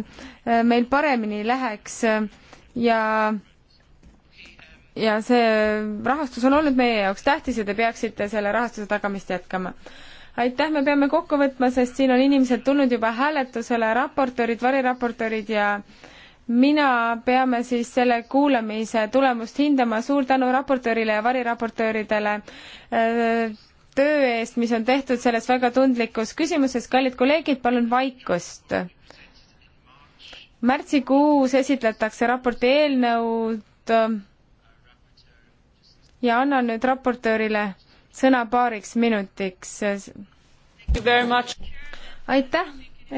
meil paremini läheks ja ja see rahastus on olnud meie jaoks tähtis ja te peaksite selle rahastuse tagamist jätkama aitäh, me peame kokku võtma, sest siin on inimesed tulnud juba hääletusele, raportöörid, variraportöörid ja mina peame siis selle kuulamise tulemust hindama, suur tänu raportöörile ja variraportööridele äh, töö eest, mis on tehtud selles väga tundlikus küsimuses, kallid kolleegid, palun vaikust. märtsikuus esitletakse raporti eelnõud äh, ja annan nüüd raportöörile sõna paariks minutiks. aitäh,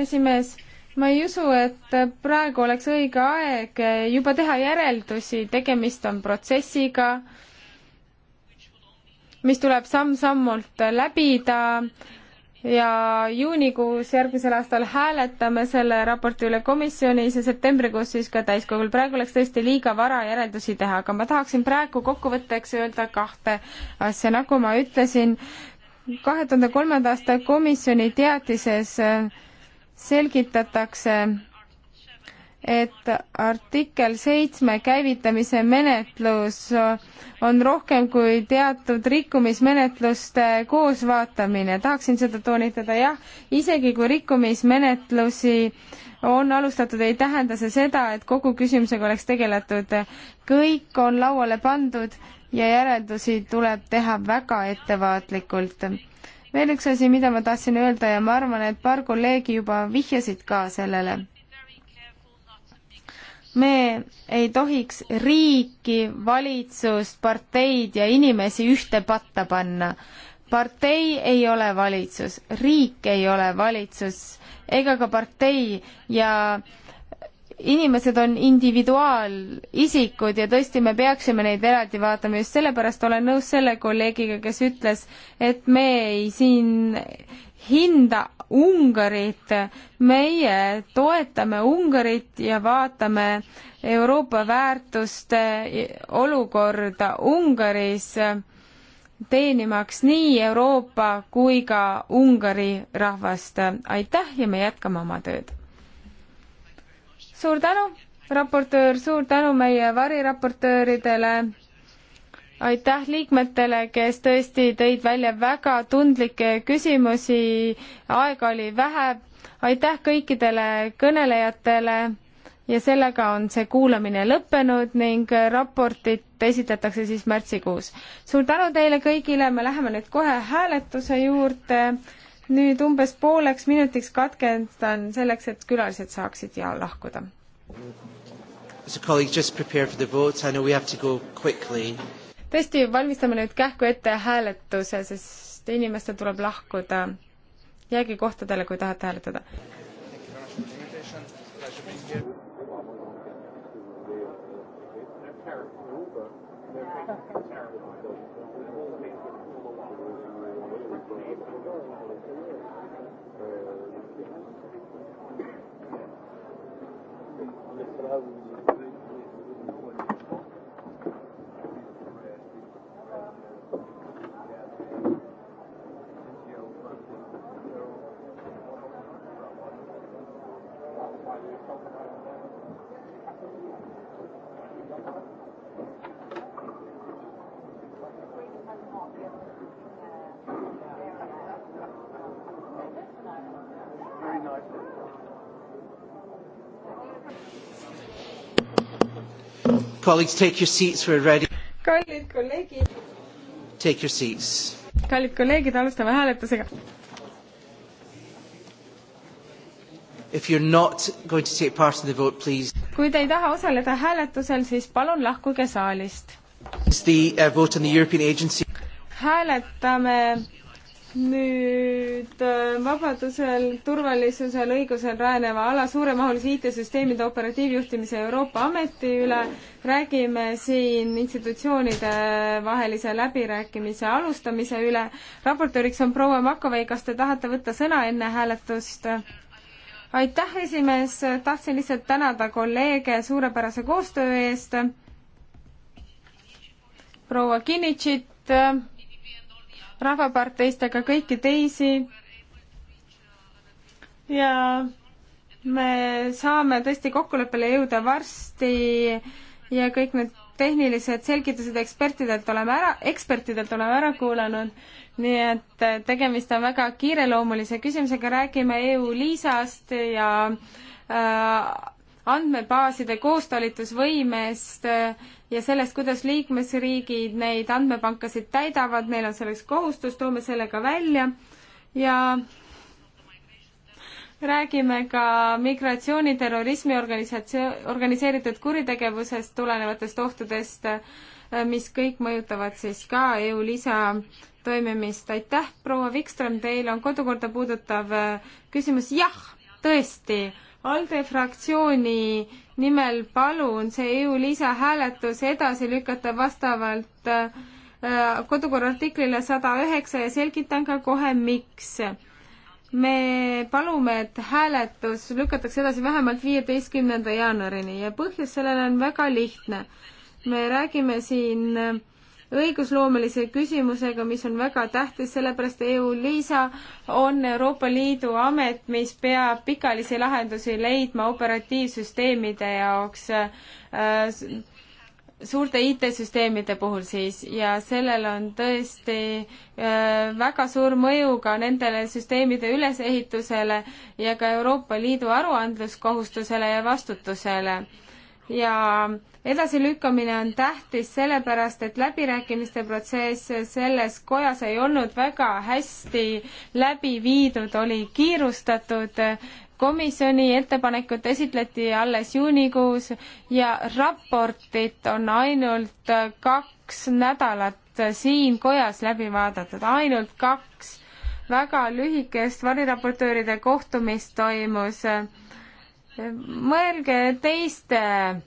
esimees. ma ei usu, et praegu oleks õige aeg juba teha järeldusi, tegemist on protsessiga, mis tuleb samm-sammult läbida ja juunikuus järgmisel aastal hääletame selle raporti üle komisjonis ja septembrikuus siis ka täiskogul. praegu oleks tõesti liiga vara järeldusi teha, aga ma tahaksin praegu kokkuvõtteks öelda kahte asja, nagu ma ütlesin, kahe tuhande kolmanda aasta komisjoni teatises selgitatakse et artikkel seitsme käivitamise menetlus on rohkem kui teatud rikkumismenetluste koosvaatamine. tahaksin seda toonitada, jah, isegi kui rikkumismenetlusi on alustatud, ei tähenda see seda, et kogu küsimusega oleks tegeletud. kõik on lauale pandud ja järeldusi tuleb teha väga ettevaatlikult. veel üks asi, mida ma tahtsin öelda ja ma arvan, et paar kolleegi juba vihjasid ka sellele me ei tohiks riiki, valitsust, parteid ja inimesi ühte patta panna. partei ei ole valitsus, riik ei ole valitsus ega ka partei ja inimesed on individuaalisikud ja tõesti, me peaksime neid eraldi vaatama, just sellepärast olen nõus selle kolleegiga, kes ütles, et me ei siin hinda Ungarit, meie toetame Ungarit ja vaatame Euroopa väärtuste olukorda Ungaris, teenimaks nii Euroopa kui ka Ungari rahvast. aitäh ja me jätkame oma tööd. suur tänu, raportöör, suur tänu meie variraportööridele aitäh liikmetele, kes tõesti tõid välja väga tundlikke küsimusi, aega oli vähe. aitäh kõikidele kõnelejatele ja sellega on see kuulamine lõppenud ning raportit esitatakse siis märtsikuus. suur tänu teile kõigile, me läheme nüüd kohe hääletuse juurde. nüüd umbes pooleks minutiks katkestan selleks, et külalised saaksid ja lahkuda. So colleagues just prepare for the votes, I know we have to go quickly tõesti, valmistame nüüd kähku ette hääletuse, sest inimestel tuleb lahkuda. jääge kohtadele, kui tahate hääletada. Colleagues, take your seats, we are ready. kallid kolleegid. Take your seats. kallid kolleegid, alustame hääletusega. If you are not going to take part in the vote, please. kui te ei taha osaleda hääletusel, siis palun lahkuge saalist. It's the uh, vote on the European Agency. hääletame nüüd äh, vabadusel, turvalisusel, õigusel rajaneva ala suuremahulise IT-süsteemide operatiivjuhtimise Euroopa Ameti üle. räägime siin institutsioonide vahelise läbirääkimise alustamise üle. raportööriks on proua Makovei, kas te tahate võtta sõna enne hääletust? aitäh, esimees, tahtsin lihtsalt tänada kolleege suurepärase koostöö eest. proua Kinnitšit Rahvaparteist, aga kõiki teisi. ja me saame tõesti kokkuleppele jõuda varsti ja kõik need tehnilised selgitused ekspertidelt oleme ära, ekspertidelt oleme ära kuulanud, nii et tegemist on väga kiireloomulise küsimusega, räägime EU-liisast ja äh, andmebaaside koostalitusvõimest äh, ja sellest, kuidas liikmesriigid neid andmepankasid täidavad, neil on selleks kohustus, toome selle ka välja ja räägime ka migratsiooni, terrorismi, organisatsioon, organiseeritud kuritegevusest tulenevatest ohtudest, äh, mis kõik mõjutavad siis ka EU lisa toimimist. aitäh, proua Vikström, teil on kodukorda puudutav äh, küsimus. jah, tõesti ALDE fraktsiooni nimel palun see EU lisahääletus edasi lükata vastavalt äh, kodukorra artiklile sada üheksa ja selgitan ka kohe, miks. me palume, et hääletus lükatakse edasi vähemalt viieteistkümnenda jaanuarini ja põhjus sellele on väga lihtne. me räägime siin õigusloomelise küsimusega, mis on väga tähtis, sellepärast EU-LISA on Euroopa Liidu amet, mis peab pikaajalisi lahendusi leidma operatiivsüsteemide jaoks äh, suurte IT-süsteemide puhul siis ja sellel on tõesti äh, väga suur mõju ka nendele süsteemide ülesehitusele ja ka Euroopa Liidu aruandluskohustusele ja vastutusele ja edasilükkamine on tähtis sellepärast, et läbirääkimiste protsess selles kojas ei olnud väga hästi läbi viidud, oli kiirustatud. komisjoni ettepanekut esitleti alles juunikuus ja raportit on ainult kaks nädalat siin kojas läbi vaadatud, ainult kaks väga lühikest variraportööride kohtumist toimus mõelge teiste äh,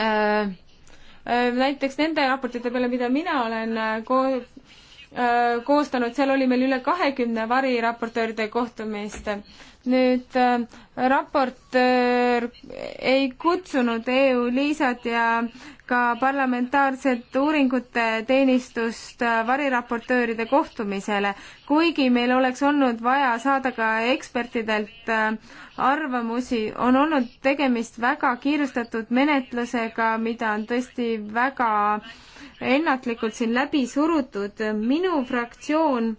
äh, näiteks nende raportite peale, mida mina olen äh, ko-, äh, koostanud, seal oli meil üle kahekümne variraportööride kohtumist nüüd äh, raportöör ei kutsunud EU-liisat ja ka parlamentaarset uuringute teenistust äh, variraportööride kohtumisele, kuigi meil oleks olnud vaja saada ka ekspertidelt äh, arvamusi, on olnud tegemist väga kiirustatud menetlusega, mida on tõesti väga ennatlikult siin läbi surutud. minu fraktsioon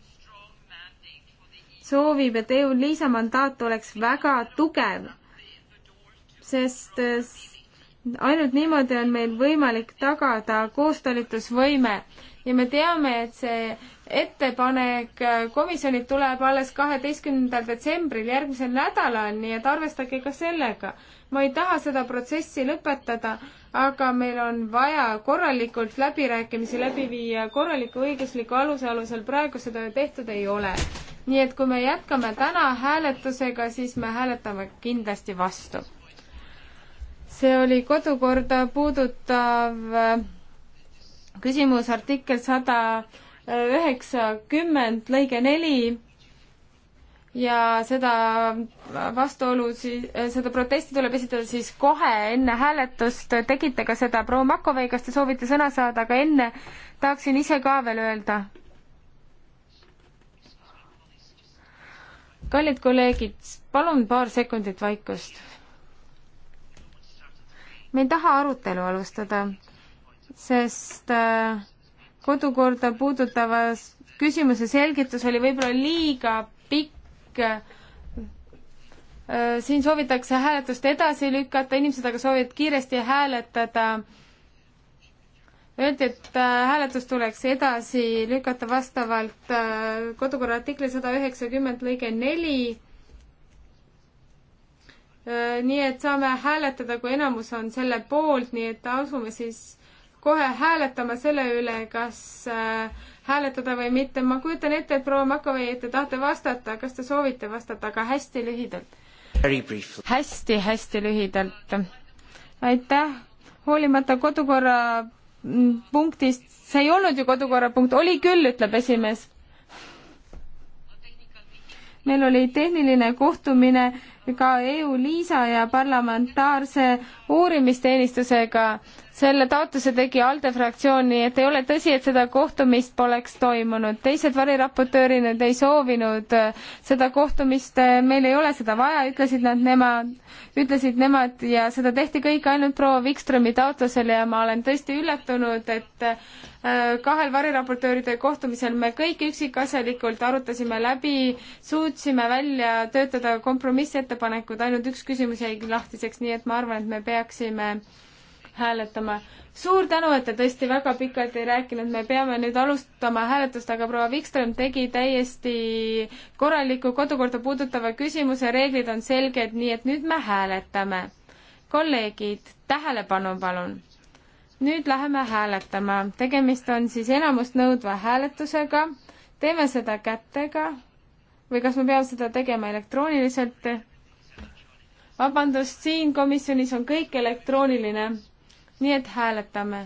soovib, et EU-LISA mandaat oleks väga tugev, sest eh, ainult niimoodi on meil võimalik tagada koostalitusvõime ja me teame, et see ettepanek eh, komisjonilt tuleb alles kaheteistkümnendal detsembril järgmisel nädalal, nii et arvestage ka sellega. ma ei taha seda protsessi lõpetada, aga meil on vaja korralikult läbirääkimisi läbi viia korraliku õigusliku aluse alusel, praegu seda ju tehtud ei ole. nii et kui me jätkame täna hääletusega, siis me hääletame kindlasti vastu. see oli kodukorda puudutav äh, küsimus artikkel sada üheksakümmend lõige neli ja seda vastuolu siis, seda protesti tuleb esitada siis kohe enne hääletust, tegite ka seda, proua Makovei, kas te soovite sõna saada, aga enne tahaksin ise ka veel öelda. kallid kolleegid, palun paar sekundit vaikust. me ei taha arutelu alustada, sest äh, kodukorda puudutavas küsimuse selgitus oli võib-olla liiga pikk kõik äh, siin soovitakse hääletust edasi lükata, inimesed aga soovivad kiiresti hääletada. Öeldi, et äh, hääletus tuleks edasi lükata vastavalt äh, kodukorra artikli sada üheksakümmend lõige neli. nii et saame hääletada, kui enamus on selle poolt, nii et asume siis kohe hääletama selle üle, kas äh, hääletada või mitte. ma kujutan ette, et proua Makovei, et te tahate vastata, kas te soovite vastata, aga hästi lühidalt. hästi-hästi lühidalt. aitäh, hoolimata kodukorra mm, punktist, see ei olnud ju kodukorrapunkt, oli küll, ütleb esimees. meil oli tehniline kohtumine ka EU-LISA ja parlamentaarse uurimisteenistusega. selle taotluse tegi ALDE fraktsioon, nii et ei ole tõsi, et seda kohtumist poleks toimunud. teised variraportöörid ei soovinud äh, seda kohtumist, äh, meil ei ole seda vaja, ütlesid nad nemad, ütlesid nemad ja seda tehti kõik ainult proua Wikströmi taotlusel ja ma olen tõesti üllatunud, et äh, kahel variraportööride kohtumisel me kõik üksikasjalikult arutasime läbi, suutsime välja töötada kompromissettepanekuid, ettepanekud, ainult üks küsimus jäigi lahtiseks, nii et ma arvan, et me peaksime hääletama. suur tänu, et te tõesti väga pikalt ei rääkinud, me peame nüüd alustama hääletust, aga proua Wikström tegi täiesti korraliku kodukorda puudutava küsimuse, reeglid on selged, nii et nüüd me hääletame. kolleegid, tähelepanu palun. nüüd läheme hääletama, tegemist on siis enamust nõudva hääletusega, teeme seda kätega või kas me peame seda tegema elektrooniliselt vabandust, siin komisjonis on kõik elektrooniline, nii et hääletame.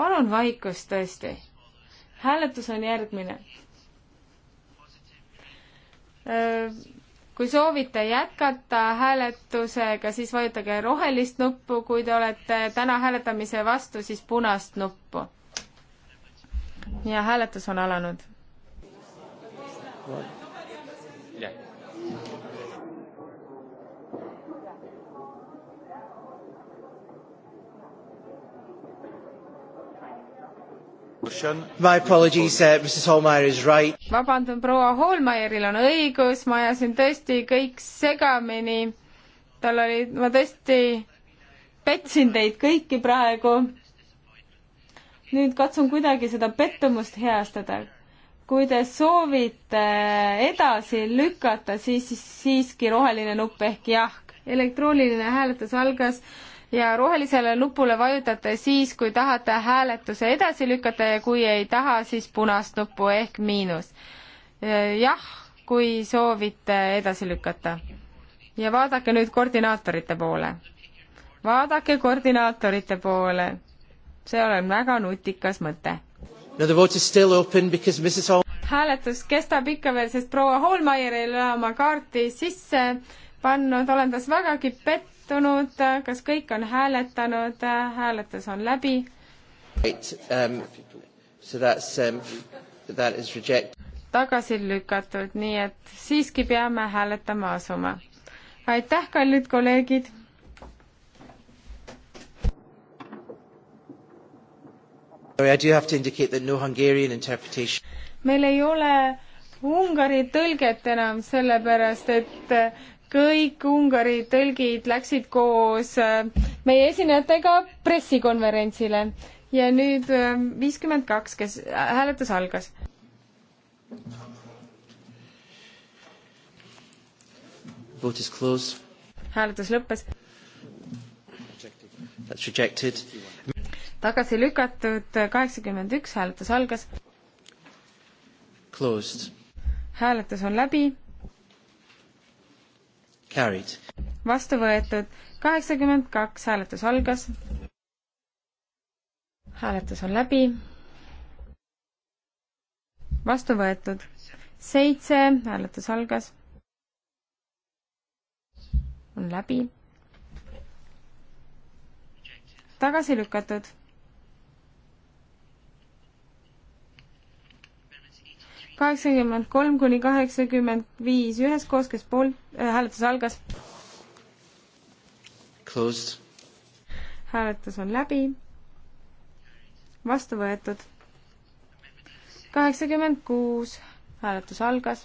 palun vaikust tõesti. hääletus on järgmine. Äh, kui soovite jätkata hääletusega, siis vajutage rohelist nuppu, kui te olete täna hääletamise vastu, siis punast nuppu. ja hääletus on alanud Right. Yeah. My apologies uh,, Mrs Holmeier is right. vabandan, proua Holmeieril on õigus, ma ajasin tõesti kõik segamini. tal oli, ma tõesti petsin teid kõiki praegu. nüüd katsun kuidagi seda pettumust heastada kui te soovite edasi lükata, siis, siis siiski roheline nupp ehk jah. elektrooniline hääletus algas ja rohelisele nupule vajutate siis, kui tahate hääletuse edasi lükata ja kui ei taha, siis punast nuppu ehk miinus. jah, kui soovite edasi lükata. ja vaadake nüüd koordinaatorite poole. vaadake koordinaatorite poole. see on väga nutikas mõte Now the vote is still open because Mrs Hall hääletus kestab ikka veel, sest proua Holmeier ei ole oma kaarti sisse pannud, olen tas vägagi pettunud, kas kõik on hääletanud, hääletus on läbi right,. Um, so that's um,, that is reject-. tagasi lükatud, nii et siiski peame hääletama asuma. aitäh, kallid kolleegid! meil ei ole Ungari tõlget enam, sellepärast et eh, kõik Ungari tõlgid läksid koos eh, meie esinejatega pressikonverentsile ja nüüd eh, viiskümmend kaks, kes hääletus algas. hääletus lõppes. That's rejected tagasi lükatud, kaheksakümmend üks, hääletus algas. Closed. hääletus on läbi. Carried. vastu võetud, kaheksakümmend kaks, hääletus algas. hääletus on läbi. vastu võetud, seitse, hääletus algas. on läbi. tagasi lükatud kaheksakümmend kolm kuni kaheksakümmend viis üheskoos, kes poolt äh,, hääletus algas. hääletus on läbi. vastu võetud. kaheksakümmend kuus, hääletus algas.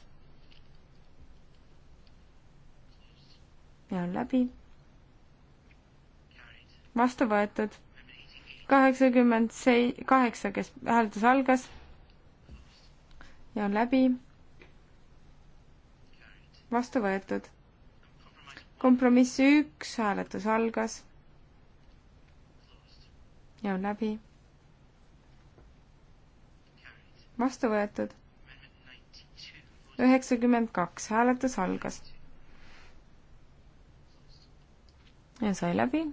ja on läbi. vastu võetud. kaheksakümmend sei-, kaheksa, kes hääletus algas ja on läbi. vastu võetud. kompromiss üks, hääletus algas. ja on läbi. vastu võetud. üheksakümmend kaks, hääletus algas. ja sai läbi.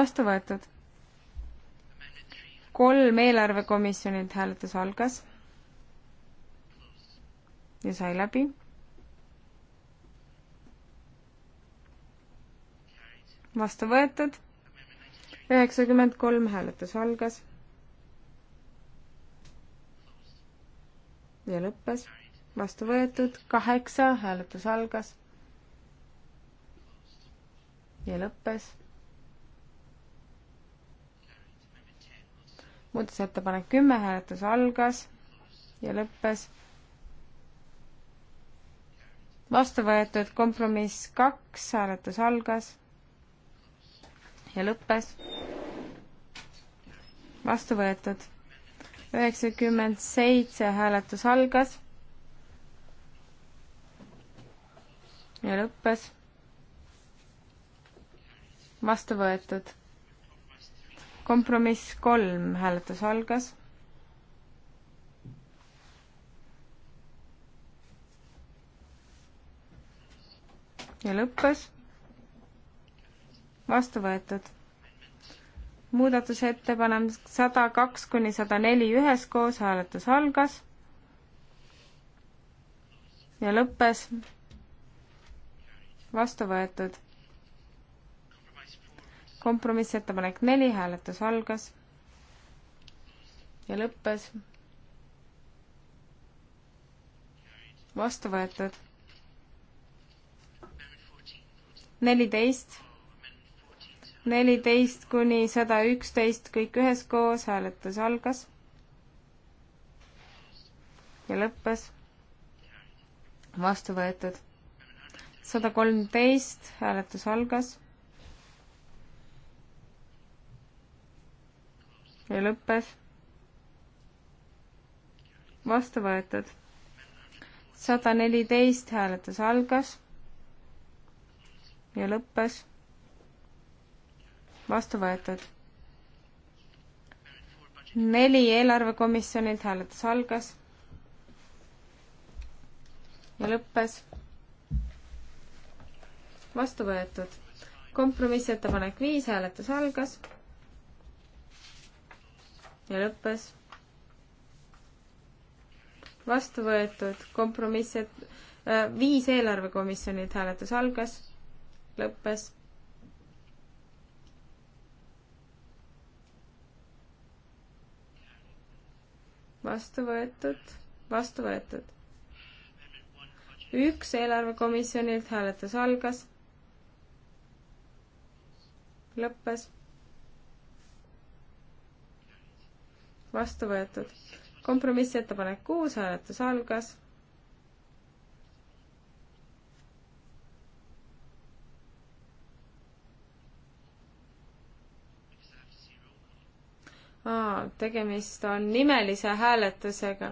vastu võetud kolm eelarvekomisjonilt hääletus algas ja sai läbi. vastu võetud. üheksakümmend kolm hääletus algas. ja lõppes. vastu võetud. kaheksa hääletus algas. ja lõppes muudatusettepanek kümme, hääletus algas ja lõppes. vastu võetud kompromiss kaks, hääletus algas ja lõppes. vastu võetud. üheksakümmend seitse hääletus algas. ja lõppes. vastu võetud kompromiss kolm, hääletus algas. ja lõppes. vastu võetud. muudatusettepanek sada kaks kuni sada neli üheskoos, hääletus algas. ja lõppes. vastu võetud kompromissettepanek neli, hääletus algas ja lõppes. vastu võetud. neliteist, neliteist kuni sada üksteist, kõik üheskoos, hääletus algas ja lõppes. vastu võetud. sada kolmteist, hääletus algas ja lõppes. vastu võetud. sada neliteist hääletus algas ja lõppes. vastu võetud. neli eelarvekomisjonilt hääletus algas ja lõppes. vastu võetud. kompromissettepanek viis hääletus algas ja lõppes. vastu võetud kompromissid, äh, viis eelarvekomisjonilt hääletus algas, lõppes. vastu võetud, vastu võetud. üks eelarvekomisjonilt hääletus algas, lõppes vastu võetud. kompromissettepanek kuus, hääletus algas. Aa, tegemist on nimelise hääletusega.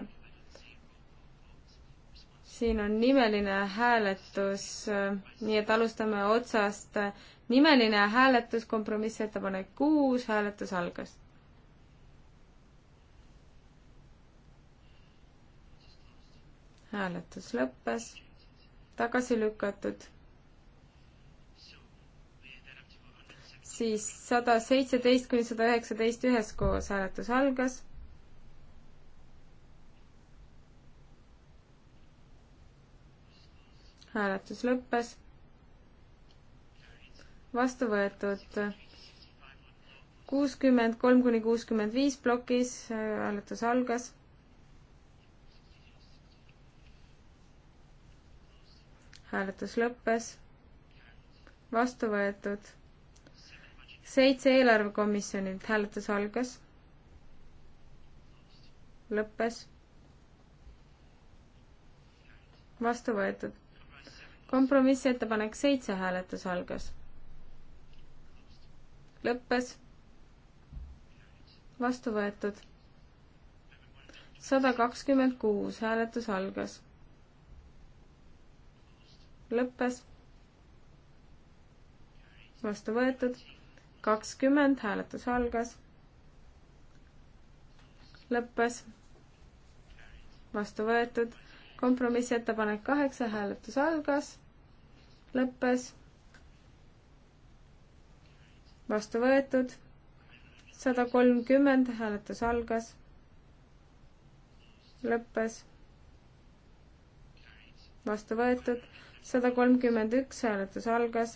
siin on nimeline hääletus, äh, nii et alustame otsast. nimeline hääletus, kompromissettepanek kuus, hääletus algas hääletus lõppes, tagasi lükatud. siis sada seitseteist kuni sada üheksateist üheskoos hääletus algas. hääletus lõppes. vastu võetud kuuskümmend kolm kuni kuuskümmend viis plokis hääletus algas hääletus lõppes, vastu võetud. seitse eelarvekomisjonilt hääletus algas, lõppes, vastu võetud. kompromissettepanek seitse hääletus algas, lõppes, vastu võetud sada kakskümmend kuus hääletus algas lõppes, vastu võetud, kakskümmend, hääletus algas, lõppes, vastu võetud, kompromissettepanek kaheksa, hääletus algas, lõppes, vastu võetud, sada kolmkümmend, hääletus algas, lõppes, vastu võetud sada kolmkümmend üks hääletus algas,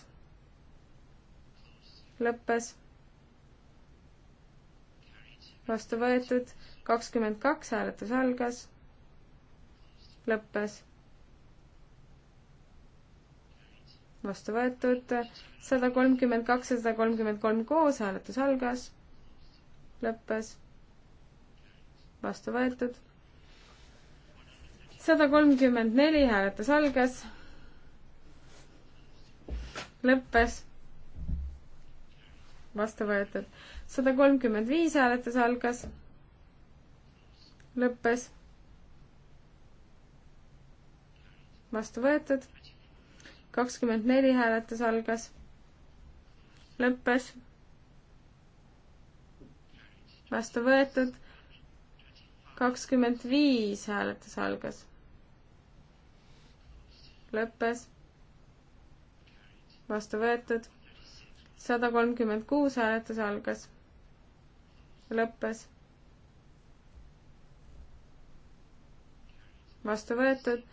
lõppes, vastu võetud, kakskümmend kaks hääletus algas, lõppes, vastu võetud, sada kolmkümmend kaks ja sada kolmkümmend kolm koos hääletus algas, lõppes, vastu võetud sada kolmkümmend neli hääletus algas, lõppes. vastu võetud. sada kolmkümmend viis hääletus algas. lõppes. vastu võetud. kakskümmend neli hääletus algas. lõppes. vastu võetud. kakskümmend viis hääletus algas. lõppes vastu võetud. sada kolmkümmend kuus hääletus algas, lõppes. vastu võetud,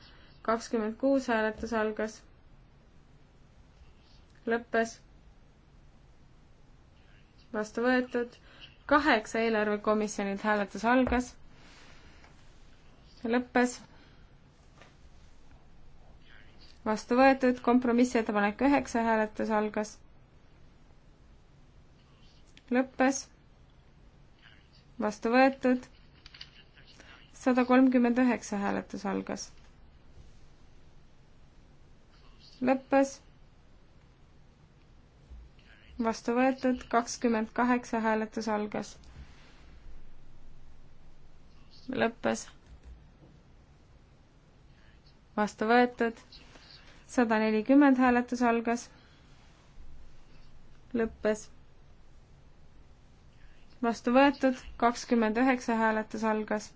kakskümmend kuus hääletus algas, lõppes. vastu võetud, kaheksa eelarvekomisjonilt hääletus algas, lõppes vastu võetud, kompromissettepanek üheksa, hääletus algas. lõppes. vastu võetud. sada kolmkümmend üheksa hääletus algas. lõppes. vastu võetud, kakskümmend kaheksa hääletus algas. lõppes. vastu võetud sada nelikümmend hääletus algas, lõppes. vastu võetud, kakskümmend üheksa hääletus algas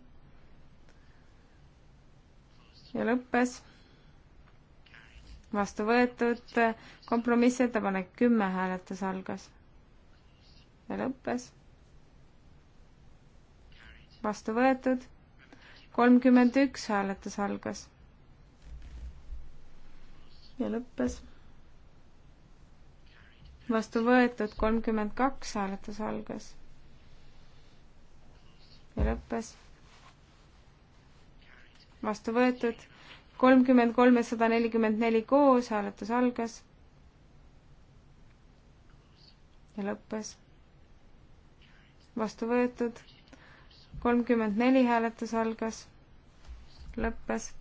ja lõppes. vastu võetud, kompromissettepanek kümme hääletus algas ja lõppes. vastu võetud, kolmkümmend üks hääletus algas ja lõppes. vastu võetud kolmkümmend kaks hääletus algas ja lõppes. vastu võetud kolmkümmend kolm ja sada nelikümmend neli koos hääletus algas ja lõppes. vastu võetud kolmkümmend neli hääletus algas, lõppes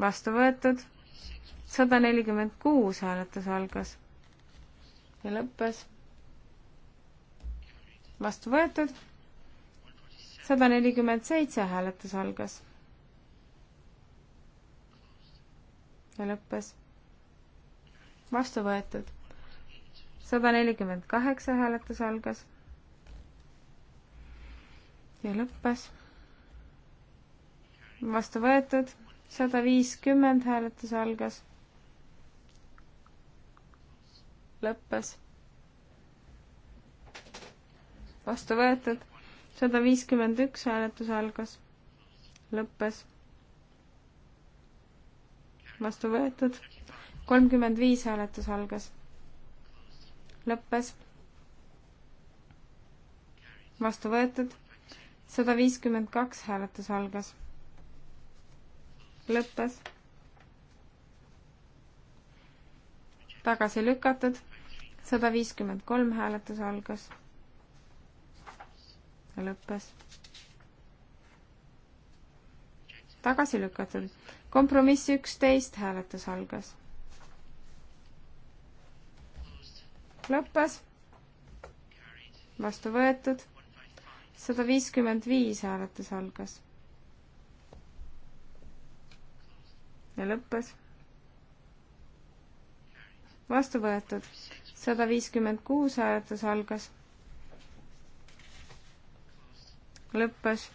vastu võetud, sada nelikümmend kuus hääletus algas ja lõppes. vastu võetud, sada nelikümmend seitse hääletus algas ja lõppes. vastu võetud, sada nelikümmend kaheksa hääletus algas ja lõppes. vastu võetud sada viiskümmend hääletus algas. lõppes. vastu võetud. sada viiskümmend üks hääletus algas. lõppes. vastu võetud. kolmkümmend viis hääletus algas. lõppes. vastu võetud. sada viiskümmend kaks hääletus algas lõppes. tagasi lükatud, sada viiskümmend kolm hääletus algas. lõppes. tagasi lükatud, kompromiss üksteist hääletus algas. lõppes. vastu võetud, sada viiskümmend viis hääletus algas ja lõppes. vastu võetud sada viiskümmend kuus hääletus algas. lõppes.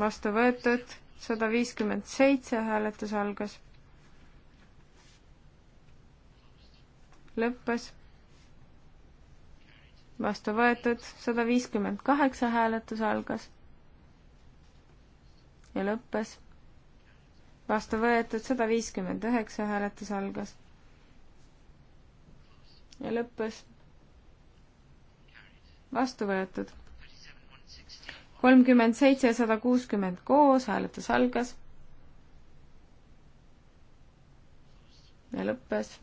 vastu võetud sada viiskümmend seitse hääletus algas. lõppes. vastu võetud sada viiskümmend kaheksa hääletus algas ja lõppes. vastu võetud sada viiskümmend üheksa, hääletus algas ja lõppes. vastu võetud. kolmkümmend seitse ja sada kuuskümmend koos, hääletus algas. ja lõppes.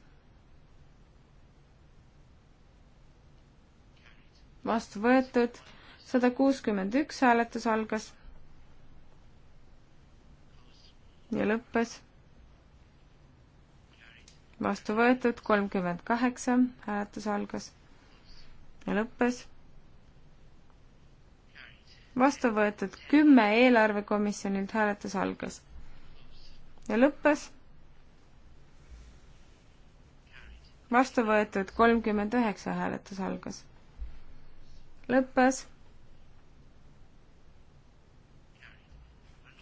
vastu võetud, sada kuuskümmend üks hääletus algas. ja lõppes. vastu võetud kolmkümmend kaheksa, hääletus algas ja lõppes. vastu võetud kümme eelarvekomisjonilt hääletus algas ja lõppes. vastu võetud kolmkümmend üheksa hääletus algas, lõppes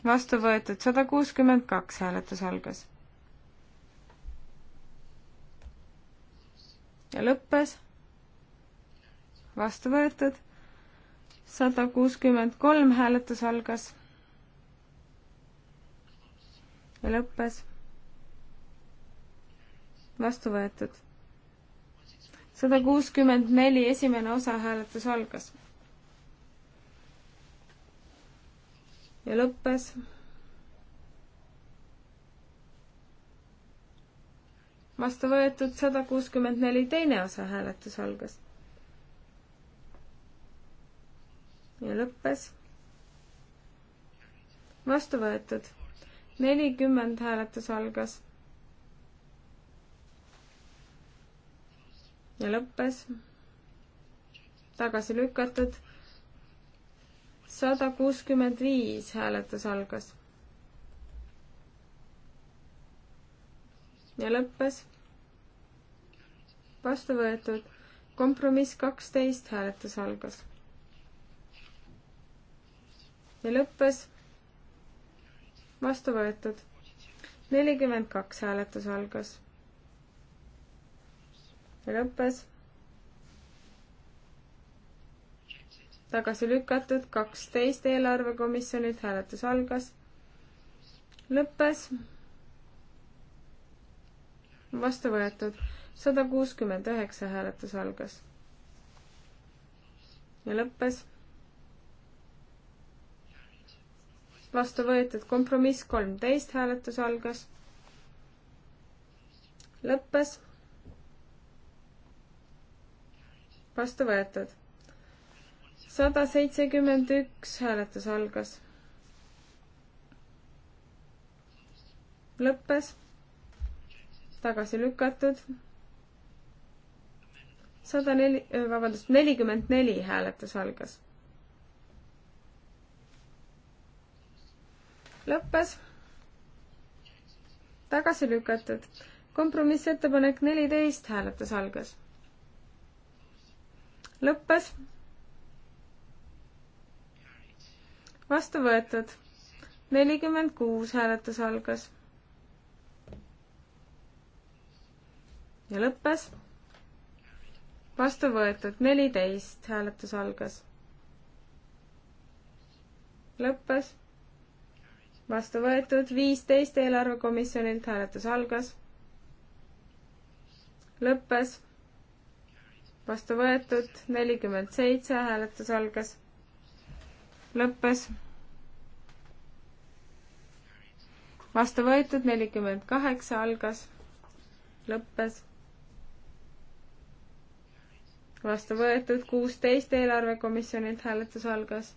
vastu võetud sada kuuskümmend kaks, hääletus algas. ja lõppes. vastu võetud sada kuuskümmend kolm, hääletus algas. ja lõppes. vastu võetud sada kuuskümmend neli, esimene osa hääletus algas ja lõppes. vastu võetud sada kuuskümmend neli, teine osa hääletus algas. ja lõppes. vastu võetud nelikümmend hääletus algas. ja lõppes. tagasi lükatud sada kuuskümmend viis hääletus algas. ja lõppes. vastu võetud. kompromiss kaksteist hääletus algas. ja lõppes. vastu võetud. nelikümmend kaks hääletus algas. ja lõppes tagasi lükatud, kaksteist eelarvekomisjonilt hääletus algas, lõppes, vastu võetud, sada kuuskümmend üheksa hääletus algas ja lõppes, vastu võetud, kompromiss kolmteist hääletus algas, lõppes, vastu võetud sada seitsekümmend üks hääletus algas. lõppes. tagasi lükatud. sada neli, äh, vabandust, nelikümmend neli hääletus algas. lõppes. tagasi lükatud. kompromissettepanek neliteist hääletus algas. lõppes vastu võetud. nelikümmend kuus hääletus algas. ja lõppes. vastu võetud neliteist hääletus algas. lõppes. vastu võetud viisteist eelarvekomisjonilt hääletus algas. lõppes vastu võetud, nelikümmend seitse hääletus algas lõppes. vastu võetud nelikümmend kaheksa algas, lõppes. vastu võetud kuusteist eelarvekomisjonilt hääletus algas.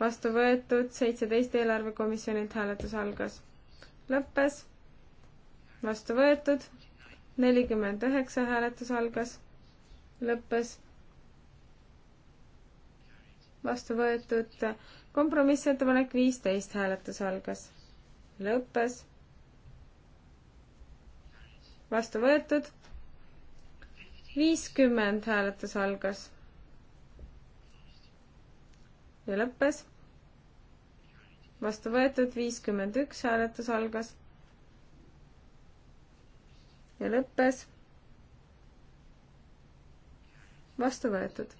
vastu võetud seitseteist eelarvekomisjonilt hääletus algas, lõppes. vastu võetud nelikümmend üheksa hääletus algas, lõppes vastu võetud. kompromissettepanek viisteist, hääletus algas, lõppes. vastu võetud. viiskümmend, hääletus algas ja lõppes. vastu võetud viiskümmend üks hääletus algas ja lõppes. vastu võetud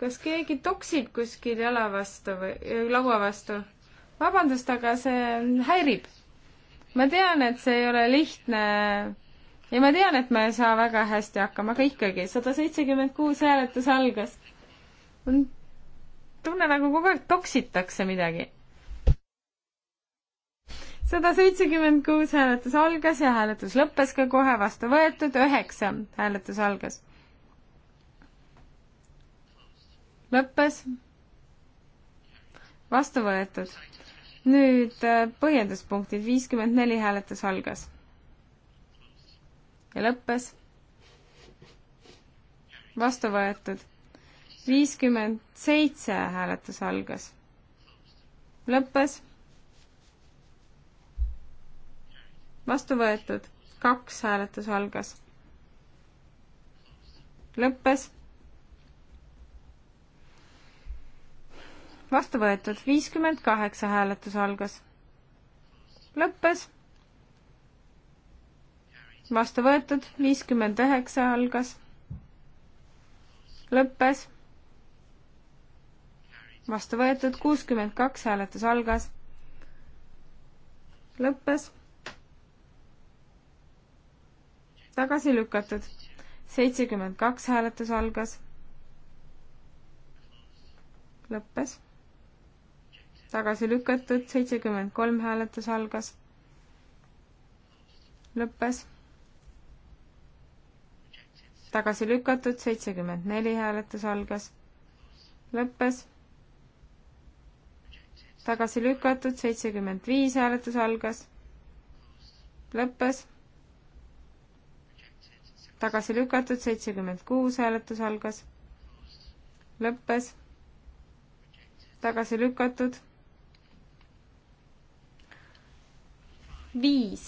kas keegi toksib kuskil jala vastu või laua vastu? vabandust, aga see häirib. ma tean, et see ei ole lihtne ja ma tean, et ma ei saa väga hästi hakkama, aga ikkagi sada seitsekümmend kuus hääletus algas. tunne nagu kogu aeg toksitakse midagi. sada seitsekümmend kuus hääletus algas ja hääletus lõppes ka kohe vastu võetud, üheksa hääletus algas lõppes, vastu võetud. nüüd äh, põhjenduspunktid, viiskümmend neli hääletus algas ja lõppes, vastu võetud. viiskümmend seitse hääletus algas, lõppes, vastu võetud, kaks hääletus algas lõppes, vastu võetud, viiskümmend kaheksa hääletus algas. lõppes. vastu võetud, viiskümmend üheksa algas. lõppes. vastu võetud, kuuskümmend kaks hääletus algas. lõppes. tagasi lükatud, seitsekümmend kaks hääletus algas lõppes tagasi lükatud, seitsekümmend kolm hääletus algas, lõppes. tagasi lükatud, seitsekümmend neli hääletus algas, lõppes. tagasi lükatud, seitsekümmend viis hääletus algas, lõppes. tagasi lükatud, seitsekümmend kuus hääletus algas, lõppes tagasi lükatud viis.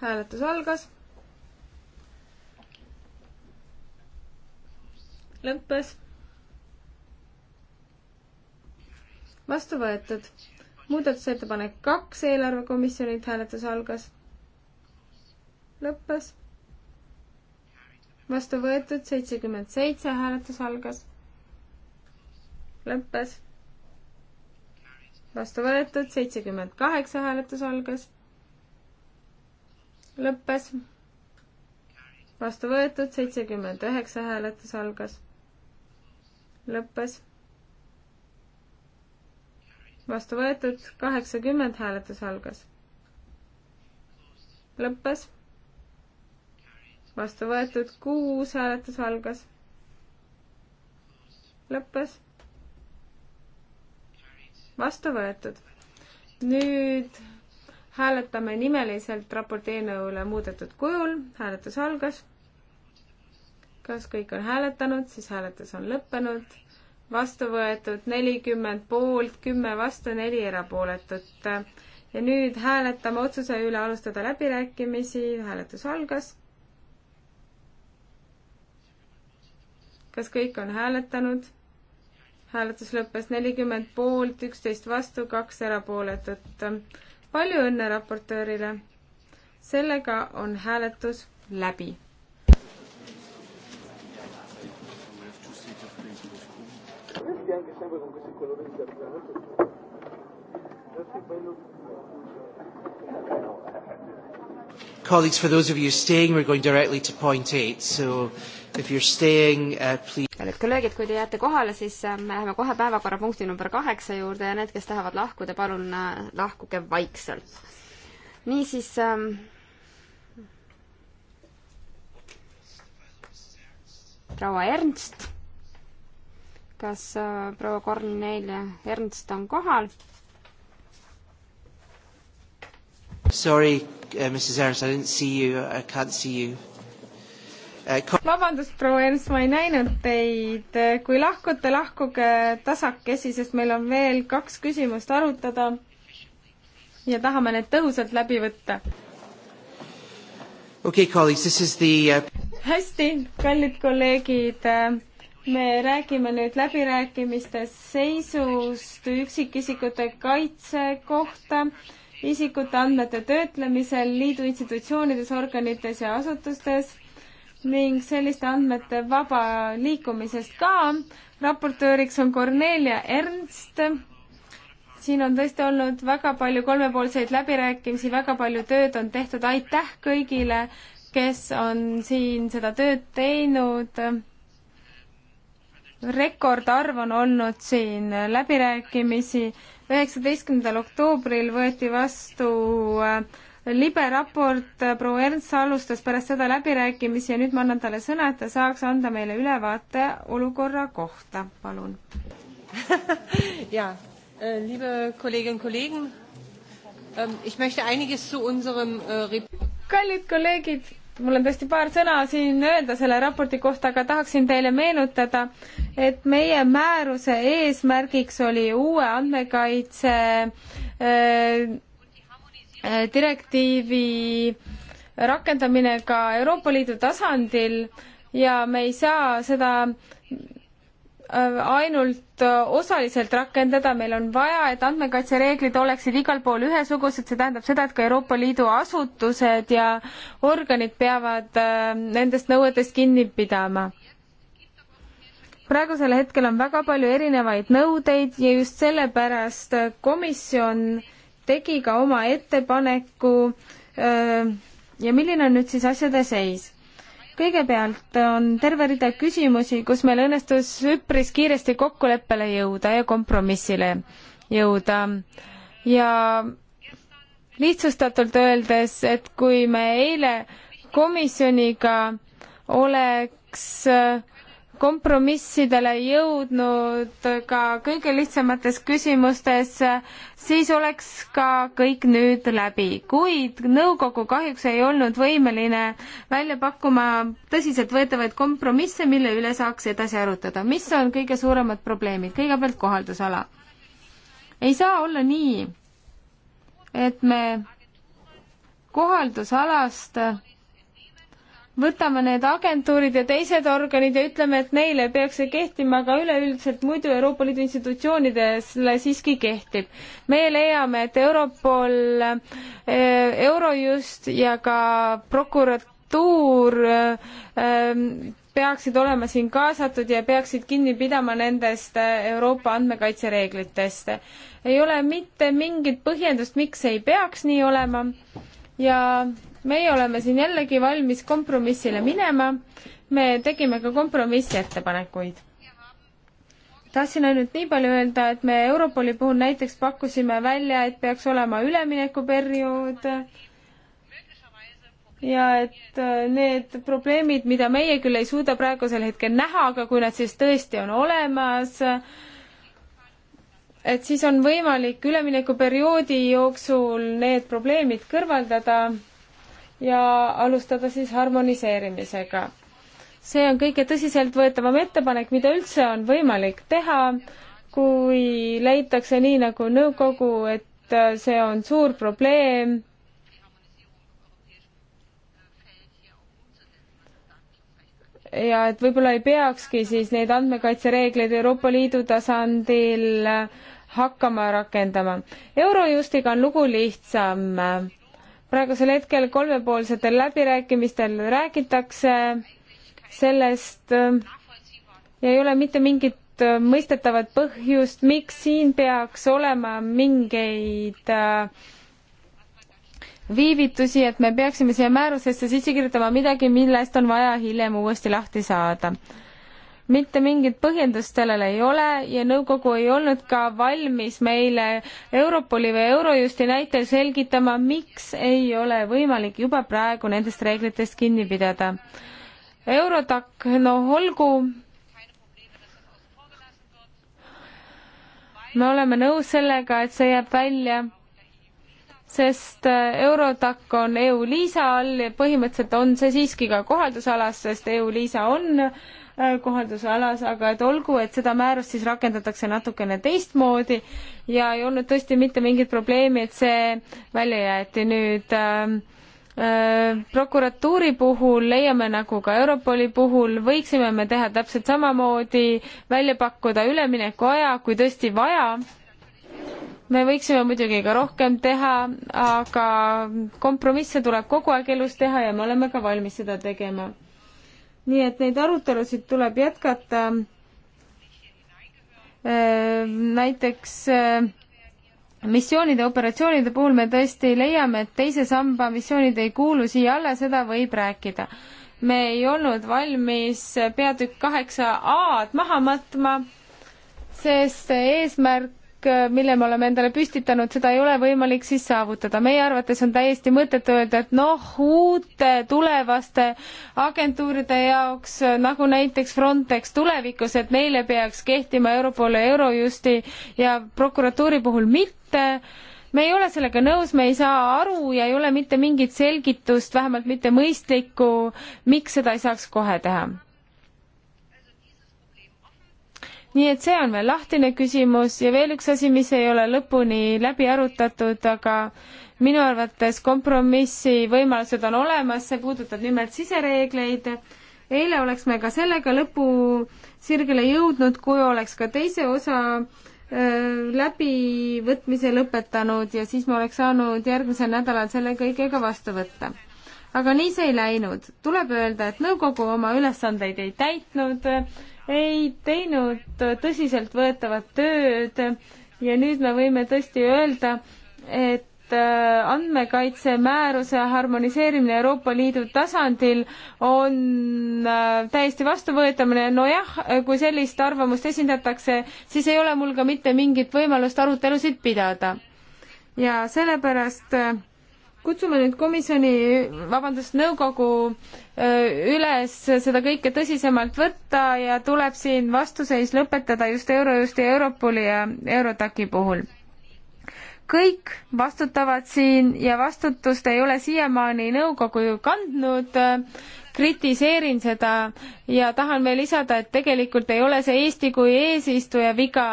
hääletus algas. lõppes. vastu võetud. muudatusettepanek kaks eelarvekomisjonilt hääletus algas. lõppes. vastu võetud seitsekümmend seitse hääletus algas. lõppes vastu võetud, seitsekümmend kaheksa hääletus algas lõppes. vastu võetud seitsekümmend üheksa, hääletus algas. lõppes. vastu võetud kaheksakümmend, hääletus algas. lõppes. vastu võetud kuus, hääletus algas. lõppes. vastu võetud. nüüd hääletame nimeliselt raporti eelnõule muudetud kujul, hääletus algas. kas kõik on hääletanud, siis hääletus on lõppenud. vastu võetud nelikümmend poolt, kümme vastu, neli erapooletut. ja nüüd hääletame otsuse üle alustada läbirääkimisi, hääletus algas. kas kõik on hääletanud? hääletus lõppes nelikümmend poolt, üksteist vastu, kaks erapooletut palju õnne raportöörile. sellega on hääletus läbi. Questi anche sempre con questi colori di giardinaggio. Colleagues, for those of you staying, we're going directly to point eight, so kallid uh, kolleegid, kui te jääte kohale, siis äh, me läheme kohe päevakorrapunkti number kaheksa juurde ja need, kes tahavad lahkuda, palun äh, lahkuge vaikselt. niisiis ähm, proua Ernst, kas äh, proua Kornelia Ernst on kohal? Sorry uh,, Mrs Ernst, I didn't see you, I can't see you Äh, vabandust, proua Ernst, ma ei näinud teid. kui lahkute, lahkuge tasakesi, sest meil on veel kaks küsimust arutada ja tahame need tõhusalt läbi võtta. okei okay,, colleagues, this is the uh, hästi, kallid kolleegid, äh, me räägime nüüd läbirääkimiste seisust üksikisikute kaitse kohta isikute andmete töötlemisel liidu institutsioonides, organites ja asutustes ning selliste andmete vaba liikumisest ka. raportööriks on Kornelia Ernst. siin on tõesti olnud väga palju kolmepoolseid läbirääkimisi, väga palju tööd on tehtud, aitäh kõigile, kes on siin seda tööd teinud. rekordarv on olnud siin läbirääkimisi. üheksateistkümnendal oktoobril võeti vastu äh, libe raport, äh, proua Ernst alustas pärast seda läbirääkimisi ja nüüd ma annan talle sõna, et ta saaks anda meile ülevaate olukorra kohta, palun ja, äh, liebe Kolleginnen und Kollegen, ähm, ich möchte einiges zu unserem äh, kallid kolleegid, mul on tõesti paar sõna siin öelda selle raporti kohta, aga tahaksin teile meenutada, et meie määruse eesmärgiks oli uue andmekaitse äh, Äh, direktiivi rakendamine ka Euroopa Liidu tasandil ja me ei saa seda äh, ainult äh, osaliselt rakendada, meil on vaja, et andmekaitsereeglid oleksid igal pool ühesugused, see tähendab seda, et ka Euroopa Liidu asutused ja organid peavad nendest nõuetest kinni pidama. praegusel hetkel on väga palju erinevaid nõudeid ja just sellepärast komisjon äh, tegi ka oma ettepaneku ja milline on nüüd siis asjade seis? kõigepealt on terve rida küsimusi, kus meil õnnestus üpris kiiresti kokkuleppele jõuda ja kompromissile jõuda ja lihtsustatult öeldes, et kui me eile komisjoniga oleks äh, kompromissidele jõudnud ka kõige lihtsamates küsimustes, siis oleks ka kõik nüüd läbi, kuid nõukogu kahjuks ei olnud võimeline välja pakkuma tõsiseltvõetavaid kompromisse, mille üle saaks edasi arutada. mis on kõige suuremad probleemid? kõigepealt kohaldusala. ei saa olla nii, et me kohaldusalast võtame need agentuurid ja teised organid ja ütleme, et neile peaks see kehtima, aga üleüldiselt muidu Euroopa Liidu institutsioonidele siiski kehtib. meie leiame, et Europol, eh, Eurojust ja ka prokuratuur eh, peaksid olema siin kaasatud ja peaksid kinni pidama nendest eh, Euroopa andmekaitsereeglitest. ei ole mitte mingit põhjendust, miks ei peaks nii olema ja meie oleme siin jällegi valmis kompromissile minema. me tegime ka kompromissettepanekuid. tahtsin ainult nii palju öelda, et me Europoli puhul näiteks pakkusime välja, et peaks olema üleminekuperiood ja et äh, need probleemid, mida meie küll ei suuda praegusel hetkel näha, aga kui nad siis tõesti on olemas äh,, et siis on võimalik üleminekuperioodi jooksul need probleemid kõrvaldada ja alustada siis harmoniseerimisega. see on kõige tõsiseltvõetavam ettepanek, mida üldse on võimalik teha, kui leitakse nii nagu nõukogu, et see on suur probleem ja et võib-olla ei peakski siis neid andmekaitsereegleid Euroopa Liidu tasandil hakkama rakendama. Eurojustiga on lugu lihtsam. praegusel hetkel kolmepoolsetel läbirääkimistel räägitakse sellest ja ei ole mitte mingit mõistetavat põhjust, miks siin peaks olema mingeid äh, viivitusi, et me peaksime siia määrusesse sisse kirjutama midagi, millest on vaja hiljem uuesti lahti saada. mitte mingit põhjendust sellele ei ole ja nõukogu ei olnud ka valmis meile Europoli või Eurojusti näitel selgitama, miks ei ole võimalik juba praegu nendest reeglitest kinni pidada. Eurotac, no olgu, me oleme nõus sellega, et see jääb välja sest äh, Eurotac on EU-LISA all ja põhimõtteliselt on see siiski ka kohaldusalas, sest EU-LISA on äh, kohaldusalas, aga et olgu, et seda määrust siis rakendatakse natukene teistmoodi ja ei olnud tõesti mitte mingit probleemi, et see välja jäeti nüüd äh, äh, prokuratuuri puhul leiame nagu ka Europoli puhul, võiksime me teha täpselt samamoodi, välja pakkuda üleminekuaja, kui tõesti vaja me võiksime muidugi ka rohkem teha, aga kompromisse tuleb kogu aeg elus teha ja me oleme ka valmis seda tegema. nii et neid arutelusid tuleb jätkata. Äh, näiteks äh, missioonide, operatsioonide puhul me tõesti leiame, et teise samba missioonid ei kuulu siia alla, seda võib rääkida. me ei olnud valmis peatükk kaheksa A-d maha matma, sest eesmärk Äh, mille me oleme endale püstitanud, seda ei ole võimalik siis saavutada. meie arvates on täiesti mõttetu öelda, et noh, uute tulevaste agentuuride jaoks, äh, nagu näiteks Frontex tulevikus, et neile peaks kehtima Europoli, Eurojusti ja prokuratuuri puhul mitte me ei ole sellega nõus, me ei saa aru ja ei ole mitte mingit selgitust, vähemalt mitte mõistlikku, miks seda ei saaks kohe teha nii et see on veel lahtine küsimus ja veel üks asi, mis ei ole lõpuni läbi arutatud, aga minu arvates kompromissi võimalused on olemas, see puudutab nimelt sisereegleid. eile oleks me ka sellega lõpusirgele jõudnud, kui oleks ka teise osa äh, läbivõtmise lõpetanud ja siis ma oleks saanud järgmisel nädalal selle kõigega vastu võtta. aga nii see ei läinud. tuleb öelda, et nõukogu oma ülesandeid ei täitnud ei teinud tõsiseltvõetavat tööd ja nüüd me võime tõesti öelda, et äh, andmekaitsemääruse harmoniseerimine Euroopa Liidu tasandil on äh, täiesti vastuvõetamine. nojah, kui sellist arvamust esindatakse, siis ei ole mul ka mitte mingit võimalust arutelusid pidada. ja sellepärast äh, kutsume nüüd komisjoni, vabandust, nõukogu üles seda kõike tõsisemalt võtta ja tuleb siin vastuseis lõpetada just Eurojusti, Europoli ja Eurotaki puhul. kõik vastutavad siin ja vastutust ei ole siiamaani nõukogu ju kandnud kritiseerin seda ja tahan veel lisada, et tegelikult ei ole see Eesti kui eesistuja viga.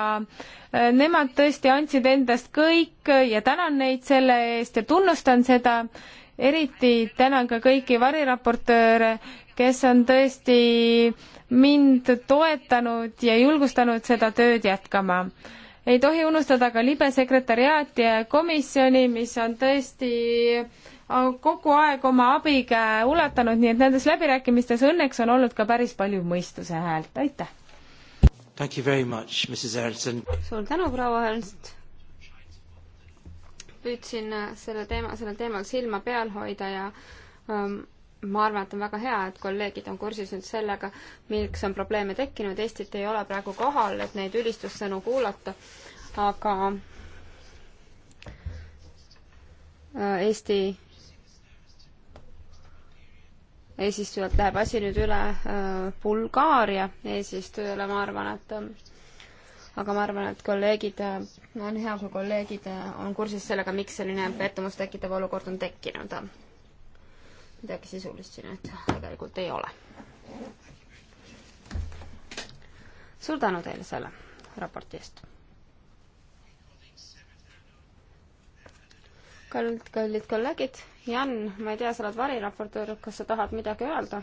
Äh, nemad tõesti andsid endast kõik ja tänan neid selle eest ja tunnustan seda. eriti tänan ka kõiki variraportööre, kes on tõesti mind toetanud ja julgustanud seda tööd jätkama ei tohi unustada ka libe sekretäriaati ja komisjoni, mis on tõesti kogu aeg oma abikäe ulatanud, nii et nendes läbirääkimistes õnneks on olnud ka päris palju mõistuse häält, aitäh! suur tänu, proua Ernst! püüdsin äh, selle teema, sellel teemal silma peal hoida ja um, ma arvan, et on väga hea, et kolleegid on kursis nüüd sellega, miks on probleeme tekkinud, Eestit ei ole praegu kohal, et neid ülistussõnu kuulata, aga äh, Eesti eesistujalt läheb asi nüüd üle äh, Bulgaaria eesistujale, ma arvan, et äh, aga ma arvan, et kolleegid, äh, on hea, kui kolleegid on kursis sellega, miks selline pettumust tekitav olukord on tekkinud. midagi sisulist siin nüüd tegelikult ei ole. suur tänu teile selle raporti eest. kallid, kallid kolleegid Jan, ma ei tea, sa oled variraportöör, kas sa tahad midagi öelda?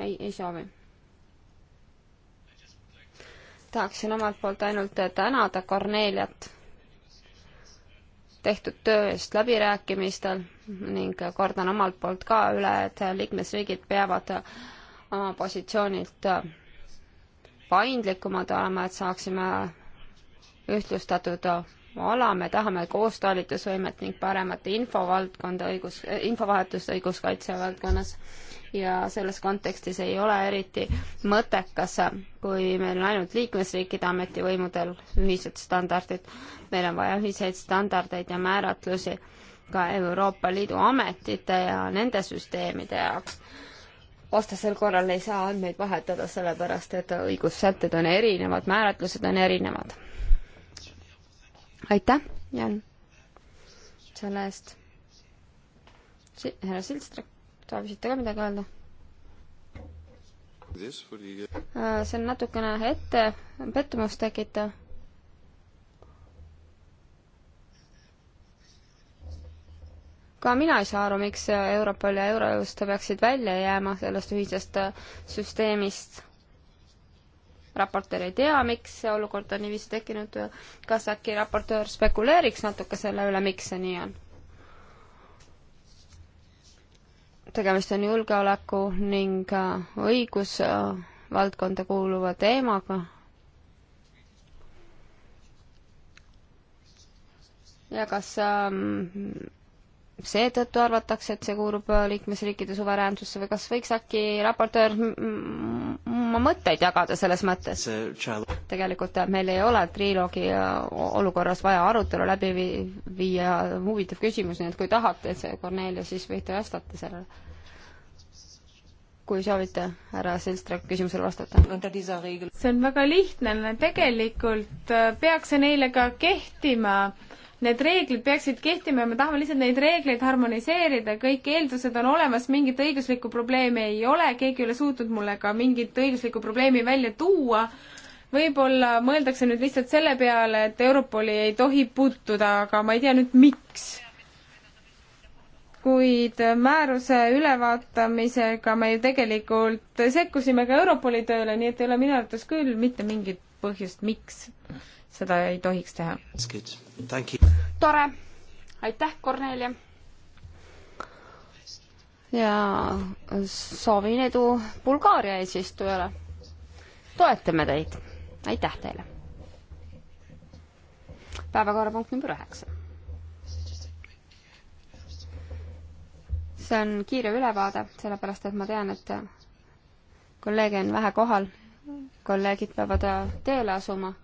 ei, ei soovi. tahaksin omalt poolt ainult tänada Korneliat tehtud töö eest läbirääkimistel ning kordan omalt poolt ka üle, et liikmesriigid peavad oma positsioonilt paindlikumad olema, et saaksime ühtlustatud ala, me tahame koostalitusvõimet ning paremat infovaldkonda õigus, infovahetust õiguskaitse valdkonnas ja selles kontekstis ei ole eriti mõttekas, kui meil on ainult liikmesriikide ametivõimudel ühised standardid. meil on vaja ühiseid standardeid ja määratlusi ka Euroopa Liidu ametite ja nende süsteemide jaoks. vastasel korral ei saa andmeid vahetada, sellepärast et õigussätted on erinevad, määratlused on erinevad aitäh, Jan, selle eest. härra Sildstra, soovisite ka midagi öelda? Äh, see on natukene ette, pettumust tekitav. ka mina ei saa aru, miks Europol ja Eurojust peaksid välja jääma sellest ühisest süsteemist raportöör ei tea, miks see olukord on niiviisi tekkinud, kas äkki raportöör spekuleeriks natuke selle üle, miks see nii on? tegemist on julgeoleku ning äh, õigusvaldkonda kuuluva teemaga. ja kas ähm, seetõttu arvatakse, et see kuulub liikmesriikide suveräänsusse või kas võiks äkki raportöör oma mõtteid jagada selles mõttes? tegelikult meil ei ole triloogi äh, olukorras vaja arutelu läbi viia, huvitav küsimus, nii et kui tahate, Kornelia, siis võite vastata sellele. kui soovite härra Silstra küsimusele vastata. see on väga lihtne, tegelikult äh, peaks see neile ka kehtima need reeglid peaksid kehtima ja me tahame lihtsalt neid reegleid harmoniseerida, kõik eeldused on olemas, mingit õiguslikku probleemi ei ole, keegi ei ole suutnud mulle ka mingit õiguslikku probleemi välja tuua. võib-olla mõeldakse nüüd lihtsalt selle peale, et Europoli ei tohi puutuda, aga ma ei tea nüüd, miks kuid määruse ülevaatamisega me ju tegelikult sekkusime ka Europoli tööle, nii et ei ole minu arvates küll mitte mingit põhjust, miks seda ei tohiks teha tore, aitäh, Kornelia! ja soovin edu Bulgaaria eesistujale. toetame teid, aitäh teile! päevakorrapunkt number üheksa. see on kiire ülevaade, sellepärast et ma tean, et kolleege on vähe kohal, kolleegid peavad tööle asuma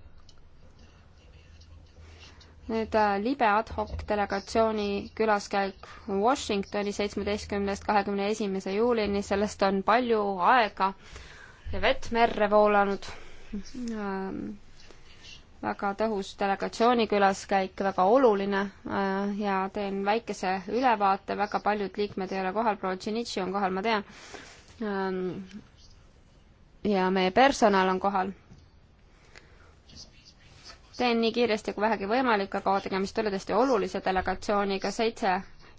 nüüd äh, libe ad hoc delegatsiooni külaskäik Washingtoni seitsmeteistkümnest kahekümne esimese juulini, sellest on palju aega ja vett merre voolanud ähm,. väga tõhus delegatsiooni külaskäik, väga oluline äh, ja teen väikese ülevaate, väga paljud liikmed ei ole kohal, proua Tšinitši on kohal, ma tean ähm,. ja meie personal on kohal teen nii kiiresti kui vähegi võimalik, aga tegemist oli tõesti olulise delegatsiooniga, seitse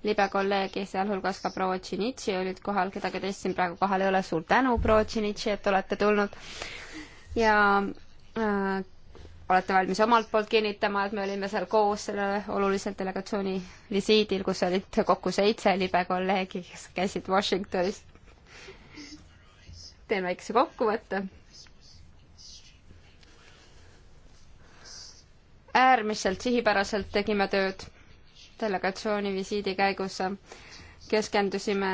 libe kolleegi, sealhulgas ka proua Tšinitši olid kohal, kedagi teist siin praegu kohal ei ole, suur tänu, proua Tšinitši, et olete tulnud. ja äh, olete valmis omalt poolt kinnitama, et me olime seal koos sellel olulisel delegatsiooni visiidil, kus olid kokku seitse libe kolleegi, kes käisid Washingtonis. teen väikese kokkuvõtte äärmiselt sihipäraselt tegime tööd delegatsiooni visiidi käigus. keskendusime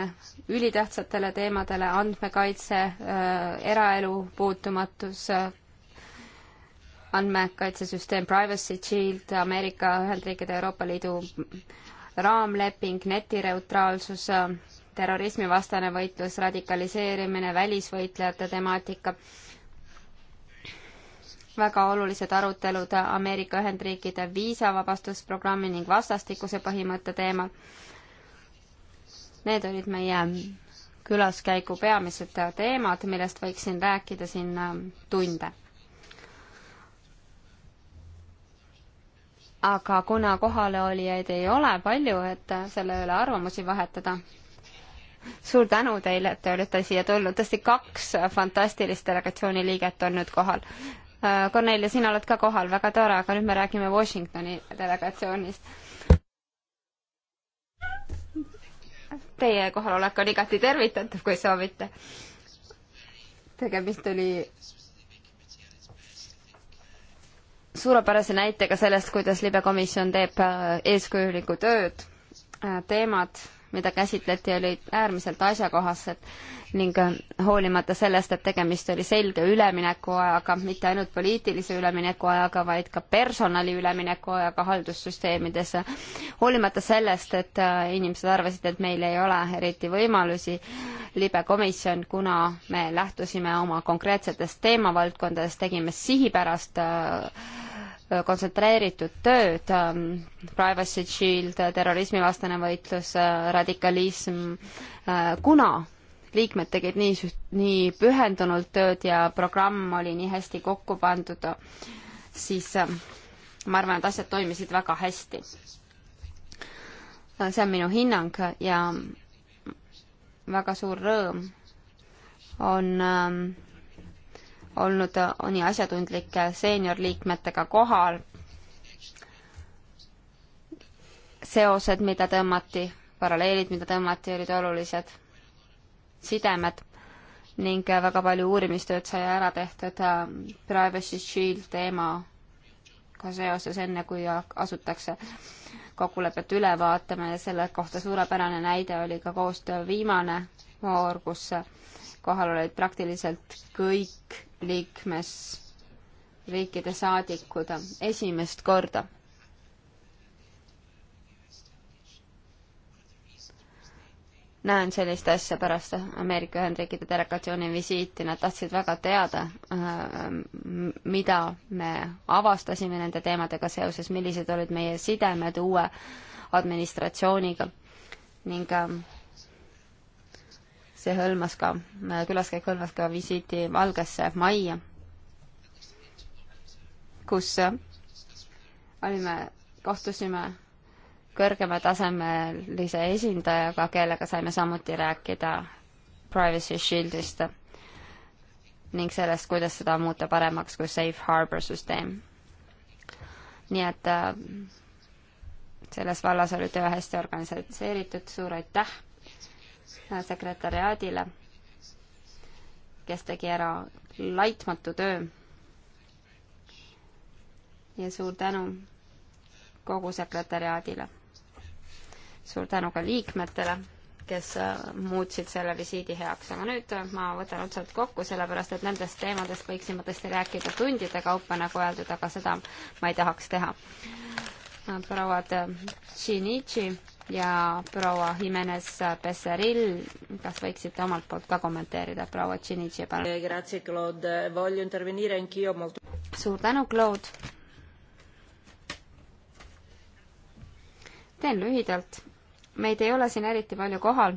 ülitähtsatele teemadele, andmekaitse, äh, eraelu puutumatus, andmekaitsesüsteem Privacy Shield, Ameerika Ühendriikide Euroopa Liidu raamleping, netineutraalsus, terrorismivastane võitlus, radikaliseerimine, välisvõitlejate temaatika väga olulised arutelud Ameerika Ühendriikide viisavabastusprogrammi ning vastastikuse põhimõtte teemal. Need olid meie külaskäigu peamised teemad, millest võiksin rääkida siin ähm, tunde. aga kuna kohalolijaid ei ole palju, et selle üle arvamusi vahetada, suur tänu teile, et te olete siia tulnud, tõesti kaks fantastilist delegatsiooni liiget on nüüd kohal. Kornelia, äh, sina oled ka kohal, väga tore, aga nüüd me räägime Washingtoni delegatsioonist. Teie kohalolek on igati tervitatav, kui soovite. tegemist oli suurepärase näitega sellest, kuidas libekomisjon teeb äh, eeskujulikku tööd, äh, teemad mida käsitleti, olid äärmiselt asjakohased ning äh, hoolimata sellest, et tegemist oli selge üleminekuajaga, mitte ainult poliitilise üleminekuajaga, vaid ka personali üleminekuajaga haldussüsteemides, hoolimata sellest, et äh, inimesed arvasid, et meil ei ole eriti võimalusi, libe komisjon, kuna me lähtusime oma konkreetsetest teemavaldkondadest, tegime sihipärast äh, kontsentreeritud tööd, ähm, Privacy Shield, terrorismivastane võitlus, äh, radikalism, äh, kuna liikmed tegid nii, nii pühendunult tööd ja programm oli nii hästi kokku pandud, siis äh, ma arvan, et asjad toimisid väga hästi. see on minu hinnang ja väga suur rõõm on ähm, olnud nii asjatundlike seeniorliikmetega kohal. seosed, mida tõmmati, paralleelid, mida tõmmati, olid olulised, sidemed ning väga palju uurimistööd sai ära tehtud äh, Privacy Shield teemaga seoses, enne kui asutakse kokkulepet üle vaatama ja selle kohta suurepärane näide oli ka koostöö viimane voor, kus kohal olid praktiliselt kõik liikmesriikide saadikud esimest korda. näen sellist asja pärast Ameerika Ühendriikide delegatsiooni visiiti, nad tahtsid väga teada, äh, mida me avastasime nende teemadega seoses, millised olid meie sidemed uue administratsiooniga ning ähm, see hõlmas ka, külaskäik hõlmas ka visiiti Valgesse majja, kus olime, kohtusime kõrgematasemelise esindajaga, kellega saime samuti rääkida Privacy Shieldist ning sellest, kuidas seda muuta paremaks kui Safe Harbor süsteem. nii et äh, selles vallas oli töö hästi organiseeritud, suur aitäh sekretäriaadile, kes tegi ära laitmatu töö. ja suur tänu kogu sekretäriaadile. suur tänu ka liikmetele, kes äh, muutsid selle visiidi heaks, aga nüüd äh, ma võtan otsad kokku, sellepärast et nendest teemadest võiksin ma tõesti rääkida tundide kaupa, nagu öeldud, aga seda ma ei tahaks teha. Äh, prouad Shinichi ja proua Jimenez Becerril, kas võiksite omalt poolt ka kommenteerida, proua Tšinitši, palun. Eh, suur tänu, Claude. teen lühidalt. meid ei ole siin eriti palju kohal.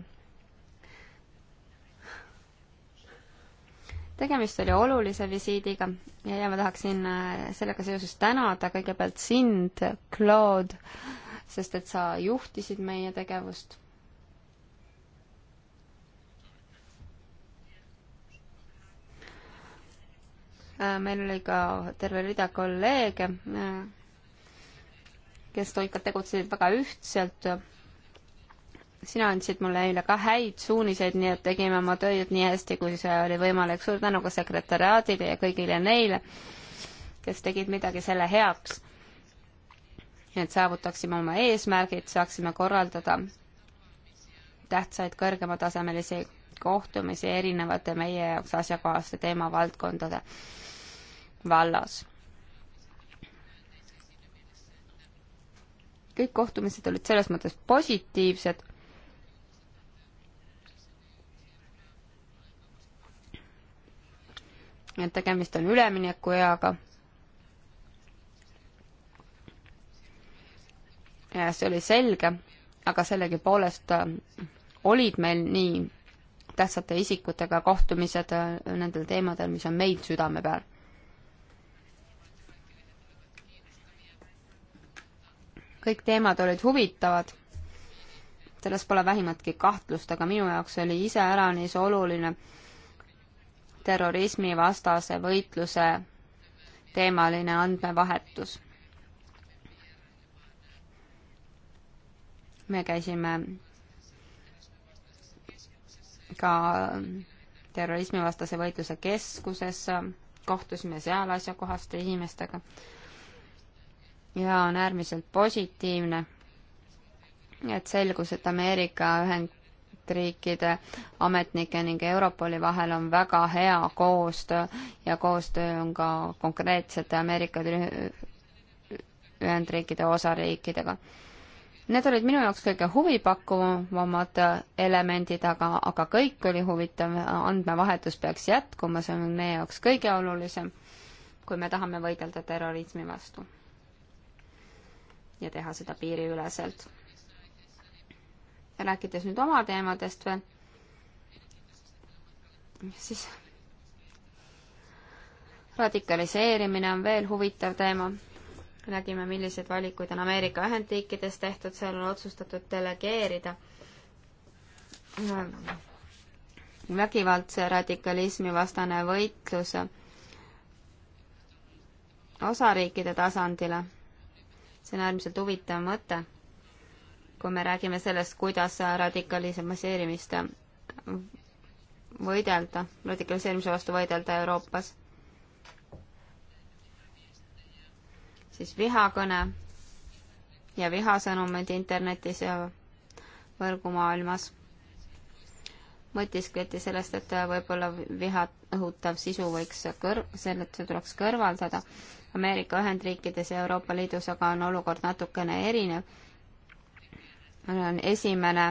tegemist oli olulise visiidiga ja, ja ma tahaksin eh, sellega seoses tänada kõigepealt sind, Claude sest et sa juhtisid meie tegevust. Äh, meil oli ka terve rida kolleege, äh, kes toikad tegutsesid väga ühtselt. sina andsid mulle eile ka häid suuniseid, nii et tegime oma tööd nii hästi, kui see oli võimalik. suur tänu ka sekretäraadile ja kõigile neile, kes tegid midagi selle heaks et saavutaksime oma eesmärgid, saaksime korraldada tähtsaid kõrgematasemelisi kohtumisi erinevate meie jaoks asjakohaste teemavaldkondade vallas. kõik kohtumised olid selles mõttes positiivsed et tegemist on üleminekueaga see oli selge, aga sellegipoolest äh, olid meil nii tähtsate isikutega kohtumised äh, nendel teemadel, mis on meil südame peal. kõik teemad olid huvitavad, selles pole vähimatki kahtlust, aga minu jaoks oli iseäranis oluline terrorismivastase võitluse teemaline andmevahetus me käisime ka terrorismivastase võitluse keskuses, kohtusime seal asjakohaste inimestega ja on äärmiselt positiivne, et selgus, et Ameerika Ühendriikide ametnike ning Europoli vahel on väga hea koostöö ja koostöö on ka konkreetsete Ameerika Ühendriikide osariikidega Need olid minu jaoks kõige huvipakkuvamad elemendid, aga, aga kõik oli huvitav, andmevahetus peaks jätkuma, see on meie jaoks kõige olulisem, kui me tahame võidelda terrorismi vastu. ja teha seda piiriüleselt. rääkides nüüd oma teemadest veel, siis radikaliseerimine on veel huvitav teema nägime, milliseid valikuid on Ameerika Ühendriikides tehtud, seal on otsustatud delegeerida äh, vägivaldse radikalismi vastane võitlus osariikide tasandile. see on äärmiselt huvitav mõte, kui me räägime sellest, kuidas radikaliseerimist võidelda, radikaliseerimise vastu võidelda Euroopas siis vihakõne ja vihasõnumid internetis ja võrgumaailmas. mõtiskleti sellest, et võib-olla viha õhutav sisu võiks kõr-, sellelt see tuleks kõrvaldada. Ameerika Ühendriikides ja Euroopa Liidus aga on olukord natukene erinev. meil on esimene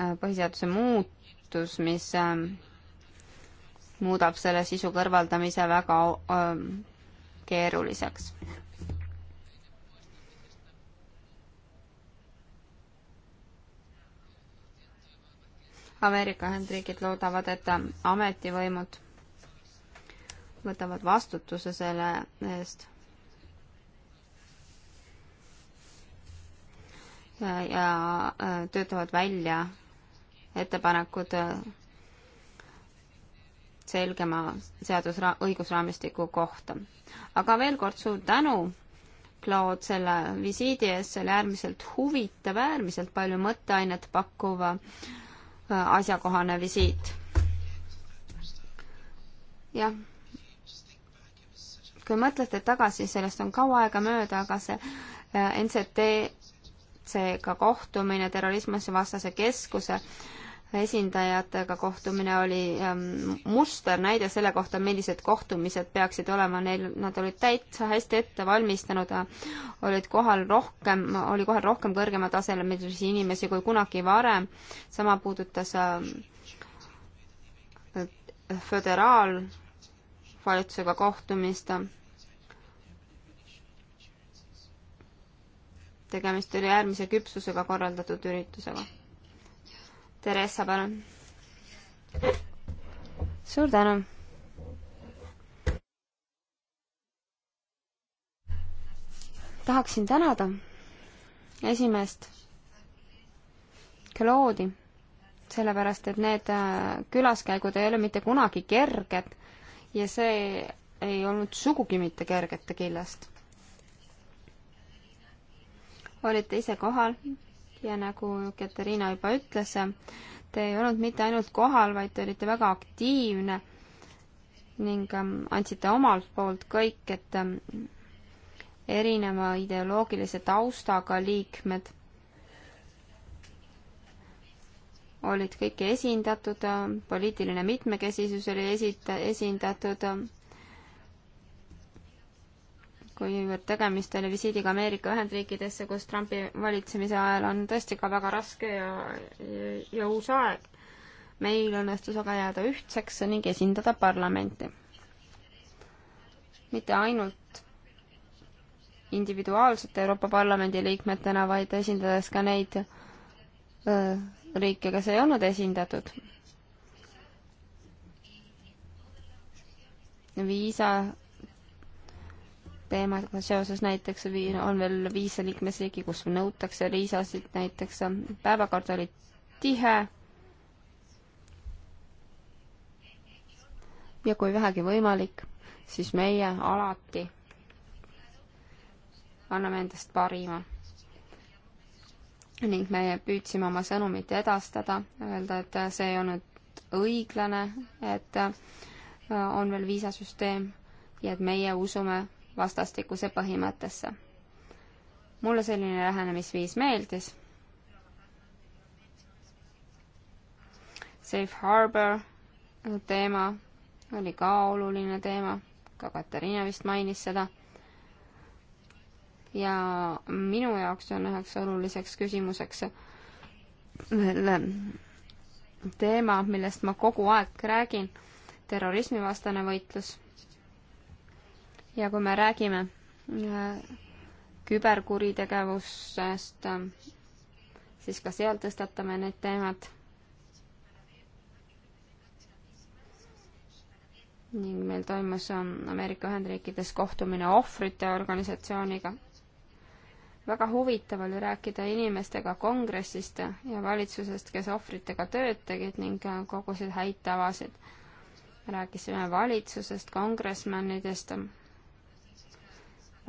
äh, põhiseaduse muutus, mis ähm, muudab selle sisu kõrvaldamise väga äh, keeruliseks. Ameerika Ühendriigid loodavad, et ametivõimud võtavad vastutuse selle eest. ja töötavad välja ettepanekud selgema seadusra-, õigusraamistiku kohta. aga veel kord suur tänu, Claude, selle visiidi eest, see oli äärmiselt huvitav, äärmiselt palju mõtteainet pakkuv äh, asjakohane visiit. jah kui mõtlete tagasi, sellest on kaua aega mööda, aga see äh, NCT-ga kohtumine, terrorismivastase keskuse esindajatega kohtumine oli ähm, musternäide selle kohta, millised kohtumised peaksid olema, neil, nad olid täitsa hästi ette valmistanud, olid kohal rohkem, oli kohal rohkem kõrgema tasemelisi inimesi kui kunagi varem, sama puudutas ähm, föderaalvalitsusega kohtumist. tegemist oli äärmise küpsusega korraldatud üritusega Theresa, palun. suur tänu. tahaksin tänada esimeest Claude'i, sellepärast et need äh, külaskäigud ei ole mitte kunagi kerged ja see ei olnud sugugi mitte kergete killast. olite ise kohal ja nagu Katariina juba ütles, te ei olnud mitte ainult kohal, vaid te olite väga aktiivne ning ähm, andsite omalt poolt kõik, et ähm, erineva ideoloogilise taustaga liikmed olid kõik esindatud, ähm, poliitiline mitmekesisus oli esita-, esindatud kuivõrd tegemist oli visiidiga Ameerika Ühendriikidesse, kus Trumpi valitsemise ajal on tõesti ka väga raske ja, ja, ja uus aeg. meil õnnestus aga jääda ühtseks ning esindada parlamenti. mitte ainult individuaalselt Euroopa Parlamendi liikmetena, vaid esindades ka neid öö, riike, kes ei olnud esindatud. viisa teemaga seoses näiteks on veel viis liikmesriiki, kus nõutakse liisasid näiteks. Ähm, päevakord oli tihe. ja kui vähegi võimalik, siis meie alati anname endast parima. ning me püüdsime oma sõnumit edastada, öelda, et see ei olnud õiglane, et äh, on veel viisasüsteem ja et meie usume vastastikuse põhimõttesse. mulle selline lähenemisviis meeldis. Safe Harbor teema oli ka oluline teema, ka Katariina vist mainis seda. ja minu jaoks on üheks oluliseks küsimuseks veel ähm, teema, millest ma kogu aeg räägin, terrorismivastane võitlus ja kui me räägime äh, küberkuritegevusest, siis ka seal tõstatame need teemad. ning meil toimus ähm, Ameerika Ühendriikides kohtumine ohvrite organisatsiooniga. väga huvitav oli rääkida inimestega kongressist ja valitsusest, kes ohvritega tööd tegid ning äh, kogusid häid tavasid. rääkisime valitsusest, kongressmännidest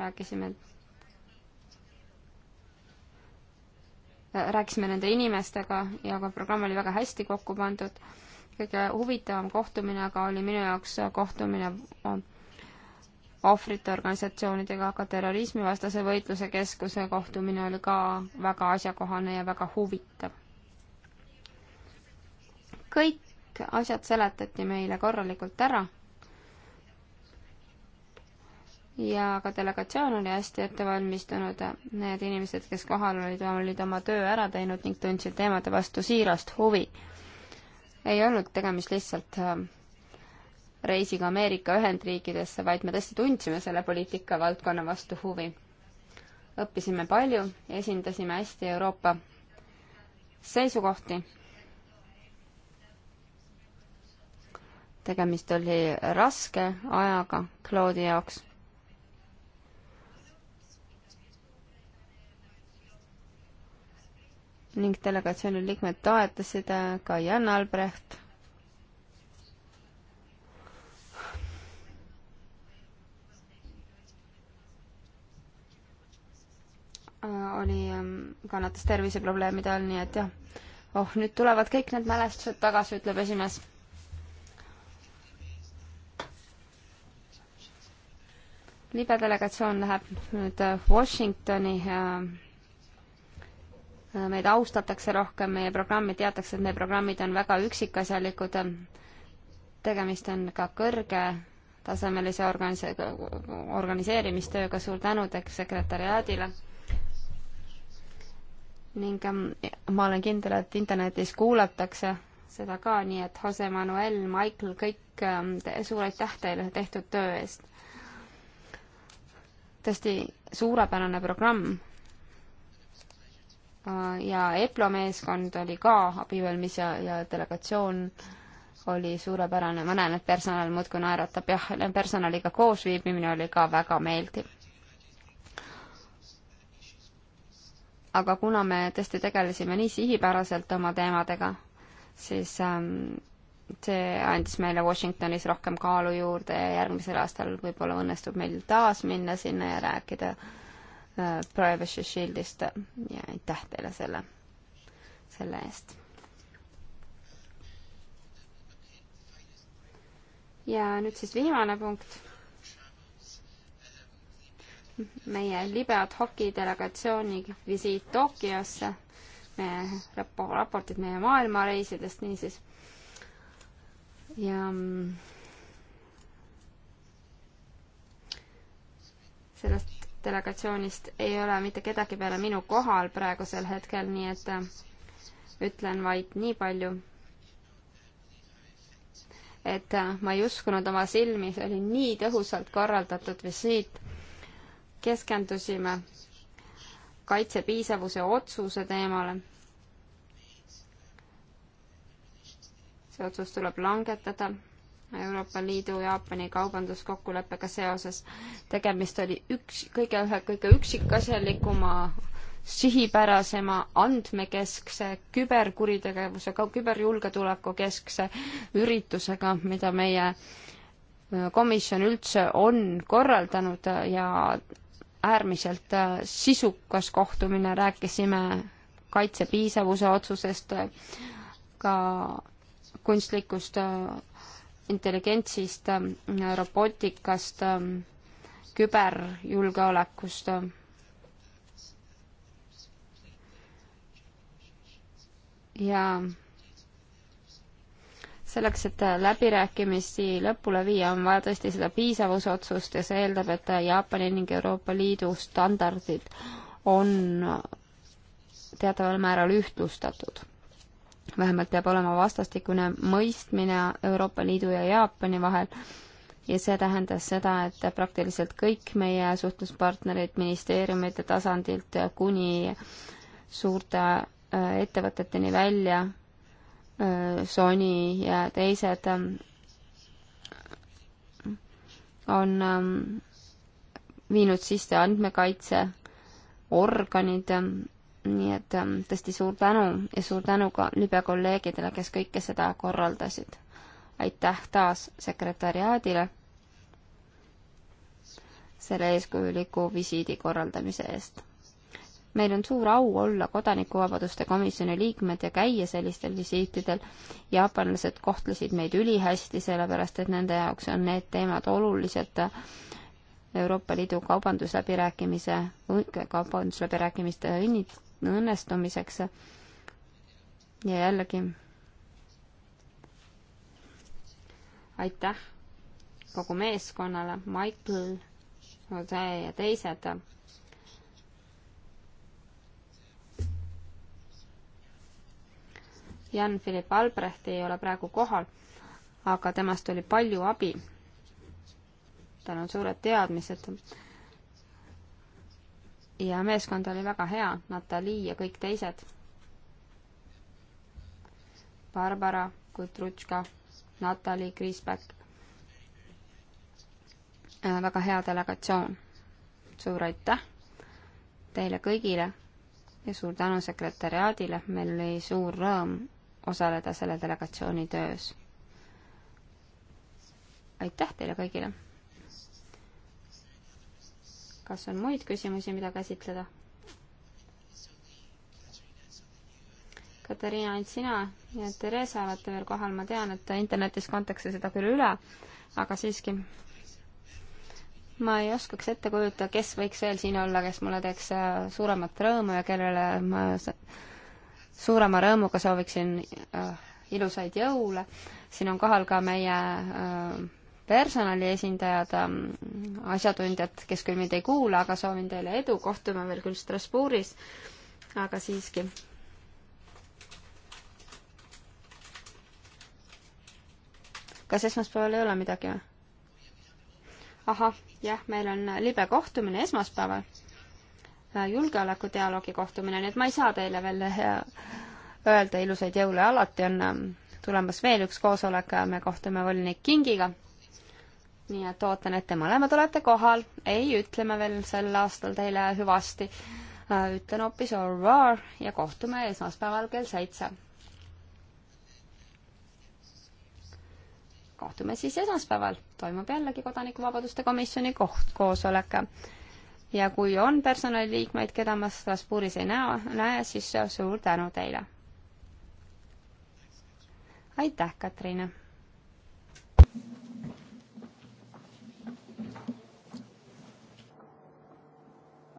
rääkisime rääkisime nende inimestega ja ka programm oli väga hästi kokku pandud. kõige huvitavam kohtumine aga oli minu jaoks kohtumine ohvrite organisatsioonidega, aga terrorismivastase võitluse keskuse kohtumine oli ka väga asjakohane ja väga huvitav. kõik asjad seletati meile korralikult ära ja ka delegatsioon oli hästi ette valmistunud. Need inimesed, kes kohal olid, olid oma töö ära teinud ning tundsid teemade vastu siirast huvi. ei olnud tegemist lihtsalt äh, reisiga Ameerika Ühendriikidesse, vaid me tõesti tundsime selle poliitikavaldkonna vastu huvi. õppisime palju, esindasime hästi Euroopa seisukohti. tegemist oli raske ajaga Claude'i jaoks ning delegatsiooni liikmed toetasid äh, ka Jan Albrecht. Äh, oli, ähm, kannatas terviseprobleemide all, nii et jah. oh, nüüd tulevad kõik need mälestused tagasi, ütleb esimees libe delegatsioon läheb nüüd äh, Washingtoni meid austatakse rohkem, meie programmi teatakse, et meie programmid on väga üksikasjalikud, tegemist on ka kõrge tasemelise organise-, organiseerimistööga, suur tänu sekretäriaadile ning ähm, ma olen kindel, et internetis kuulatakse seda ka, nii et Jose Manuel, Michael, kõik ähm, suur aitäh teile tehtud töö eest. tõesti suurepärane programm Äh, ja EPLO meeskond oli ka abivalmis ja, ja delegatsioon oli suurepärane, ma näen, et personal muudkui naeratab, jah, personaliga koos viibimine oli ka väga meeldiv. aga kuna me tõesti tegelesime nii sihipäraselt oma teemadega, siis ähm, see andis meile Washingtonis rohkem kaalu juurde ja järgmisel aastal võib-olla õnnestub meil taas minna sinna ja rääkida äh, Privacy Shieldist ja aitäh teile selle, selle eest. ja nüüd siis viimane punkt. meie libe ad hoc'i delegatsiooni visiit Tokyosse, meie rap-, raportid meie maailmareisidest niisiis. ja mm, sellest delegatsioonist ei ole mitte kedagi peale minu kohal praegusel hetkel, nii et äh, ütlen vaid nii palju, et äh, ma ei uskunud oma silmi, see oli nii tõhusalt korraldatud visiit. keskendusime kaitsepiisavuse otsuse teemale. see otsus tuleb langetada Euroopa Liidu Jaapani kaubanduskokkuleppega seoses. tegemist oli üks, kõige ühe kõige üksikasjalikuma sihipärasema andmekeskse, küberkuritegevuse, küberjulgetuleku keskse üritusega, mida meie äh, komisjon üldse on korraldanud ja äärmiselt äh, sisukas kohtumine, rääkisime kaitsepiisavuse otsusest, äh, ka kunstlikust intelligentsist, ähm, robotikast, ähm, küberjulgeolekust. ja selleks, et läbirääkimisi lõpule viia, on vaja tõesti seda piisavusotsust ja see eeldab, et Jaapani ning Euroopa Liidu standardid on teataval määral ühtlustatud vähemalt peab olema vastastikune mõistmine Euroopa Liidu ja Jaapani vahel ja see tähendas seda, et praktiliselt kõik meie suhtluspartnerid ministeeriumite tasandilt kuni suurte äh, ettevõteteni välja, äh, Sony ja teised äh, on ähm, viinud sisse andmekaitseorganid nii et ähm, tõesti suur tänu ja suur tänu ka libe kolleegidele, kes kõike seda korraldasid. aitäh taas sekretäriaadile selle eeskujuliku visiidi korraldamise eest. meil on suur au olla Kodanikuvabaduste Komisjoni liikmed ja käia sellistel visiitidel. jaapanlased kohtlesid meid ülihästi, sellepärast et nende jaoks on need teemad olulised Euroopa Liidu kaubandusläbirääkimise, kaubandusläbirääkimiste õnnit-, õnnestumiseks. ja jällegi aitäh kogu meeskonnale, Michael, Jose ja teised. Jan-Philipp Albrecht ei ole praegu kohal, aga temast oli palju abi. tal on suured teadmised ja meeskond oli väga hea, Natalii ja kõik teised. Barbara Kutrutška, Natalii Kriisbäck. Äh, väga hea delegatsioon. suur aitäh teile kõigile ja suur tänu sekretäriaadile, meil oli suur rõõm osaleda selle delegatsiooni töös. aitäh teile kõigile! kas on muid küsimusi, mida käsitleda? Katariina, ainult sina ja Theresa olete veel kohal, ma tean, et internetis kantakse seda küll üle, aga siiski. ma ei oskaks ette kujutada, kes võiks veel siin olla, kes mulle teeks äh, suuremat rõõmu ja kellele ma suurema rõõmuga sooviksin äh, ilusaid jõule. siin on kohal ka meie äh, personali esindajad, ähm, asjatundjad, kes küll mind ei kuula, aga soovin teile edu, kohtume veel küll Strasbourgis, aga siiski. kas esmaspäeval ei ole midagi või? ahah, jah, meil on libe kohtumine esmaspäeval, äh, julgeolekudialoogi kohtumine, nii et ma ei saa teile veel äh, öelda ilusaid jõule, alati on ähm, tulemas veel üks koosolek, äh, me kohtume volinik Kingiga nii et ootan, et te mõlemad olete kohal. ei, ütleme veel sel aastal teile hüvasti. Äh, ütlen hoopis au revoir ja kohtume esmaspäeval kell seitse. kohtume siis esmaspäeval, toimub jällegi Kodanikuvabaduste Komisjoni koht, koosolek. ja kui on personaliliikmeid, keda ma Strasbourgis ei näe, näe, siis suur tänu teile. aitäh, Katriina